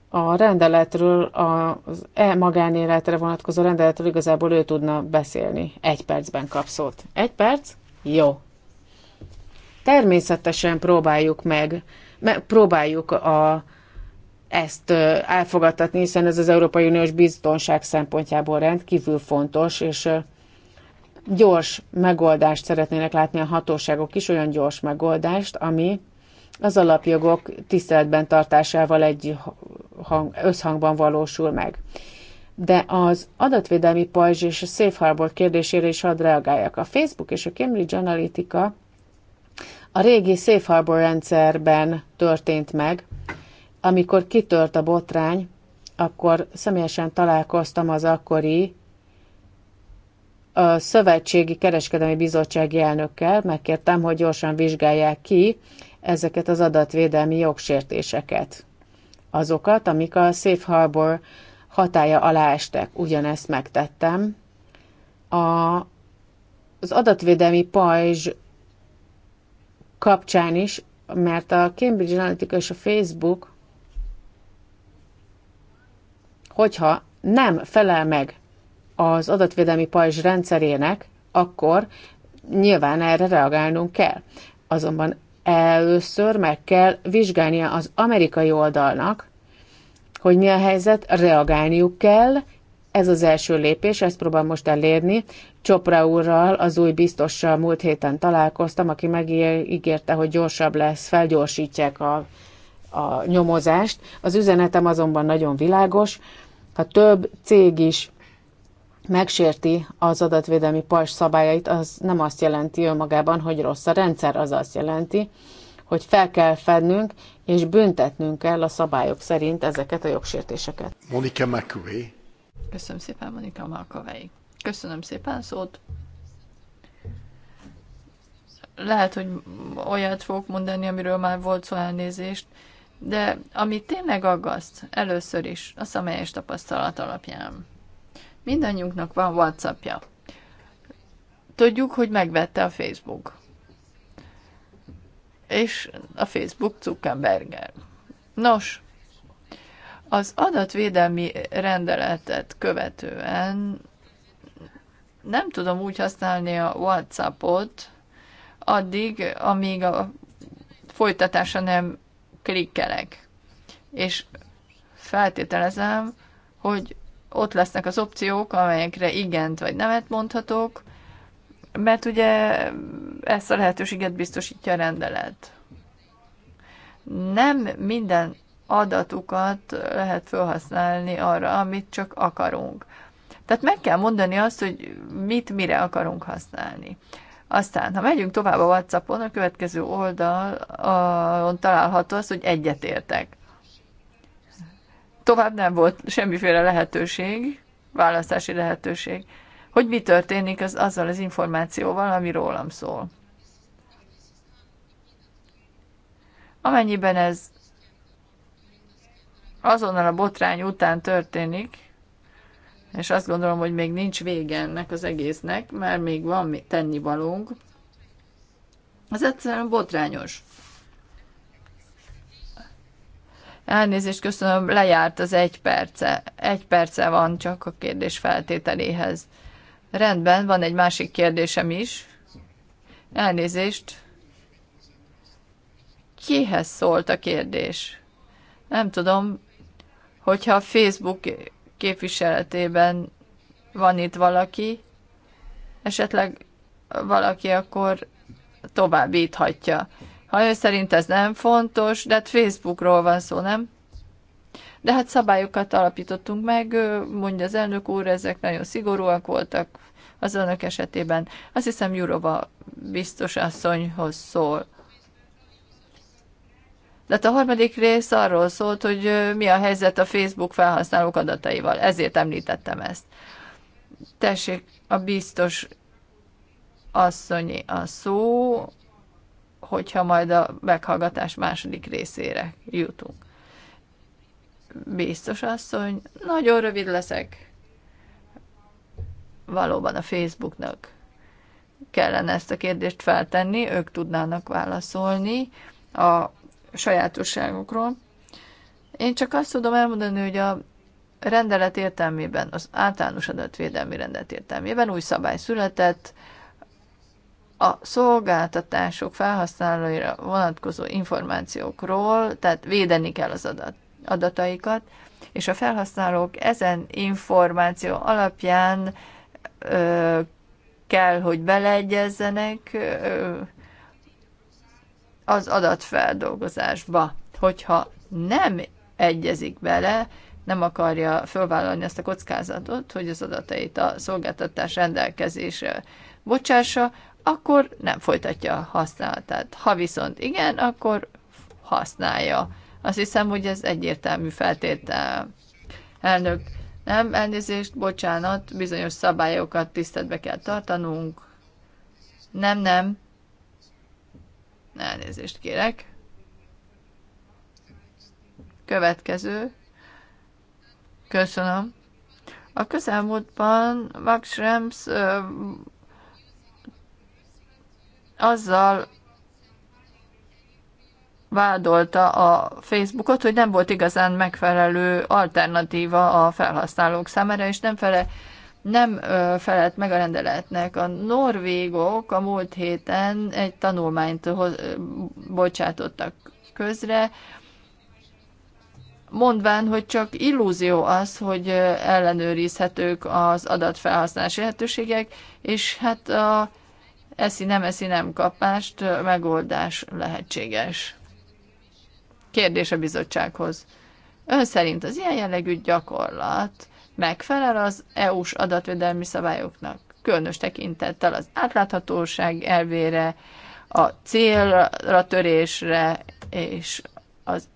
a rendeletről, az e-magánéletre vonatkozó rendeletről igazából ő tudna beszélni. Egy percben kapszót. Egy perc? Jó. Természetesen próbáljuk meg, me- próbáljuk a, ezt elfogadtatni, hiszen ez az Európai Uniós biztonság szempontjából rendkívül fontos, és gyors megoldást szeretnének látni a hatóságok is, olyan gyors megoldást, ami az alapjogok tiszteletben tartásával egy hang, összhangban valósul meg. De az adatvédelmi pajzs és a Safe Harbor kérdésére is ad reagáljak. A Facebook és a Cambridge Analytica a régi Safe Harbor rendszerben történt meg. Amikor kitört a botrány, akkor személyesen találkoztam az akkori a Szövetségi Kereskedelmi Bizottsági elnökkel, megkértem, hogy gyorsan vizsgálják ki ezeket az adatvédelmi jogsértéseket. Azokat, amik a Safe Harbor hatája alá estek. Ugyanezt megtettem. A, az adatvédelmi pajzs kapcsán is, mert a Cambridge Analytica és a Facebook, hogyha nem felel meg az adatvédelmi pajzs rendszerének, akkor nyilván erre reagálnunk kell. Azonban először meg kell vizsgálnia az amerikai oldalnak, hogy mi a helyzet, reagálniuk kell, ez az első lépés, ezt próbál most elérni. Csopra úrral, az új biztossal múlt héten találkoztam, aki megígérte, hogy gyorsabb lesz, felgyorsítják a, a nyomozást. Az üzenetem azonban nagyon világos, ha több cég is megsérti az adatvédelmi pajzs szabályait, az nem azt jelenti önmagában, hogy rossz a rendszer, az azt jelenti, hogy fel kell fednünk és büntetnünk kell a szabályok szerint ezeket a jogsértéseket. Monika McVeigh Köszönöm szépen, Monika Malkovei. Köszönöm szépen szót. Lehet, hogy olyat fogok mondani, amiről már volt szó elnézést, de ami tényleg aggaszt, először is, a személyes tapasztalat alapján. Mindannyiunknak van Whatsappja. Tudjuk, hogy megvette a Facebook. És a Facebook Zuckerberger. Nos, az adatvédelmi rendeletet követően nem tudom úgy használni a WhatsAppot addig, amíg a folytatása nem klikkelek. És feltételezem, hogy ott lesznek az opciók, amelyekre igent vagy nemet mondhatok, mert ugye ezt a lehetőséget biztosítja a rendelet. Nem minden adatukat lehet felhasználni arra, amit csak akarunk. Tehát meg kell mondani azt, hogy mit mire akarunk használni. Aztán, ha megyünk tovább a WhatsAppon, a következő oldalon található az, hogy egyetértek. Tovább nem volt semmiféle lehetőség, választási lehetőség, hogy mi történik az, azzal az információval, ami rólam szól. Amennyiben ez azonnal a botrány után történik, és azt gondolom, hogy még nincs vége ennek az egésznek, mert még van tennivalónk. Ez egyszerűen botrányos. Elnézést köszönöm, lejárt az egy perce. Egy perce van csak a kérdés feltételéhez. Rendben, van egy másik kérdésem is. Elnézést. Kihez szólt a kérdés? Nem tudom, hogyha a Facebook képviseletében van itt valaki, esetleg valaki akkor továbbíthatja. Ha ő szerint ez nem fontos, de hát Facebookról van szó, nem? De hát szabályokat alapítottunk meg, mondja az elnök úr, ezek nagyon szigorúak voltak az önök esetében. Azt hiszem Jurova biztos asszonyhoz szól. De hát a harmadik rész arról szólt, hogy mi a helyzet a Facebook felhasználók adataival. Ezért említettem ezt. Tessék, a biztos asszonyi a szó, hogyha majd a meghallgatás második részére jutunk. Biztos asszony, nagyon rövid leszek. Valóban a Facebooknak kellene ezt a kérdést feltenni, ők tudnának válaszolni a sajátosságokról. Én csak azt tudom elmondani, hogy a rendelet értelmében, az általános adatvédelmi rendelet értelmében új szabály született, a szolgáltatások felhasználóira vonatkozó információkról, tehát védeni kell az adat, adataikat, és a felhasználók ezen információ alapján ö, kell, hogy beleegyezzenek, ö, az adatfeldolgozásba. Hogyha nem egyezik bele, nem akarja fölvállalni ezt a kockázatot, hogy az adatait a szolgáltatás rendelkezésre bocsássa, akkor nem folytatja a használatát. Ha viszont igen, akkor használja. Azt hiszem, hogy ez egyértelmű feltétel. Elnök, nem, elnézést, bocsánat, bizonyos szabályokat tiszteletbe kell tartanunk. Nem, nem, Elnézést kérek. Következő. Köszönöm. A közelmúltban Max Schrems ö, azzal vádolta a Facebookot, hogy nem volt igazán megfelelő alternatíva a felhasználók számára, és nem fele nem felelt meg a rendeletnek. A norvégok a múlt héten egy tanulmányt bocsátottak közre, mondván, hogy csak illúzió az, hogy ellenőrizhetők az adatfelhasználás lehetőségek, és hát a eszi nem eszi nem kapást megoldás lehetséges. Kérdés a bizottsághoz. Ön szerint az ilyen jellegű gyakorlat megfelel az EU-s adatvédelmi szabályoknak, különös tekintettel az átláthatóság elvére, a célra törésre és az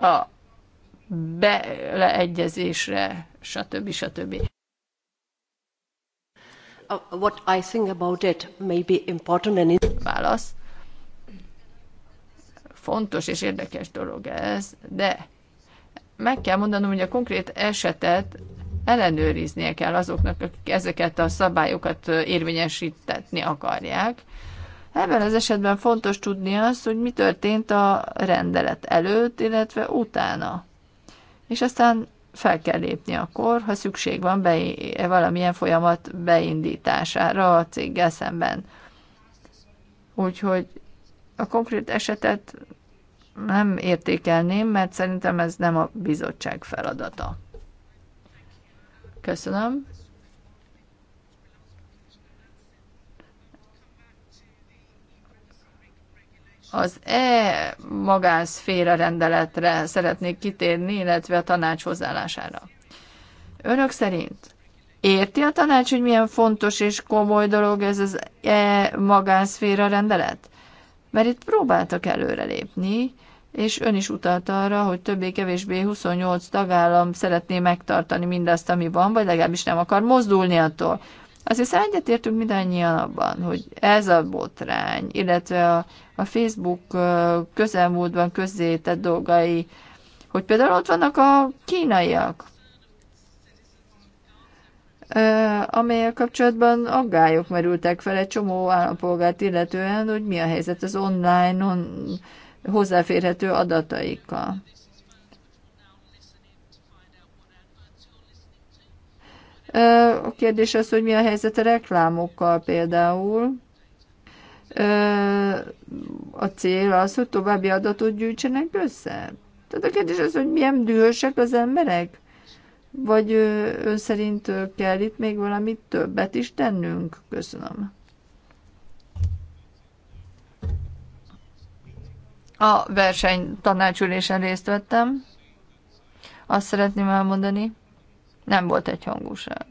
a beleegyezésre, stb. stb. Uh, what I think about it may be important and Válasz. Fontos és érdekes dolog ez, de meg kell mondanom, hogy a konkrét esetet ellenőriznie kell azoknak, akik ezeket a szabályokat érvényesítetni akarják. Ebben az esetben fontos tudni azt, hogy mi történt a rendelet előtt, illetve utána. És aztán fel kell lépni akkor, ha szükség van be- valamilyen folyamat beindítására a céggel szemben. Úgyhogy a konkrét esetet nem értékelném, mert szerintem ez nem a bizottság feladata. Köszönöm. Az e magánszféra rendeletre szeretnék kitérni, illetve a tanács hozzáállására. Önök szerint érti a tanács, hogy milyen fontos és komoly dolog ez az e magánszféra rendelet? Mert itt próbáltak előrelépni, és ön is utalt arra, hogy többé-kevésbé 28 tagállam szeretné megtartani mindazt, ami van, vagy legalábbis nem akar mozdulni attól. Azt hiszem egyetértünk mindannyian abban, hogy ez a botrány, illetve a, a Facebook közelmúltban közzétett dolgai, hogy például ott vannak a kínaiak, amelyek kapcsolatban aggályok merültek fel egy csomó állampolgárt illetően, hogy mi a helyzet az online on, hozzáférhető adataikkal. A kérdés az, hogy mi a helyzet a reklámokkal például. A cél az, hogy további adatot gyűjtsenek össze. Tehát a kérdés az, hogy milyen dühösek az emberek. Vagy ön szerint kell itt még valamit többet is tennünk? Köszönöm. A verseny tanácsülésen részt vettem. Azt szeretném elmondani, nem volt egy hangúság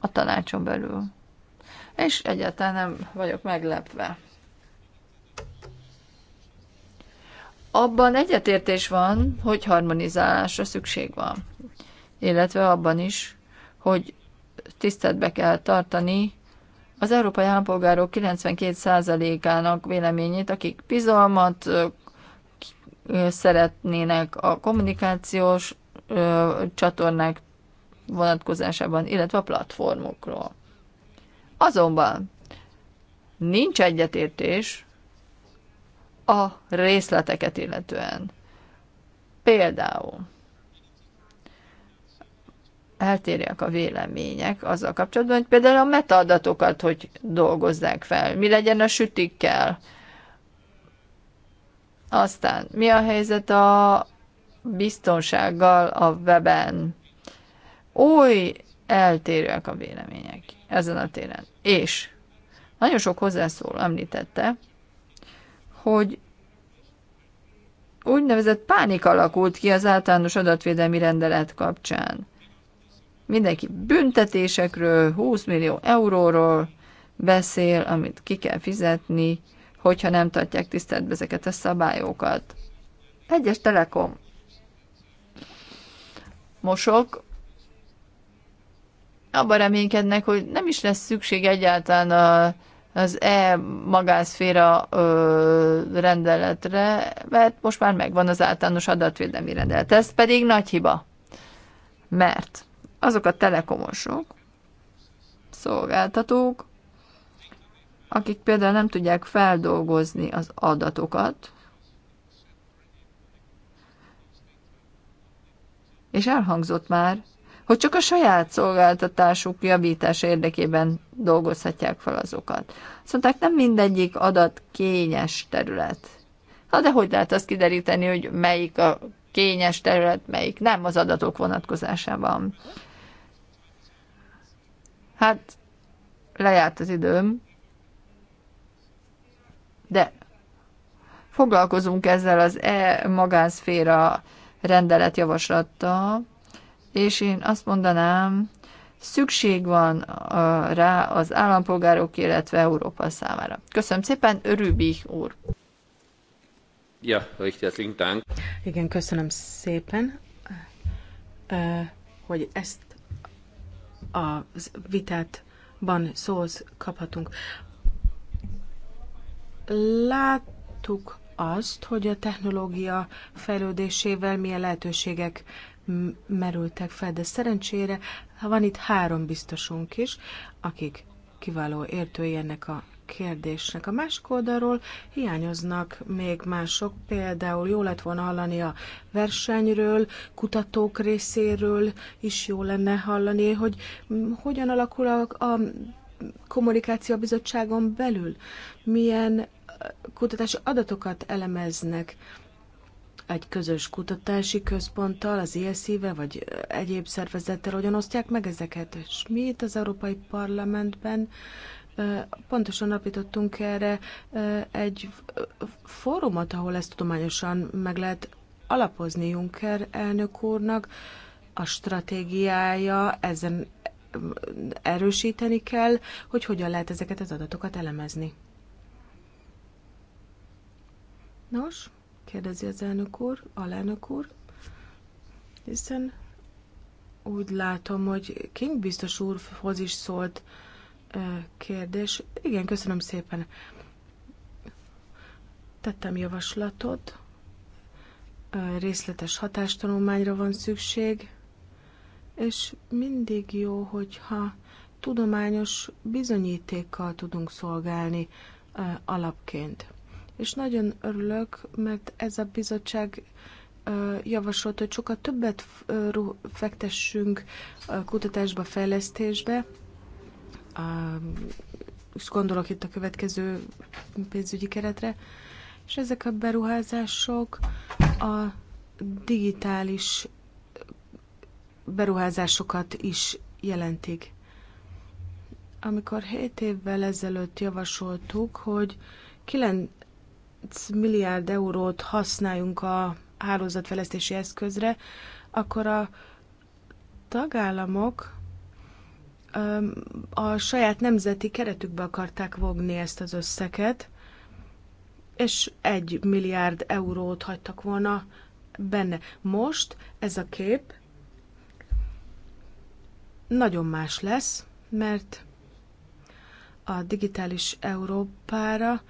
a tanácson belül. És egyáltalán nem vagyok meglepve. Abban egyetértés van, hogy harmonizálásra szükség van. Illetve abban is, hogy tiszteletbe kell tartani az európai állampolgárok 92%-ának véleményét, akik bizalmat szeretnének a kommunikációs csatornák vonatkozásában, illetve a platformokról. Azonban nincs egyetértés a részleteket illetően. Például eltérjek a vélemények azzal kapcsolatban, hogy például a metaadatokat hogy dolgozzák fel, mi legyen a sütikkel. Aztán mi a helyzet a biztonsággal a weben? Új, eltérőek a vélemények ezen a téren. És nagyon sok hozzászól említette, hogy úgynevezett pánik alakult ki az általános adatvédelmi rendelet kapcsán. Mindenki büntetésekről, 20 millió euróról beszél, amit ki kell fizetni, hogyha nem tartják tiszteletbe ezeket a szabályokat. Egyes Telekom. Mosok. Abban reménykednek, hogy nem is lesz szükség egyáltalán a, az e-magánszféra rendeletre, mert most már megvan az általános adatvédelmi rendelet. Ez pedig nagy hiba. Mert azok a telekomosok, szolgáltatók, akik például nem tudják feldolgozni az adatokat, és elhangzott már, hogy csak a saját szolgáltatásuk javítás érdekében dolgozhatják fel azokat. Szóval nem mindegyik adat kényes terület. Ha de hogy lehet azt kideríteni, hogy melyik a kényes terület, melyik nem az adatok vonatkozásában. Hát, lejárt az időm, de foglalkozunk ezzel az e-magánszféra rendeletjavaslattal, és én azt mondanám, szükség van rá az állampolgárok, illetve Európa számára. Köszönöm szépen, Rübich úr! Ja, Igen, köszönöm szépen, hogy ezt a vitátban szóhoz kaphatunk. Láttuk azt, hogy a technológia fejlődésével milyen lehetőségek merültek fel, de szerencsére van itt három biztosunk is, akik kiváló értői ennek a kérdésnek. A másik oldalról hiányoznak még mások, például jó lett volna hallani a versenyről, kutatók részéről is jó lenne hallani, hogy hogyan alakul a, a kommunikáció bizottságon belül, milyen kutatási adatokat elemeznek, egy közös kutatási központtal, az ISZ-vel, vagy egyéb szervezettel, hogyan osztják meg ezeket. És mi itt az Európai Parlamentben pontosan napítottunk erre egy fórumot, ahol ezt tudományosan meg lehet alapozni Juncker elnök úrnak. A stratégiája ezen erősíteni kell, hogy hogyan lehet ezeket az adatokat elemezni. Nos, kérdezi az elnök úr, alelnök úr, hiszen úgy látom, hogy King biztos úrhoz is szólt kérdés. Igen, köszönöm szépen. Tettem javaslatot, részletes hatástanulmányra van szükség, és mindig jó, hogyha tudományos bizonyítékkal tudunk szolgálni alapként és nagyon örülök, mert ez a bizottság javasolt, hogy sokkal többet fektessünk a kutatásba, fejlesztésbe. És gondolok itt a következő pénzügyi keretre. És ezek a beruházások a digitális beruházásokat is jelentik. Amikor 7 évvel ezelőtt javasoltuk, hogy 9, milliárd eurót használjunk a hálózatfejlesztési eszközre, akkor a tagállamok a saját nemzeti keretükbe akarták vogni ezt az összeget, és egy milliárd eurót hagytak volna benne. Most ez a kép nagyon más lesz, mert a digitális Európára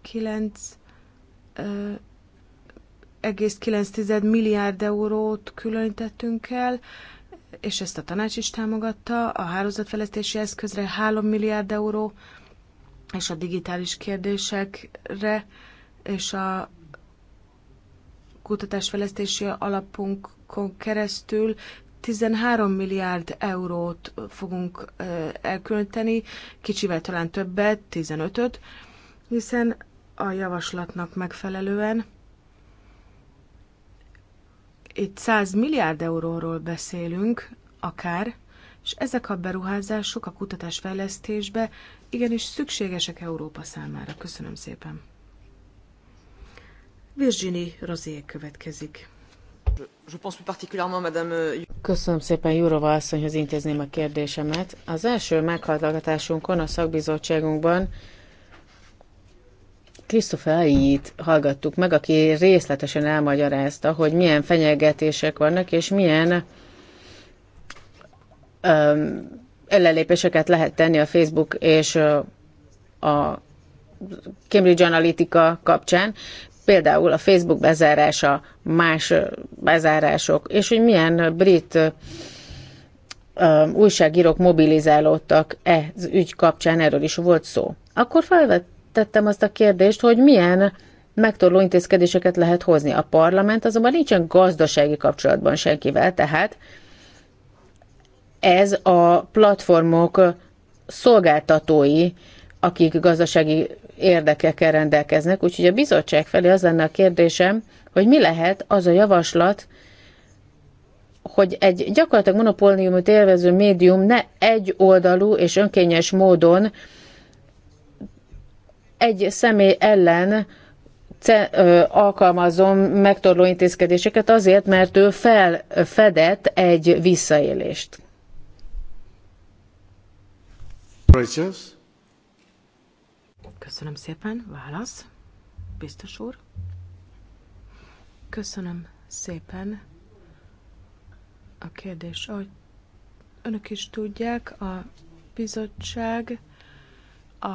9 1,9 milliárd eurót különítettünk el, és ezt a tanács is támogatta, a hálózatfejlesztési eszközre 3 milliárd euró, és a digitális kérdésekre, és a kutatásfejlesztési alapunkon keresztül 13 milliárd eurót fogunk elkülöníteni, kicsivel talán többet, 15-öt, hiszen a javaslatnak megfelelően. Itt 100 milliárd euróról beszélünk, akár, és ezek a beruházások a kutatásfejlesztésbe igenis szükségesek Európa számára. Köszönöm szépen. Virginie Rosé következik. Euh, Köszönöm szépen Jurova asszonyhoz intézném a kérdésemet. Az első meghallgatásunkon a szakbizottságunkban Christopher Ait hallgattuk meg, aki részletesen elmagyarázta, hogy milyen fenyegetések vannak, és milyen öm, ellenlépéseket lehet tenni a Facebook és a Cambridge Analytica kapcsán, például a Facebook bezárása, más bezárások, és hogy milyen brit újságírók mobilizálódtak ez ügy kapcsán, erről is volt szó. Akkor felvett tettem azt a kérdést, hogy milyen megtorló intézkedéseket lehet hozni. A parlament azonban nincsen gazdasági kapcsolatban senkivel, tehát ez a platformok szolgáltatói, akik gazdasági érdekekkel rendelkeznek. Úgyhogy a bizottság felé az lenne a kérdésem, hogy mi lehet az a javaslat, hogy egy gyakorlatilag monopóliumot élvező médium ne egy oldalú és önkényes módon egy személy ellen alkalmazom megtorló intézkedéseket azért, mert ő felfedett egy visszaélést. Köszönöm szépen. Válasz. Biztos úr. Köszönöm szépen. A kérdés, ahogy önök is tudják, a bizottság a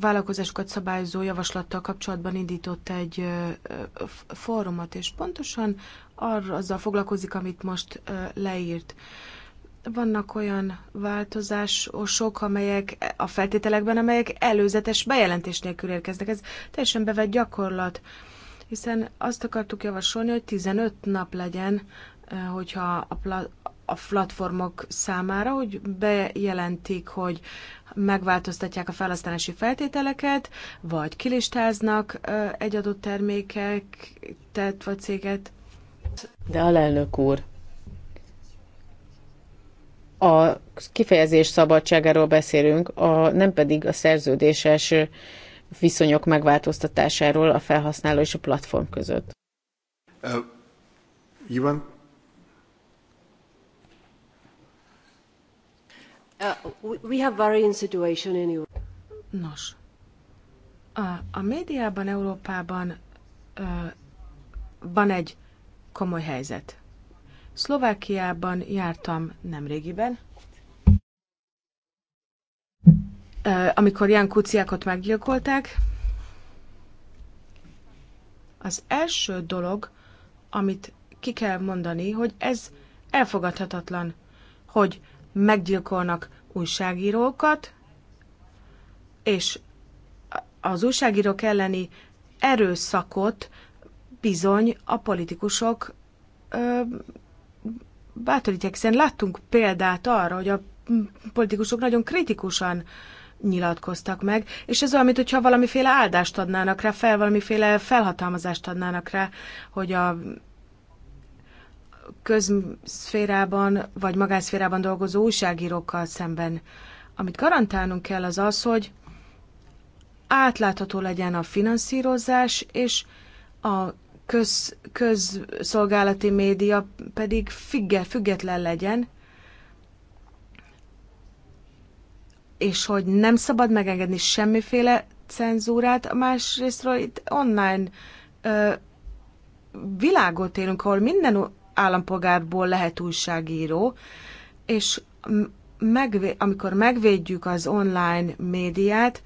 vállalkozásokat szabályozó javaslattal kapcsolatban indított egy fórumot, és pontosan arra azzal foglalkozik, amit most leírt. Vannak olyan változások, amelyek a feltételekben, amelyek előzetes bejelentés nélkül érkeznek. Ez teljesen bevett gyakorlat, hiszen azt akartuk javasolni, hogy 15 nap legyen, hogyha a, pla- a platformok számára, hogy bejelentik, hogy megváltoztatják a felhasználási feltételeket, vagy kilistáznak egy adott termékek, tett vagy céget. De alelnök úr, a kifejezés szabadságáról beszélünk, a, nem pedig a szerződéses viszonyok megváltoztatásáról a felhasználó és a platform között. Uh, you want Uh, we have varying situation in Europe. Nos, a, a médiában Európában van egy komoly helyzet. Szlovákiában jártam nemrégiben, ö, amikor Jan Kuciákot meggyilkolták. Az első dolog, amit ki kell mondani, hogy ez elfogadhatatlan, hogy meggyilkolnak újságírókat, és az újságírók elleni erőszakot bizony a politikusok ö, bátorítják, hiszen láttunk példát arra, hogy a politikusok nagyon kritikusan nyilatkoztak meg, és ez olyan, mintha valamiféle áldást adnának rá fel, valamiféle felhatalmazást adnának rá, hogy a közszférában vagy magánszférában dolgozó újságírókkal szemben. Amit garantálnunk kell az az, hogy átlátható legyen a finanszírozás, és a köz, közszolgálati média pedig figge, független legyen, és hogy nem szabad megengedni semmiféle cenzúrát, másrésztről itt online ö, világot élünk, ahol minden állampolgárból lehet újságíró, és megvé- amikor megvédjük az online médiát,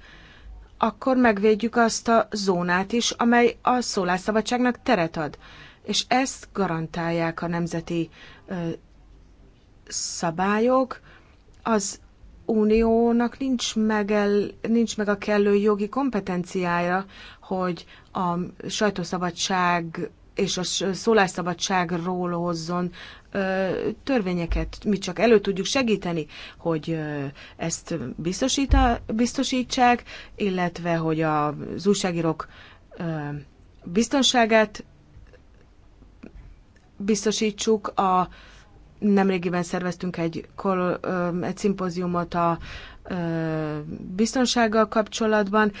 akkor megvédjük azt a zónát is, amely a szólásszabadságnak teret ad. És ezt garantálják a nemzeti ö, szabályok. Az uniónak nincs meg, el, nincs meg a kellő jogi kompetenciája, hogy a sajtószabadság és a szólásszabadságról hozzon törvényeket. Mi csak elő tudjuk segíteni, hogy ezt biztosítsák, illetve hogy az újságírók biztonságát biztosítsuk. A, nemrégiben szerveztünk egy, kol, egy szimpóziumot a biztonsággal kapcsolatban.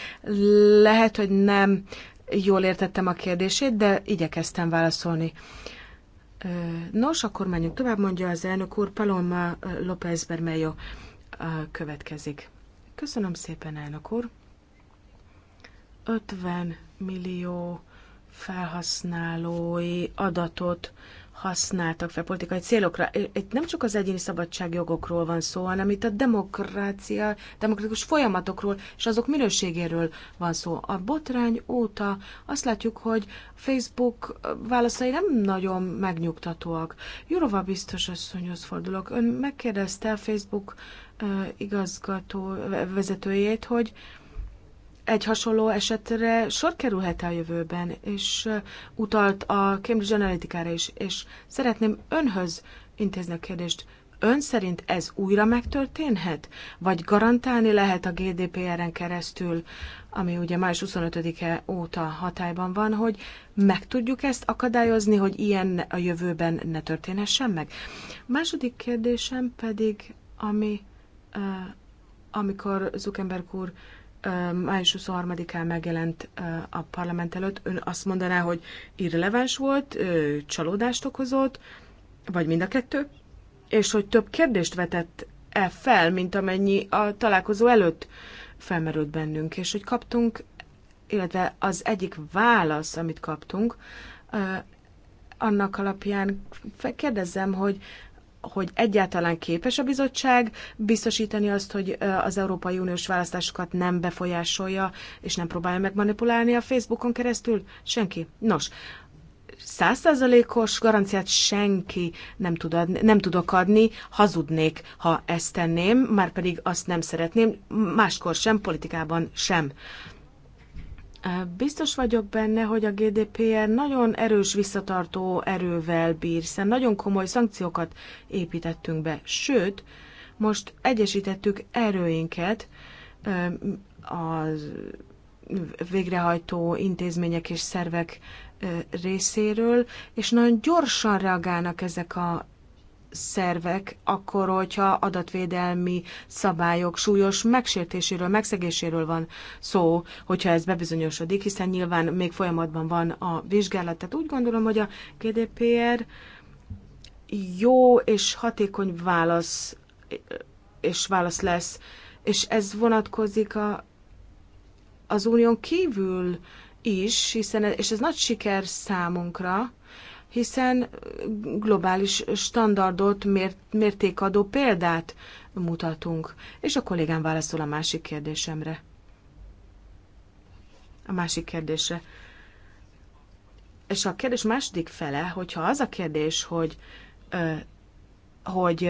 Lehet, hogy nem jól értettem a kérdését, de igyekeztem válaszolni. Nos, akkor menjünk tovább, mondja az elnök úr, Paloma López Bermejo következik. Köszönöm szépen, elnök úr. 50 millió felhasználói adatot használtak fel politikai célokra. Itt nem csak az egyéni szabadságjogokról van szó, hanem itt a demokrácia, demokratikus folyamatokról és azok minőségéről van szó. A botrány óta azt látjuk, hogy Facebook válaszai nem nagyon megnyugtatóak. Jurova biztos asszonyhoz fordulok. Ön megkérdezte a Facebook igazgató vezetőjét, hogy egy hasonló esetre sor kerülhet a jövőben, és utalt a Cambridge Analytica-ra is, és szeretném önhöz intézni a kérdést, ön szerint ez újra megtörténhet? Vagy garantálni lehet a GDPR-en keresztül, ami ugye május 25-e óta hatályban van, hogy meg tudjuk ezt akadályozni, hogy ilyen a jövőben ne történhessen meg? Második kérdésem pedig, ami amikor Zuckerberg úr május 23-án megjelent a parlament előtt, ön azt mondaná, hogy irreleváns volt, csalódást okozott, vagy mind a kettő, és hogy több kérdést vetett -e fel, mint amennyi a találkozó előtt felmerült bennünk, és hogy kaptunk, illetve az egyik válasz, amit kaptunk, annak alapján kérdezzem, hogy hogy egyáltalán képes a bizottság biztosítani azt, hogy az Európai Uniós választásokat nem befolyásolja, és nem próbálja megmanipulálni a Facebookon keresztül? Senki. Nos, százszázalékos garanciát senki nem, tud adni, nem tudok adni, hazudnék, ha ezt tenném, már pedig azt nem szeretném, máskor sem, politikában sem. Biztos vagyok benne, hogy a GDPR nagyon erős visszatartó erővel bír, hiszen nagyon komoly szankciókat építettünk be. Sőt, most egyesítettük erőinket a végrehajtó intézmények és szervek részéről, és nagyon gyorsan reagálnak ezek a szervek, akkor, hogyha adatvédelmi szabályok súlyos megsértéséről, megszegéséről van szó, hogyha ez bebizonyosodik, hiszen nyilván még folyamatban van a vizsgálat. Tehát úgy gondolom, hogy a GDPR jó és hatékony válasz, és válasz lesz, és ez vonatkozik a, az unión kívül is, hiszen, és ez nagy siker számunkra, hiszen globális standardot, mért, mértékadó példát mutatunk. És a kollégám válaszol a másik kérdésemre. A másik kérdése, És a kérdés második fele, hogyha az a kérdés, hogy, hogy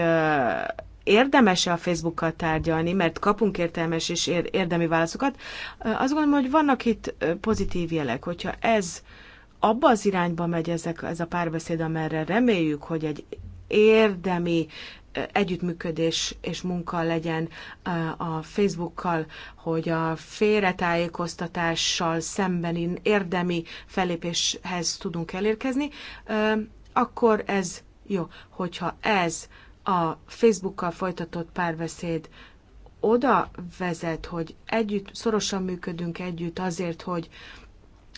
érdemes-e a Facebookkal tárgyalni, mert kapunk értelmes és érdemi válaszokat, azt gondolom, hogy vannak itt pozitív jelek, hogyha ez abba az irányba megy ezek, ez a párbeszéd, amerre reméljük, hogy egy érdemi együttműködés és munka legyen a Facebookkal, hogy a félretájékoztatással szembeni érdemi felépéshez tudunk elérkezni, akkor ez jó. Hogyha ez a Facebookkal folytatott párbeszéd oda vezet, hogy együtt, szorosan működünk együtt azért, hogy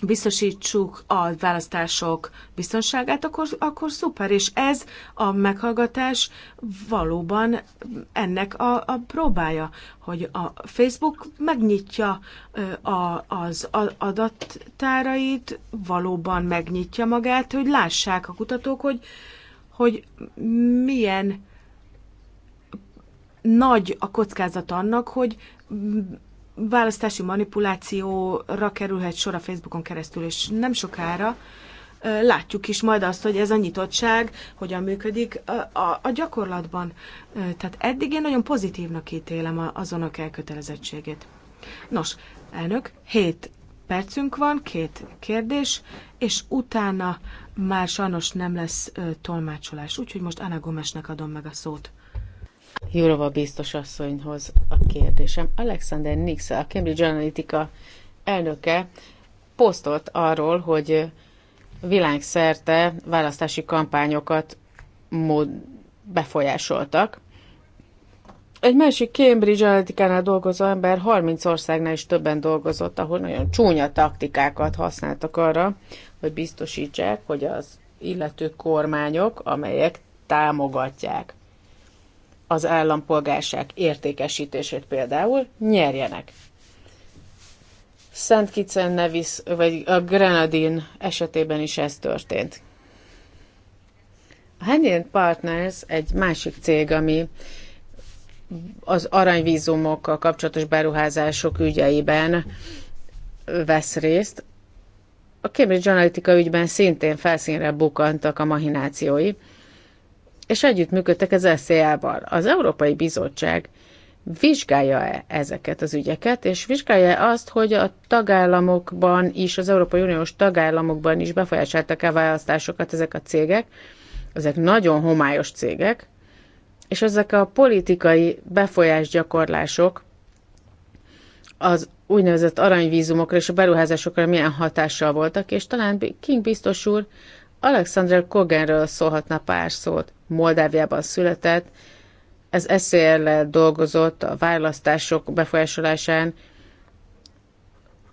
biztosítsuk a választások biztonságát, akkor, akkor szuper. És ez a meghallgatás valóban ennek a, a próbája, hogy a Facebook megnyitja a, az adattárait, valóban megnyitja magát, hogy lássák a kutatók, hogy, hogy milyen nagy a kockázat annak, hogy választási manipulációra kerülhet sor a Facebookon keresztül, és nem sokára látjuk is majd azt, hogy ez a nyitottság hogyan működik a, a, a gyakorlatban. Tehát eddig én nagyon pozitívnak ítélem azonok elkötelezettségét. Nos, elnök, hét percünk van, két kérdés, és utána már sajnos nem lesz ö, tolmácsolás, úgyhogy most Anna Gomesnek adom meg a szót. Jurova biztos asszonyhoz a kérdésem. Alexander Nix, a Cambridge Analytica elnöke posztolt arról, hogy világszerte választási kampányokat befolyásoltak. Egy másik Cambridge Analytica-nál dolgozó ember 30 országnál is többen dolgozott, ahol nagyon csúnya taktikákat használtak arra, hogy biztosítsák, hogy az illető kormányok, amelyek támogatják az állampolgárság értékesítését például nyerjenek. Szent Kicen Nevis, vagy a Grenadin esetében is ez történt. A Henyen Partners egy másik cég, ami az aranyvízumokkal kapcsolatos beruházások ügyeiben vesz részt. A Cambridge Analytica ügyben szintén felszínre bukantak a mahinációi, és együttműködtek az szea val Az Európai Bizottság vizsgálja-e ezeket az ügyeket, és vizsgálja-e azt, hogy a tagállamokban is, az Európai Uniós tagállamokban is befolyásolták-e választásokat ezek a cégek, ezek nagyon homályos cégek, és ezek a politikai befolyásgyakorlások az úgynevezett aranyvízumokra és a beruházásokra milyen hatással voltak, és talán King biztos úr Alexander Kogenről szólhatna pár szót. Moldáviában született, ez eszéllel dolgozott a választások befolyásolásán,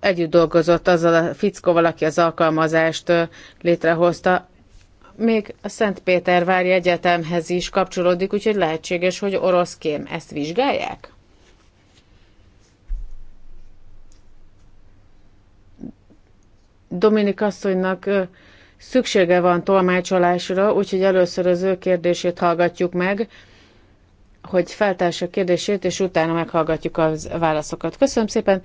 együtt dolgozott azzal a fickóval, aki az alkalmazást létrehozta. Még a Szentpétervári Egyetemhez is kapcsolódik, úgyhogy lehetséges, hogy orosz kém. Ezt vizsgálják? Dominik asszonynak szüksége van tolmácsolásra, úgyhogy először az ő kérdését hallgatjuk meg, hogy feltársa a kérdését, és utána meghallgatjuk a válaszokat. Köszönöm szépen!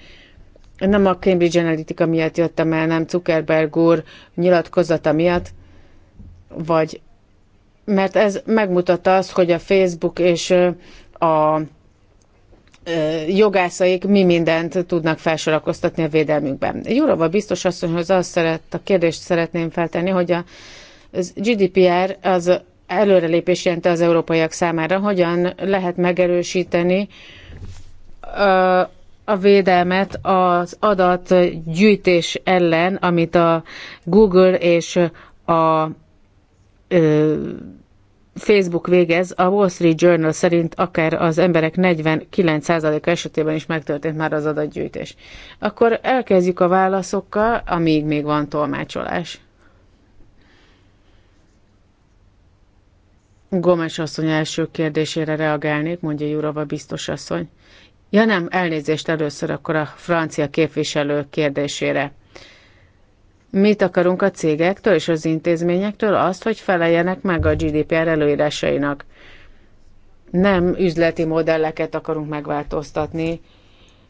Nem a Cambridge Analytica miatt jöttem el, nem Zuckerberg úr nyilatkozata miatt, vagy mert ez megmutatta azt, hogy a Facebook és a jogászaik mi mindent tudnak felsorakoztatni a védelmükben. Jurova biztos asszonyhoz azt szeret, a kérdést szeretném feltenni, hogy a az GDPR az előrelépés jelente az európaiak számára, hogyan lehet megerősíteni a védelmet az adatgyűjtés ellen, amit a Google és a Facebook végez, a Wall Street Journal szerint akár az emberek 49%-a esetében is megtörtént már az adatgyűjtés. Akkor elkezdjük a válaszokkal, amíg még van tolmácsolás. Gomes asszony első kérdésére reagálnék, mondja Jurova biztos asszony. Ja nem, elnézést először akkor a francia képviselő kérdésére. Mit akarunk a cégektől és az intézményektől? Azt, hogy feleljenek meg a GDPR előírásainak. Nem üzleti modelleket akarunk megváltoztatni,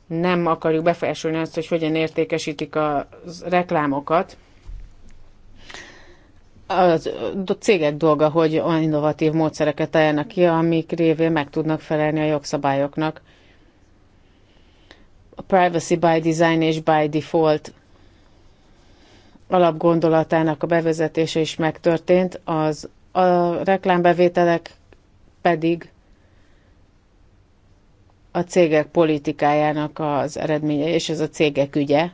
nem akarjuk befolyásolni azt, hogy hogyan értékesítik a reklámokat. Az, a cégek dolga, hogy olyan innovatív módszereket találnak ki, amik révén meg tudnak felelni a jogszabályoknak. A privacy by design és by default – alapgondolatának a bevezetése is megtörtént, az a reklámbevételek pedig a cégek politikájának az eredménye, és ez a cégek ügye.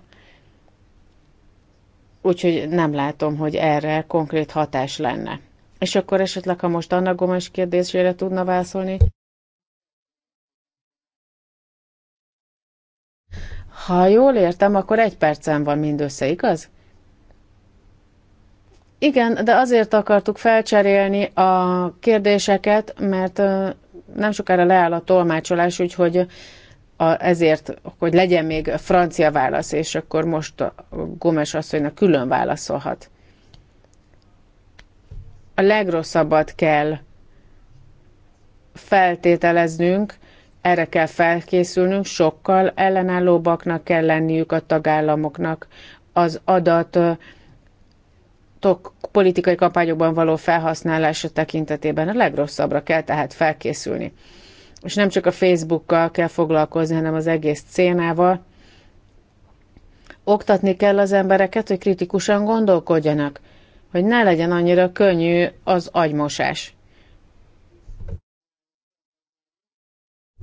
Úgyhogy nem látom, hogy erre konkrét hatás lenne. És akkor esetleg, ha most Anna Gomes kérdésére tudna válaszolni, Ha jól értem, akkor egy percen van mindössze, igaz? Igen, de azért akartuk felcserélni a kérdéseket, mert nem sokára leáll a tolmácsolás, úgyhogy a, ezért, hogy legyen még francia válasz, és akkor most a Gomes asszonynak külön válaszolhat. A legrosszabbat kell feltételeznünk, erre kell felkészülnünk, sokkal ellenállóbbaknak kell lenniük a tagállamoknak. Az adat adatok politikai kampányokban való felhasználása tekintetében a legrosszabbra kell tehát felkészülni. És nem csak a Facebookkal kell foglalkozni, hanem az egész szénával. Oktatni kell az embereket, hogy kritikusan gondolkodjanak, hogy ne legyen annyira könnyű az agymosás.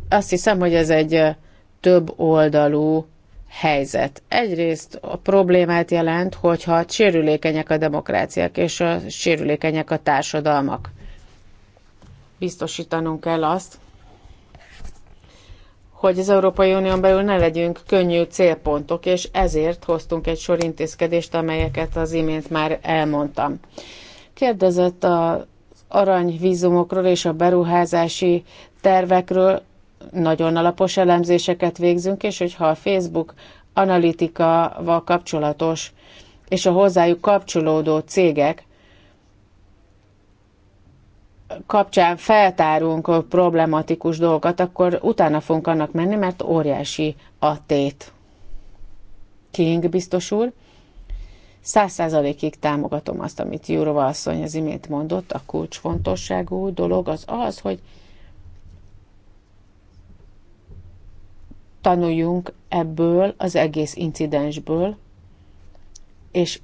Azt hiszem, hogy ez egy több oldalú helyzet. Egyrészt a problémát jelent, hogyha sérülékenyek a demokráciák és a sérülékenyek a társadalmak. Biztosítanunk kell azt, hogy az Európai Unión belül ne legyünk könnyű célpontok, és ezért hoztunk egy sor intézkedést, amelyeket az imént már elmondtam. Kérdezett az aranyvízumokról és a beruházási tervekről, nagyon alapos elemzéseket végzünk, és hogyha a Facebook analitikával kapcsolatos és a hozzájuk kapcsolódó cégek kapcsán feltárunk problematikus dolgokat, akkor utána fogunk annak menni, mert óriási a tét. King biztos úr, száz százalékig támogatom azt, amit Jurova asszony az imént mondott, a kulcsfontosságú dolog az az, hogy tanuljunk ebből az egész incidensből, és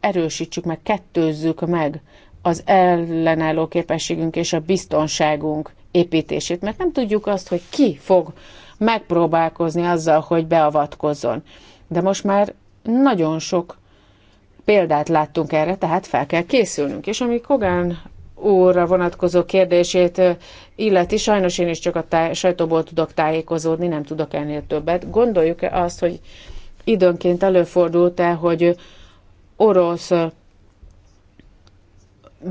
erősítsük meg, kettőzzük meg az ellenálló képességünk és a biztonságunk építését, mert nem tudjuk azt, hogy ki fog megpróbálkozni azzal, hogy beavatkozzon. De most már nagyon sok példát láttunk erre, tehát fel kell készülnünk. És ami Kogán úrra vonatkozó kérdését illeti, sajnos én is csak a táj, sajtóból tudok tájékozódni, nem tudok ennél többet. Gondoljuk-e azt, hogy időnként előfordult-e, hogy orosz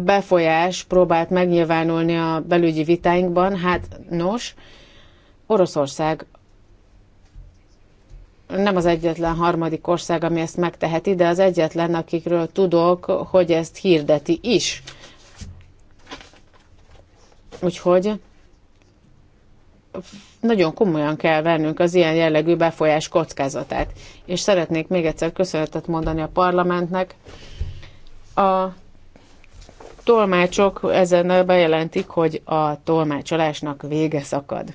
befolyás próbált megnyilvánulni a belügyi vitáinkban? Hát nos, Oroszország nem az egyetlen harmadik ország, ami ezt megteheti, de az egyetlen, akikről tudok, hogy ezt hirdeti is Úgyhogy nagyon komolyan kell vennünk az ilyen jellegű befolyás kockázatát. És szeretnék még egyszer köszönetet mondani a parlamentnek. A tolmácsok ezen bejelentik, hogy a tolmácsolásnak vége szakad.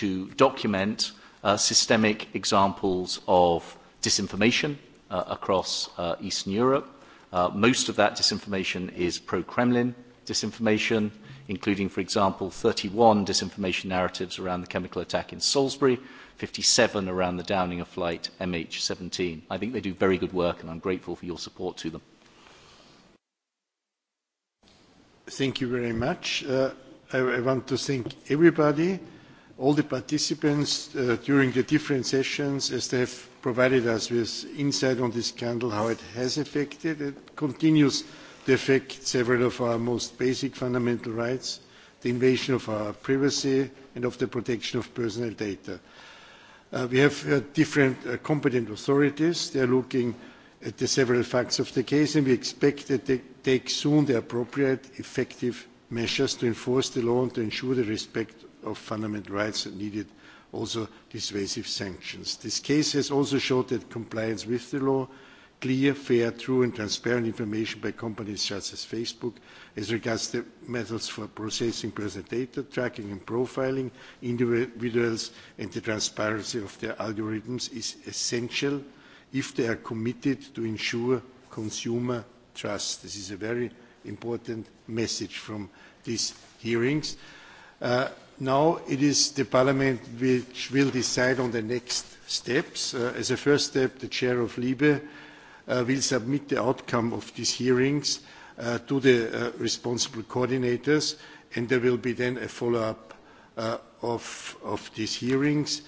To document uh, systemic examples of disinformation uh, across uh, Eastern Europe. Uh, most of that disinformation is pro-Kremlin disinformation including, for example, 31 disinformation narratives around the chemical attack in Salisbury, 57 around the downing of flight MH17. I think they do very good work, and I'm grateful for your support to them. Thank you very much. Uh, I, I want to thank everybody, all the participants uh, during the different sessions, as they have provided us with insight on this scandal, how it has affected it continues to affect several of our most basic fundamental rights, the invasion of our privacy and of the protection of personal data. Uh, we have uh, different uh, competent authorities. They are looking at the several facts of the case, and we expect that they take soon the appropriate, effective measures to enforce the law and to ensure the respect of fundamental rights and needed also dissuasive sanctions. This case has also showed that compliance with the law clear, fair, true and transparent information by companies such as Facebook as regards the methods for processing personal data, tracking and profiling individuals and the transparency of their algorithms is essential if they are committed to ensure consumer trust. This is a very important message from these hearings. Uh, now it is the Parliament which will decide on the next steps. Uh, as a first step, the Chair of LIBE uh, will submit the outcome of these hearings uh, to the uh, responsible coordinators, and there will be then a follow-up uh, of, of, these hearings.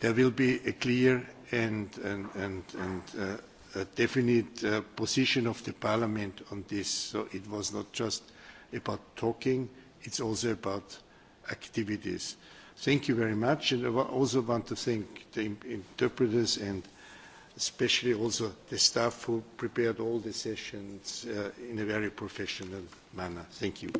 There will be a clear and, and, and, and uh, a definite position of the Parliament on this. So it was not just about talking, it's also about activities. Thank you very much, and I also want to thank the interpreters and especially also the staff who prepared all the sessions uh, in a very professional manner. Thank you.